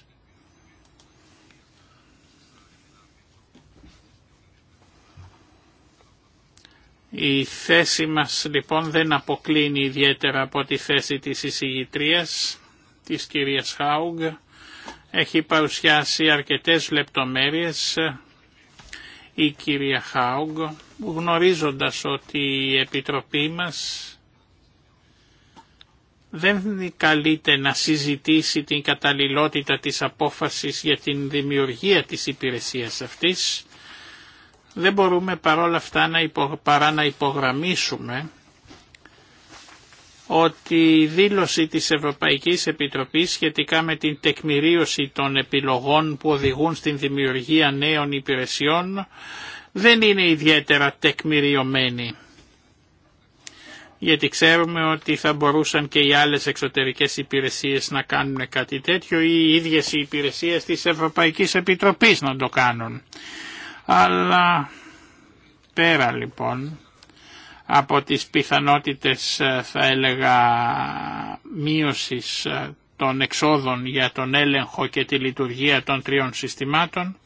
Η θέση μας λοιπόν δεν αποκλίνει ιδιαίτερα από τη θέση της εισηγητρίας, της κυρίας Χάουγ. Έχει παρουσιάσει αρκετές λεπτομέρειες η κυρία Χάουγκ, γνωρίζοντας ότι η Επιτροπή μας δεν καλείται να συζητήσει την καταλληλότητα της απόφασης για την δημιουργία της υπηρεσίας αυτής, δεν μπορούμε παρόλα αυτά να παρά να υπογραμμίσουμε ότι η δήλωση της Ευρωπαϊκής Επιτροπής σχετικά με την τεκμηρίωση των επιλογών που οδηγούν στην δημιουργία νέων υπηρεσιών δεν είναι ιδιαίτερα τεκμηριωμένη γιατί ξέρουμε ότι θα μπορούσαν και οι άλλες εξωτερικές υπηρεσίες να κάνουν κάτι τέτοιο ή οι ίδιες οι υπηρεσίες της Ευρωπαϊκής Επιτροπής να το κάνουν. Αλλά πέρα λοιπόν από τις πιθανότητες ε, θα έλεγα μείωσης ε, των εξόδων για τον έλεγχο και τη λειτουργία των τριών συστημάτων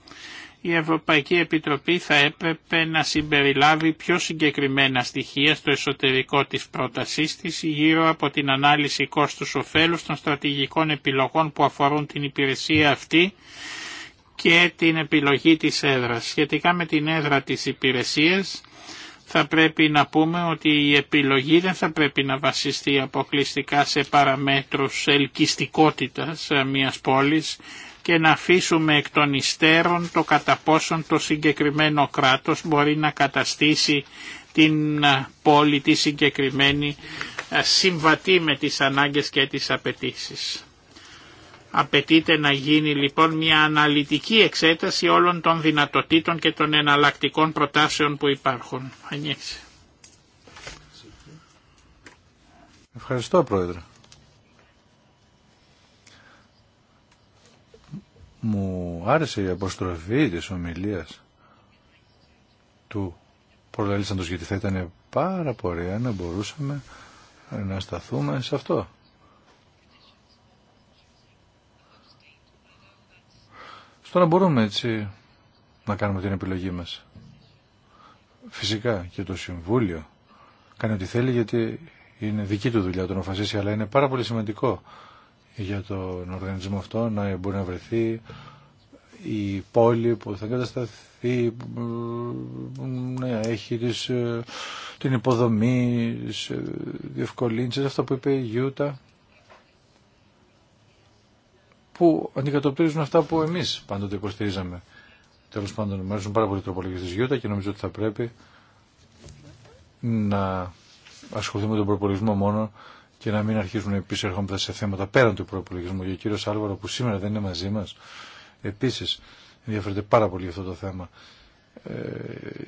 η Ευρωπαϊκή Επιτροπή θα έπρεπε να συμπεριλάβει πιο συγκεκριμένα στοιχεία στο εσωτερικό της πρότασής της γύρω από την ανάλυση κόστους ωφέλους των στρατηγικών επιλογών που αφορούν την υπηρεσία αυτή και την επιλογή της έδρας. Σχετικά με την έδρα της υπηρεσίας θα πρέπει να πούμε ότι η επιλογή δεν θα πρέπει να βασιστεί αποκλειστικά σε παραμέτρους ελκυστικότητας μιας πόλης και να αφήσουμε εκ των υστέρων το κατά πόσον το συγκεκριμένο κράτος μπορεί να καταστήσει την πόλη τη συγκεκριμένη συμβατή με τις ανάγκες και τις απαιτήσει. Απαιτείται να γίνει λοιπόν μια αναλυτική εξέταση όλων των δυνατοτήτων και των εναλλακτικών προτάσεων που υπάρχουν. Ευχαριστώ Πρόεδρε. Μου άρεσε η αποστροφή της ομιλίας του προλαλήσαντος γιατί θα ήταν πάρα πορεία να μπορούσαμε να σταθούμε σε αυτό. Στο να μπορούμε έτσι να κάνουμε την επιλογή μας. Φυσικά και το Συμβούλιο κάνει ό,τι θέλει γιατί είναι δική του δουλειά το να αλλά είναι πάρα πολύ σημαντικό για τον οργανισμό αυτό να μπορεί να βρεθεί η πόλη που θα κατασταθεί να έχει τις, ε, την υποδομή τι ε, διευκολύνσεις αυτό που είπε η Γιούτα που αντικατοπτρίζουν αυτά που εμείς πάντοτε υποστηρίζαμε τέλος πάντων μου αρέσουν πάρα πολύ τροπολογίες της Γιούτα και νομίζω ότι θα πρέπει να ασχοληθούμε με τον προπολογισμό μόνο και να μην αρχίσουν να επισέρχονται σε θέματα πέραν του προπολογισμού. Και ο Σάλβαρο, Άλβαρο που σήμερα δεν είναι μαζί μας, επίσης ενδιαφέρεται πάρα πολύ αυτό το θέμα. Ε,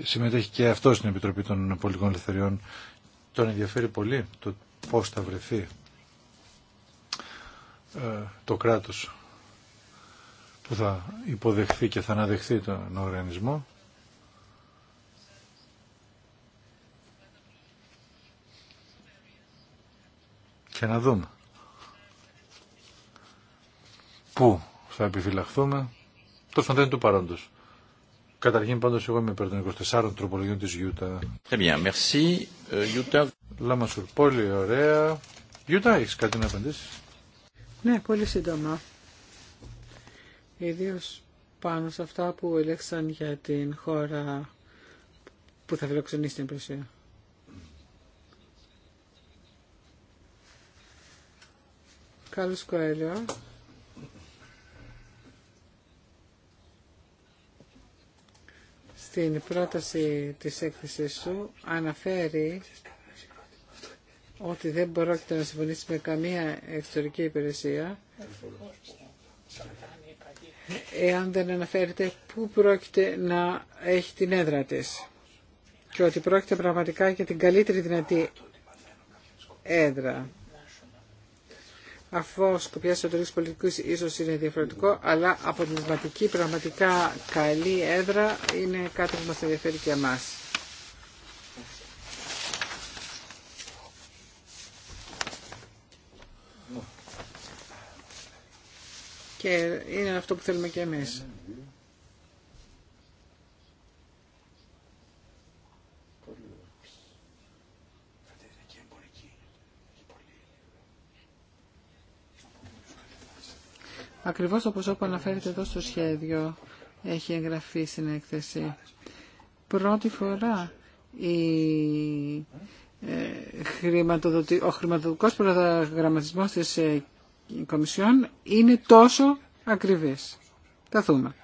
συμμετέχει και αυτό στην Επιτροπή των Πολιτικών Ελευθεριών. Τον ενδιαφέρει πολύ το πώς θα βρεθεί ε, το κράτος που θα υποδεχθεί και θα αναδεχθεί τον οργανισμό και να δούμε πού θα επιφυλαχθούμε τόσο δεν είναι του παρόντος. Καταρχήν πάντως εγώ είμαι υπέρ των 24 τροπολογιών της Γιούτα. Très bien, merci. Ε, Λάμασουρ, πολύ ωραία. Γιούτα, έχεις κάτι να απαντήσεις. Ναι, πολύ σύντομα. Ιδίω πάνω σε αυτά που ελεξαν για την χώρα που θα φιλοξενήσει την προσία. Καλώς Κοέλιο. Στην πρόταση της έκθεσης σου αναφέρει ότι δεν πρόκειται να συμφωνήσει με καμία εξωτερική υπηρεσία εάν δεν αναφέρεται πού πρόκειται να έχει την έδρα της και ότι πρόκειται πραγματικά για την καλύτερη δυνατή έδρα αφού ο σκοπιά εσωτερική πολιτική ίσω είναι διαφορετικό, αλλά αποτελεσματική, πραγματικά καλή έδρα είναι κάτι που μα ενδιαφέρει και εμά. Και είναι αυτό που θέλουμε και εμείς. Ακριβώς όπως όπου αναφέρεται εδώ στο σχέδιο έχει εγγραφεί στην έκθεση. Πρώτη φορά η, ε, ο χρηματοδοτικός προγραμματισμός της ε, Κομισιόν είναι τόσο ακριβής. Θα δούμε.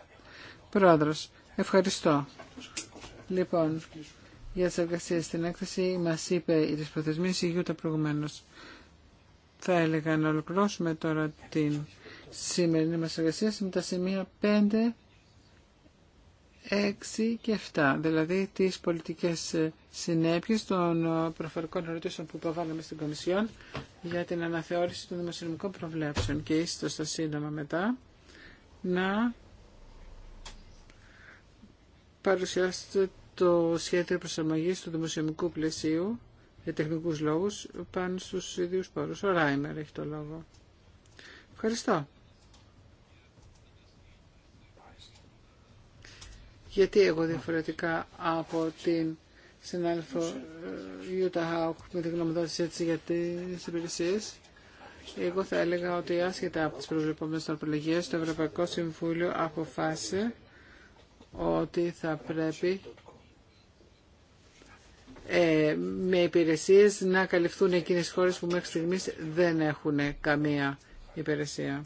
Πρόεδρος, ευχαριστώ. Λοιπόν, για τις εργασίες στην έκθεση μας είπε η της η Γιούτα προηγουμένως. Θα έλεγα να ολοκληρώσουμε τώρα την σημερινή μας εργασία με τα σημεία 5, 6 και 7, δηλαδή τις πολιτικές ε, συνέπειες των ε, προφορικών ερωτήσεων που υποβάλαμε στην Κομισιόν για την αναθεώρηση των δημοσιονομικών προβλέψεων και ίσως στα σύντομα μετά να παρουσιάσετε το σχέδιο προσαρμογής του δημοσιονομικού πλαισίου για τεχνικούς λόγους πάνω στους ίδιους πόρους. Ο Ράιμερ έχει το λόγο. Ευχαριστώ. Γιατί εγώ διαφορετικά από την συνάδελφο ε, Ιούτα Χάουκ με την γνωμοδότηση έτσι για τι υπηρεσίε. Εγώ θα έλεγα ότι άσχετα από τις προβλεπόμενες τροπολογίες, το Ευρωπαϊκό Συμβούλιο αποφάσισε ότι θα πρέπει ε, με υπηρεσίες να καλυφθούν εκείνες χώρες που μέχρι στιγμής δεν έχουν καμία υπηρεσία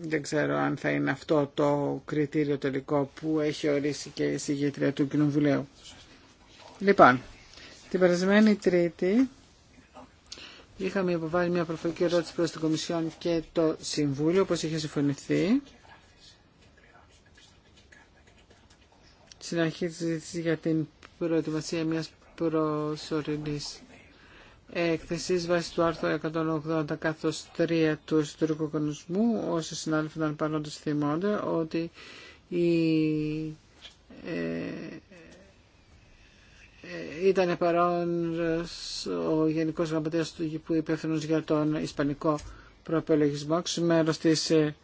δεν ξέρω αν θα είναι αυτό το κριτήριο τελικό που έχει ορίσει και η συγγήτρια του Κοινοβουλίου. Λοιπόν, την περασμένη Τρίτη είχαμε υποβάλει μια προφορική ερώτηση προς την Κομισιόν και το Συμβούλιο, όπως είχε συμφωνηθεί. Στην αρχή της για την προετοιμασία μιας προσωρινής έκθεσης βάσει του άρθρου 180 καθώ 3 του ιστορικού κανονισμού όσοι συνάδελφοι ήταν παρόντες θυμώνται ότι η, ε, ε ήταν παρόν ο Γενικός Γραμματέας του που υπεύθυνος για τον Ισπανικό προπολογισμό, μέρος της ε,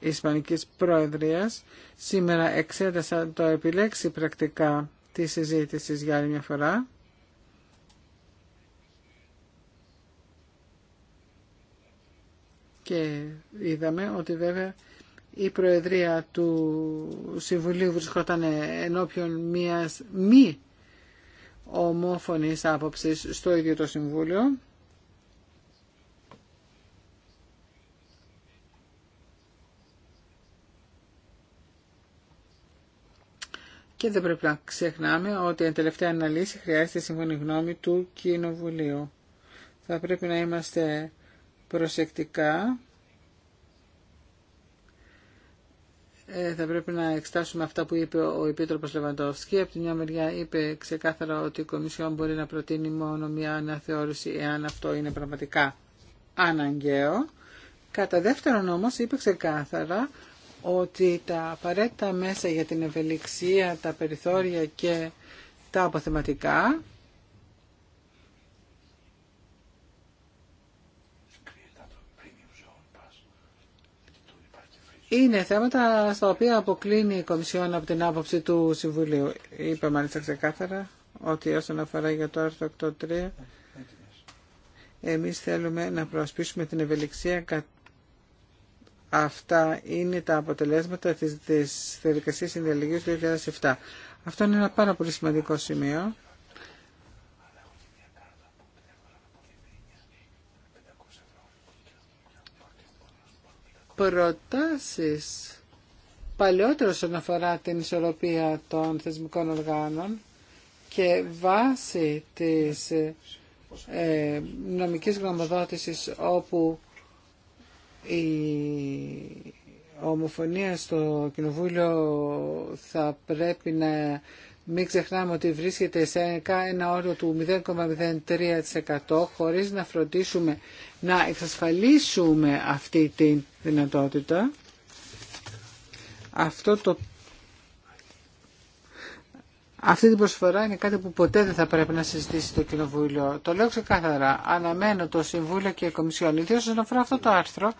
Ισπανική Προεδρία. Σήμερα εξέτασα το επιλέξει πρακτικά τη συζήτηση για άλλη μια φορά Και είδαμε ότι βέβαια η Προεδρία του Συμβουλίου βρισκόταν ενώπιον μιας μη ομόφωνης άποψης στο ίδιο το Συμβούλιο. Και δεν πρέπει να ξεχνάμε ότι η τελευταία αναλύση χρειάζεται σύμφωνη γνώμη του Κοινοβουλίου. Θα πρέπει να είμαστε προσεκτικά. Ε, θα πρέπει να εξτάσουμε αυτά που είπε ο Επίτροπος Λεβαντόφσκι. Από τη μια μεριά είπε ξεκάθαρα ότι η Κομισιόν μπορεί να προτείνει μόνο μια αναθεώρηση εάν αυτό είναι πραγματικά αναγκαίο. Κατά δεύτερον όμως είπε ξεκάθαρα ότι τα απαραίτητα μέσα για την ευελιξία, τα περιθώρια και τα αποθεματικά είναι θέματα στα οποία αποκλίνει η Κομισιόν από την άποψη του Συμβουλίου. Είπε μάλιστα ξεκάθαρα ότι όσον αφορά για το άρθρο 8.3 εμείς θέλουμε να προασπίσουμε την ευελιξία αυτά είναι τα αποτελέσματα της, της διαδικασίας του 2007. Αυτό είναι ένα πάρα πολύ σημαντικό σημείο προτάσεις παλιότερο όσον αφορά την ισορροπία των θεσμικών οργάνων και βάση της ε, νομικής γνωμοδότησης όπου η ομοφωνία στο Κοινοβούλιο θα πρέπει να μην ξεχνάμε ότι βρίσκεται σε ένα όριο του 0,03% χωρίς να φροντίσουμε να εξασφαλίσουμε αυτή την δυνατότητα αυτό το αυτή την προσφορά είναι κάτι που ποτέ δεν θα πρέπει να συζητήσει το Κοινοβούλιο. Το λέω ξεκάθαρα. Αναμένω το Συμβούλιο και η Κομισιόν, ιδίω όσον αφορά αυτό το άρθρο,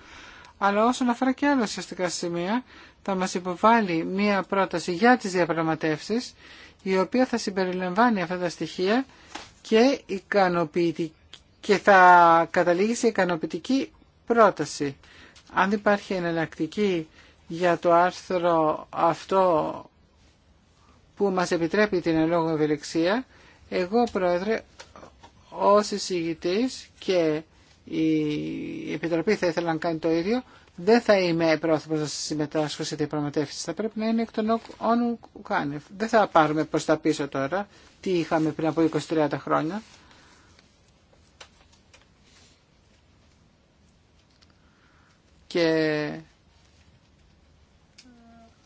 αλλά όσον αφορά και άλλα ουσιαστικά σημεία, θα μα υποβάλει μία πρόταση για τι διαπραγματεύσει, η οποία θα συμπεριλαμβάνει αυτά τα στοιχεία και, ικανοποιητική, και θα καταλήγει σε ικανοποιητική πρόταση. Αν υπάρχει εναλλακτική για το άρθρο αυτό που μας επιτρέπει την ελόγω ευελιξία, εγώ πρόεδρε ως εισηγητής και η Επιτροπή θα ήθελα να κάνει το ίδιο, δεν θα είμαι πρόθυμος να συμμετάσχω σε διαπραγματεύσει. Θα πρέπει να είναι εκ των όνων κάνει. Δεν θα πάρουμε προς τα πίσω τώρα τι είχαμε πριν από 20-30 χρόνια. Και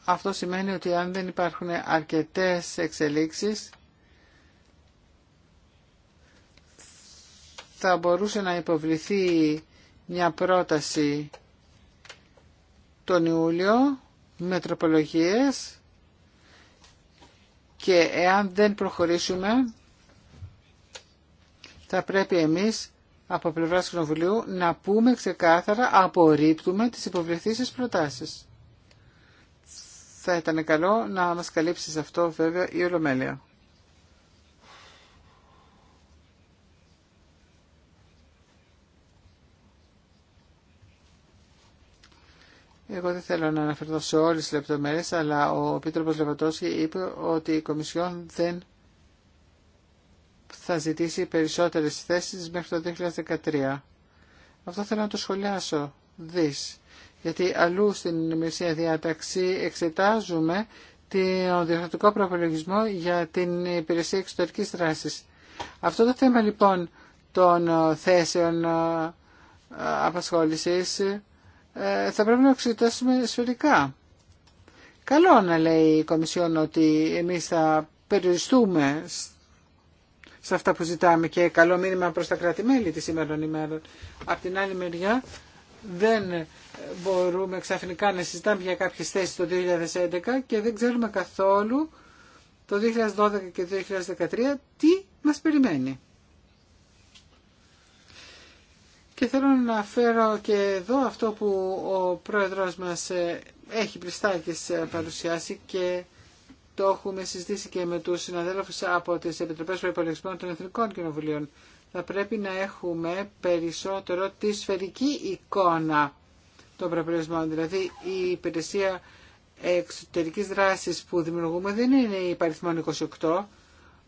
αυτό σημαίνει ότι αν δεν υπάρχουν αρκετές εξελίξεις θα μπορούσε να υποβληθεί μια πρόταση τον Ιούλιο με τροπολογίες και εάν δεν προχωρήσουμε θα πρέπει εμείς από πλευράς Κοινοβουλίου να πούμε ξεκάθαρα απορρίπτουμε τις υποβληθήσεις προτάσεις. Θα ήταν καλό να μας καλύψει σε αυτό βέβαια η Ολομέλεια. Εγώ δεν θέλω να αναφερθώ σε όλες τις λεπτομέρειες, αλλά ο Πίτροπος Λεβατός είπε ότι η Κομισιόν δεν θα ζητήσει περισσότερες θέσεις μέχρι το 2013. Αυτό θέλω να το σχολιάσω. Δεις. Γιατί αλλού στην ημερησία διάταξη εξετάζουμε τον διορθωτικό προπολογισμό για την υπηρεσία εξωτερικής δράσης. Αυτό το θέμα λοιπόν των θέσεων ε, απασχόλησης ε, θα πρέπει να εξετάσουμε σφαιρικά. Καλό να λέει η Κομισιόν ότι εμείς θα περιοριστούμε σε αυτά που ζητάμε και καλό μήνυμα προς τα κράτη-μέλη τη σήμερα ημέρα. Απ' την άλλη μεριά δεν μπορούμε ξαφνικά να συζητάμε για κάποιες θέσεις το 2011 και δεν ξέρουμε καθόλου το 2012 και το 2013 τι μας περιμένει. Και θέλω να φέρω και εδώ αυτό που ο πρόεδρος μας ε, έχει πριστά και ε, παρουσιάσει και το έχουμε συζητήσει και με του συναδέλφου από τις Επιτροπές Προϋπολογισμών των Εθνικών Κοινοβουλίων. Θα πρέπει να έχουμε περισσότερο τη σφαιρική εικόνα των προϋπολογισμών. Δηλαδή η υπηρεσία εξωτερικής δράσης που δημιουργούμε δεν είναι η παριθμόν 28,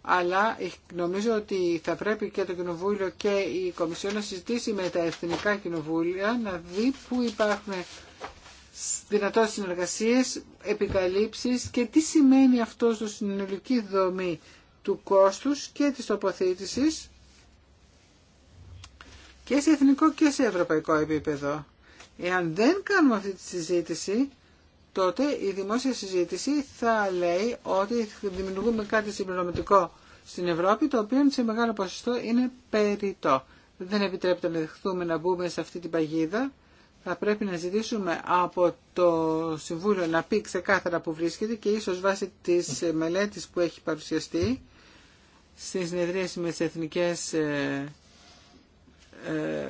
αλλά νομίζω ότι θα πρέπει και το Κοινοβούλιο και η Κομισιόν να συζητήσει με τα Εθνικά Κοινοβούλια να δει πού υπάρχουν δυνατότητες συνεργασίες, επικαλύψεις και τι σημαίνει αυτό στο συνολική δομή του κόστους και της τοποθέτησης και σε εθνικό και σε ευρωπαϊκό επίπεδο. Εάν δεν κάνουμε αυτή τη συζήτηση, τότε η δημόσια συζήτηση θα λέει ότι δημιουργούμε κάτι συμπληρωματικό στην Ευρώπη, το οποίο σε μεγάλο ποσοστό είναι περιττό. Δεν επιτρέπεται να δεχθούμε να μπούμε σε αυτή την παγίδα θα πρέπει να ζητήσουμε από το Συμβούλιο να πει ξεκάθαρα που βρίσκεται και ίσως βάσει της μελέτης που έχει παρουσιαστεί στις συνεδρίαση με τις εθνικές ε, ε,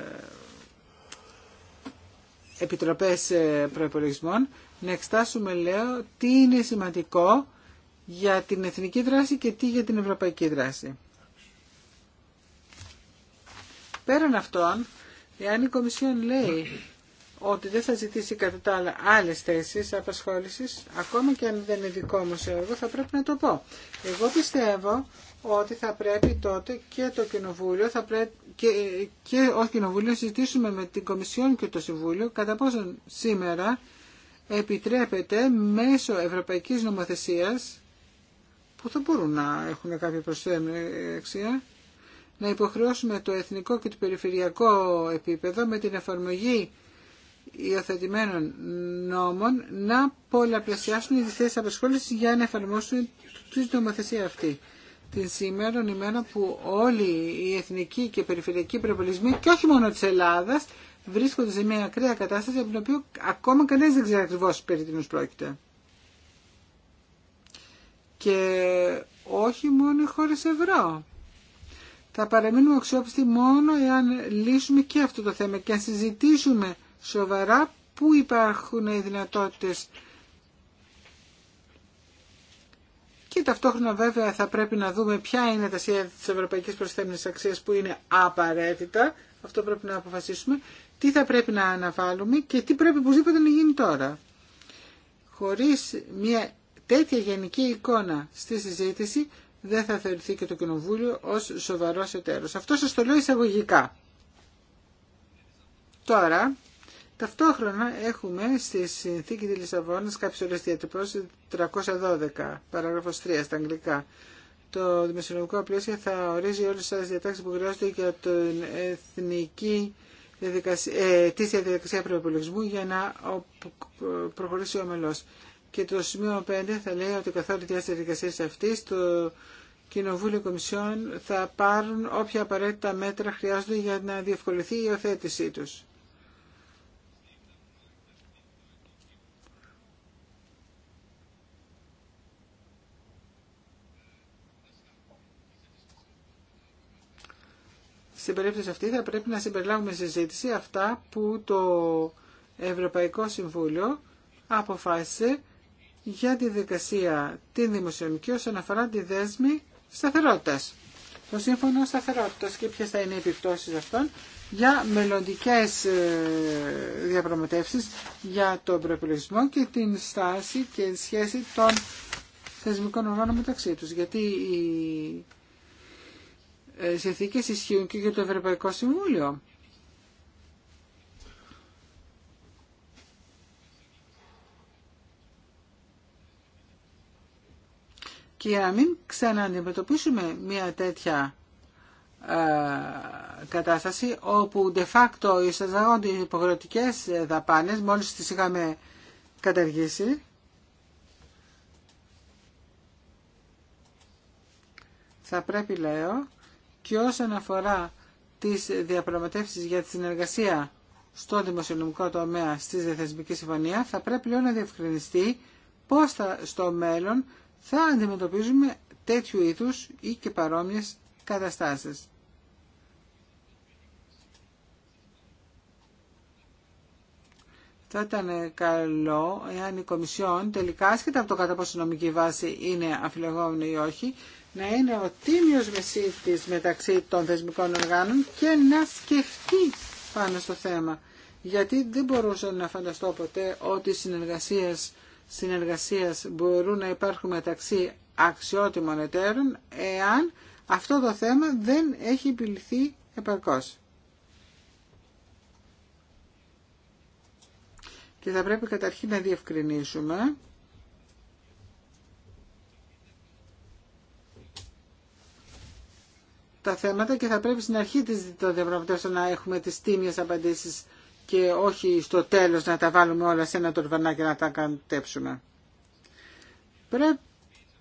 επιτροπές ε, προϋπολογισμών να εξτάσουμε λέω τι είναι σημαντικό για την εθνική δράση και τι για την ευρωπαϊκή δράση. Πέραν αυτών, εάν η Κομισιόν λέει ότι δεν θα ζητήσει κατά τα άλλα άλλες θέσεις απασχόλησης, ακόμα και αν δεν είναι δικό μου έργο, θα πρέπει να το πω. Εγώ πιστεύω ότι θα πρέπει τότε και το Κοινοβούλιο θα πρέπει, και, και ως Κοινοβούλιο συζητήσουμε με την Κομισιόν και το Συμβούλιο κατά πόσον σήμερα επιτρέπεται μέσω ευρωπαϊκής νομοθεσίας που θα μπορούν να έχουν κάποια προσθέμενη αξία να υποχρεώσουμε το εθνικό και το περιφερειακό επίπεδο με την εφαρμογή υιοθετημένων νόμων να πολλαπλασιάσουν τις θέσεις απασχόλησης για να εφαρμόσουν την νομοθεσία αυτή. Την σήμερα ημέρα που όλοι οι εθνικοί και περιφερειακοί προπολισμοί και όχι μόνο της Ελλάδας βρίσκονται σε μια ακραία κατάσταση από την οποία ακόμα κανένας δεν ξέρει ακριβώς περί τίνος πρόκειται. Και όχι μόνο οι χώρες ευρώ. Θα παραμείνουμε αξιόπιστοι μόνο εάν λύσουμε και αυτό το θέμα και αν συζητήσουμε σοβαρά πού υπάρχουν οι δυνατότητες και ταυτόχρονα βέβαια θα πρέπει να δούμε ποια είναι τα σχέδια της ευρωπαϊκής προσθέμενης αξίας που είναι απαραίτητα, αυτό πρέπει να αποφασίσουμε, τι θα πρέπει να αναβάλουμε και τι πρέπει οπωσδήποτε να γίνει τώρα. Χωρίς μια τέτοια γενική εικόνα στη συζήτηση δεν θα θεωρηθεί και το Κοινοβούλιο ως σοβαρός εταίρος. Αυτό σας το λέω εισαγωγικά. Τώρα, Ταυτόχρονα έχουμε στη συνθήκη της Λισαβόνας κάποιες ώρες διατυπώσει 312, παράγραφος 3 στα αγγλικά. Το δημοσιονομικό πλαίσιο θα ορίζει όλες τις διατάξεις που χρειάζονται για την εθνική διαδικασία, ε, διαδικασία προπολογισμού για να προχωρήσει ο μελός. Και το σημείο 5 θα λέει ότι καθ' όλη τη διαδικασία αυτή το Κοινοβούλιο Κομισιών θα πάρουν όποια απαραίτητα μέτρα χρειάζονται για να διευκολυνθεί η υιοθέτησή τους. Στην περίπτωση αυτή θα πρέπει να συμπεριλάβουμε συζήτηση αυτά που το Ευρωπαϊκό Συμβούλιο αποφάσισε για τη δικασία την δημοσιονομική όσον αφορά τη δέσμη σταθερότητας. Το Σύμφωνο Σταθερότητας και ποιες θα είναι οι επιπτώσεις αυτών για μελλοντικές ε, διαπραγματεύσεις για τον προπολογισμό και την στάση και σχέση των θεσμικών οργάνων μεταξύ τους. Γιατί η ε, συνθήκες ισχύουν και για το Ευρωπαϊκό Συμβούλιο. Και για να μην ξανααντιμετωπίσουμε μια τέτοια ε, κατάσταση όπου de facto οι οι υποχρεωτικές δαπάνες, μόλις τις είχαμε καταργήσει, θα πρέπει λέω και όσον αφορά τις διαπραγματεύσεις για τη συνεργασία στο δημοσιονομικό τομέα στη διαθεσμική συμφωνία, θα πρέπει λοιπόν να διευκρινιστεί πώς θα, στο μέλλον θα αντιμετωπίζουμε τέτοιου είδους ή και παρόμοιες καταστάσεις. Θα ήταν καλό εάν η Κομισιόν τελικά, άσχετα από το κατά πόσο νομική βάση είναι αφιλεγόμενη ή όχι, να είναι ο τίμιος μεσίτης μεταξύ των θεσμικών οργάνων και να σκεφτεί πάνω στο θέμα. Γιατί δεν μπορούσα να φανταστώ ποτέ ότι συνεργασίες, συνεργασίες μπορούν να υπάρχουν μεταξύ αξιότιμων εταίρων εάν αυτό το θέμα δεν έχει επιληθεί επαρκώς. Και θα πρέπει καταρχήν να διευκρινίσουμε τα θέματα και θα πρέπει στην αρχή της διαπραγματεύσεων να έχουμε τις τίμιες απαντήσεις και όχι στο τέλος να τα βάλουμε όλα σε ένα τορβανά και να τα καντέψουμε.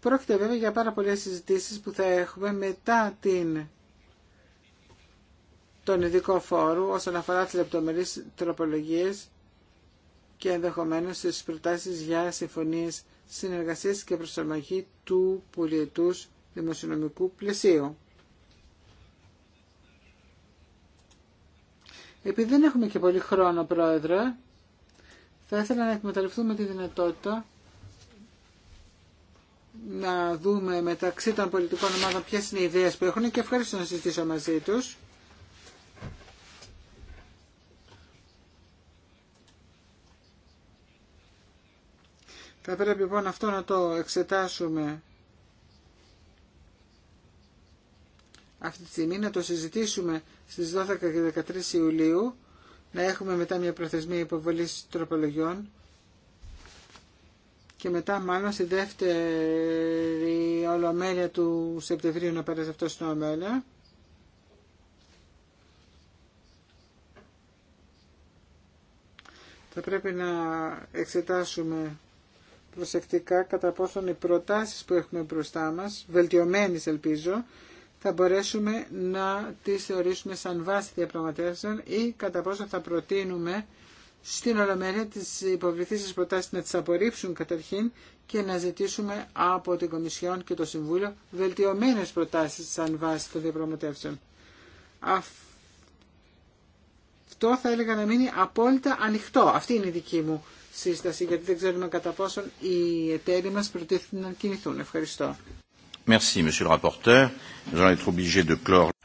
Πρόκειται βέβαια για πάρα πολλές συζητήσεις που θα έχουμε μετά την... τον ειδικό φόρου όσον αφορά τις λεπτομερείς τροπολογίες και ενδεχομένως τις προτάσεις για συμφωνίες συνεργασίας και προσαρμογή του πολιετούς δημοσιονομικού πλαισίου. Επειδή δεν έχουμε και πολύ χρόνο, Πρόεδρε, θα ήθελα να εκμεταλλευτούμε τη δυνατότητα να δούμε μεταξύ των πολιτικών ομάδων ποιες είναι οι ιδέες που έχουν και ευχαριστώ να συζητήσω μαζί τους. Θα πρέπει λοιπόν αυτό να το εξετάσουμε αυτή τη στιγμή, να το συζητήσουμε στις 12 και 13 Ιουλίου να έχουμε μετά μια προθεσμία υποβολής τροπολογιών και μετά μάλλον στη δεύτερη ολομέλεια του Σεπτεμβρίου να πέρασε αυτό στην ολομέλεια. Θα πρέπει να εξετάσουμε προσεκτικά κατά πόσον οι προτάσεις που έχουμε μπροστά μας, βελτιωμένες ελπίζω, θα μπορέσουμε να τις θεωρήσουμε σαν βάση διαπραγματεύσεων ή κατά πόσο θα προτείνουμε στην ολομέρεια τις υποβληθήσεις προτάσεις να τις απορρίψουν καταρχήν και να ζητήσουμε από την Κομισιόν και το Συμβούλιο βελτιωμένες προτάσεις σαν βάση των διαπραγματεύσεων. Αυτό θα έλεγα να μείνει απόλυτα ανοιχτό. Αυτή είναι η δική μου σύσταση γιατί δεν ξέρουμε κατά πόσον οι εταίροι μας προτίθεται να κινηθούν. Ευχαριστώ.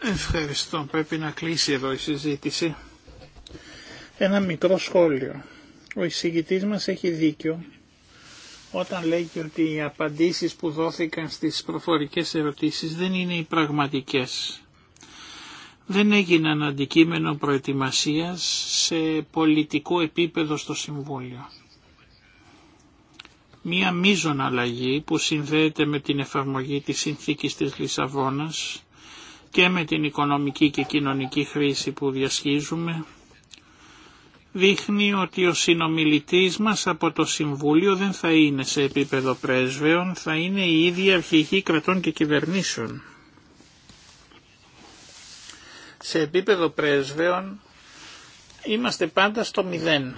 Ευχαριστώ. Πρέπει να κλείσει εδώ η συζήτηση. Ένα μικρό σχόλιο. Ο εισηγητής μας έχει δίκιο όταν λέει ότι οι απαντήσεις που δόθηκαν στις προφορικές ερωτήσεις δεν είναι οι πραγματικές. Δεν έγιναν αντικείμενο προετοιμασίας σε πολιτικό επίπεδο στο Συμβούλιο μία μείζων αλλαγή που συνδέεται με την εφαρμογή της συνθήκης της Λισαβόνας και με την οικονομική και κοινωνική χρήση που διασχίζουμε, δείχνει ότι ο συνομιλητής μας από το Συμβούλιο δεν θα είναι σε επίπεδο πρέσβεων, θα είναι η ίδια αρχηγή κρατών και κυβερνήσεων. Σε επίπεδο πρέσβεων είμαστε πάντα στο μηδέν.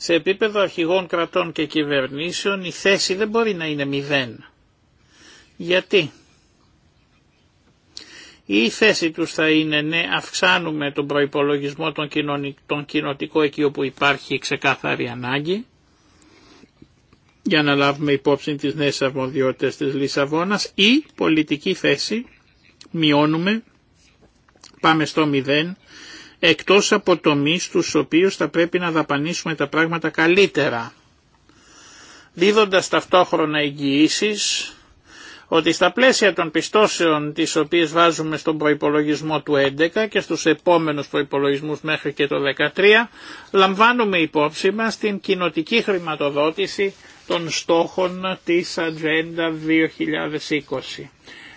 Σε επίπεδο αρχηγών κρατών και κυβερνήσεων η θέση δεν μπορεί να είναι μηδέν. Γιατί η η θέση τους θα είναι ναι αυξάνουμε τον προϋπολογισμό των κοινωνι... τον εκεί όπου υπάρχει ξεκάθαρη ανάγκη για να λάβουμε υπόψη τις νέες αρμοδιότητες της Λισαβόνας ή πολιτική θέση μειώνουμε, πάμε στο μηδέν εκτός από τομείς στους οποίους θα πρέπει να δαπανίσουμε τα πράγματα καλύτερα. Δίδοντας ταυτόχρονα εγγυήσει ότι στα πλαίσια των πιστώσεων τις οποίες βάζουμε στον προϋπολογισμό του 11 και στους επόμενους προϋπολογισμούς μέχρι και το 13 λαμβάνουμε υπόψη μας την κοινοτική χρηματοδότηση των στόχων της Ατζέντα 2020.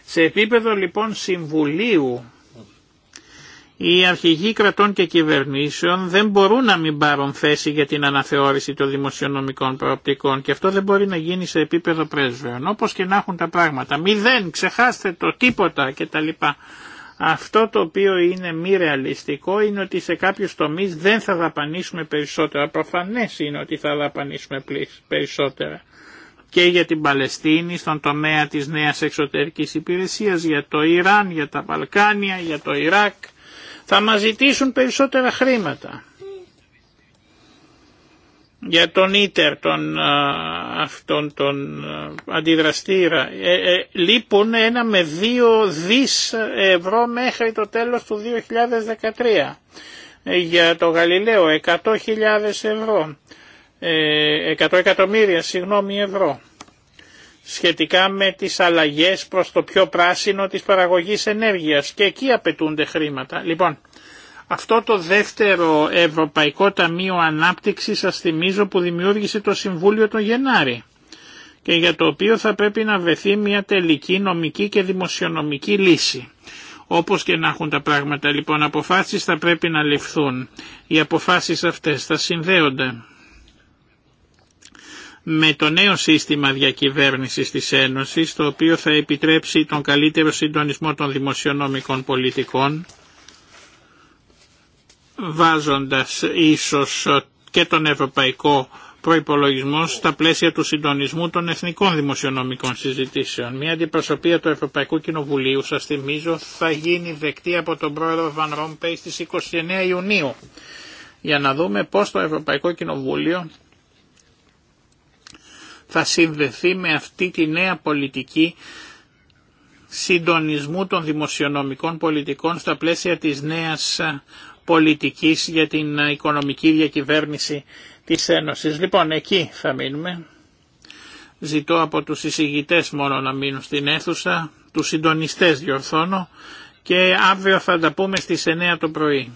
Σε επίπεδο λοιπόν Συμβουλίου οι αρχηγοί κρατών και κυβερνήσεων δεν μπορούν να μην πάρουν θέση για την αναθεώρηση των δημοσιονομικών προοπτικών και αυτό δεν μπορεί να γίνει σε επίπεδο πρέσβεων, όπως και να έχουν τα πράγματα. Μηδέν, ξεχάστε το, τίποτα κτλ. Αυτό το οποίο είναι μη ρεαλιστικό είναι ότι σε κάποιους τομείς δεν θα δαπανίσουμε περισσότερα. Προφανές είναι ότι θα δαπανίσουμε περισσότερα. Και για την Παλαιστίνη, στον τομέα της νέας εξωτερικής υπηρεσίας, για το Ιράν, για τα Βαλκάνια, για το Ιράκ, θα μας ζητήσουν περισσότερα χρήματα. Για τον ίτερ, τον, αυτόν τον αντιδραστήρα, ε, ε, λείπουν ένα με δύο δις ευρώ μέχρι το τέλος του 2013. Ε, για το Γαλιλαίο 100.000 ευρώ, ε, 100 εκατομμύρια συγγνώμη ευρώ σχετικά με τις αλλαγές προς το πιο πράσινο της παραγωγής ενέργειας και εκεί απαιτούνται χρήματα. Λοιπόν, αυτό το δεύτερο Ευρωπαϊκό Ταμείο Ανάπτυξης σας θυμίζω που δημιούργησε το Συμβούλιο τον Γενάρη και για το οποίο θα πρέπει να βεθεί μια τελική νομική και δημοσιονομική λύση. Όπως και να έχουν τα πράγματα λοιπόν αποφάσεις θα πρέπει να ληφθούν. Οι αποφάσεις αυτές θα συνδέονται με το νέο σύστημα διακυβέρνησης της Ένωσης, το οποίο θα επιτρέψει τον καλύτερο συντονισμό των δημοσιονομικών πολιτικών, βάζοντας ίσως και τον ευρωπαϊκό προϋπολογισμό στα πλαίσια του συντονισμού των εθνικών δημοσιονομικών συζητήσεων. Μια αντιπροσωπεία του Ευρωπαϊκού Κοινοβουλίου, σας θυμίζω, θα γίνει δεκτή από τον πρόεδρο Βαν Ρομπέη στις 29 Ιουνίου για να δούμε πώς το Ευρωπαϊκό Κοινοβούλιο θα συνδεθεί με αυτή τη νέα πολιτική συντονισμού των δημοσιονομικών πολιτικών στα πλαίσια της νέας πολιτικής για την οικονομική διακυβέρνηση της Ένωσης. Λοιπόν, εκεί θα μείνουμε. Ζητώ από τους εισηγητές μόνο να μείνουν στην αίθουσα, τους συντονιστές διορθώνω και αύριο θα τα πούμε στις 9 το πρωί.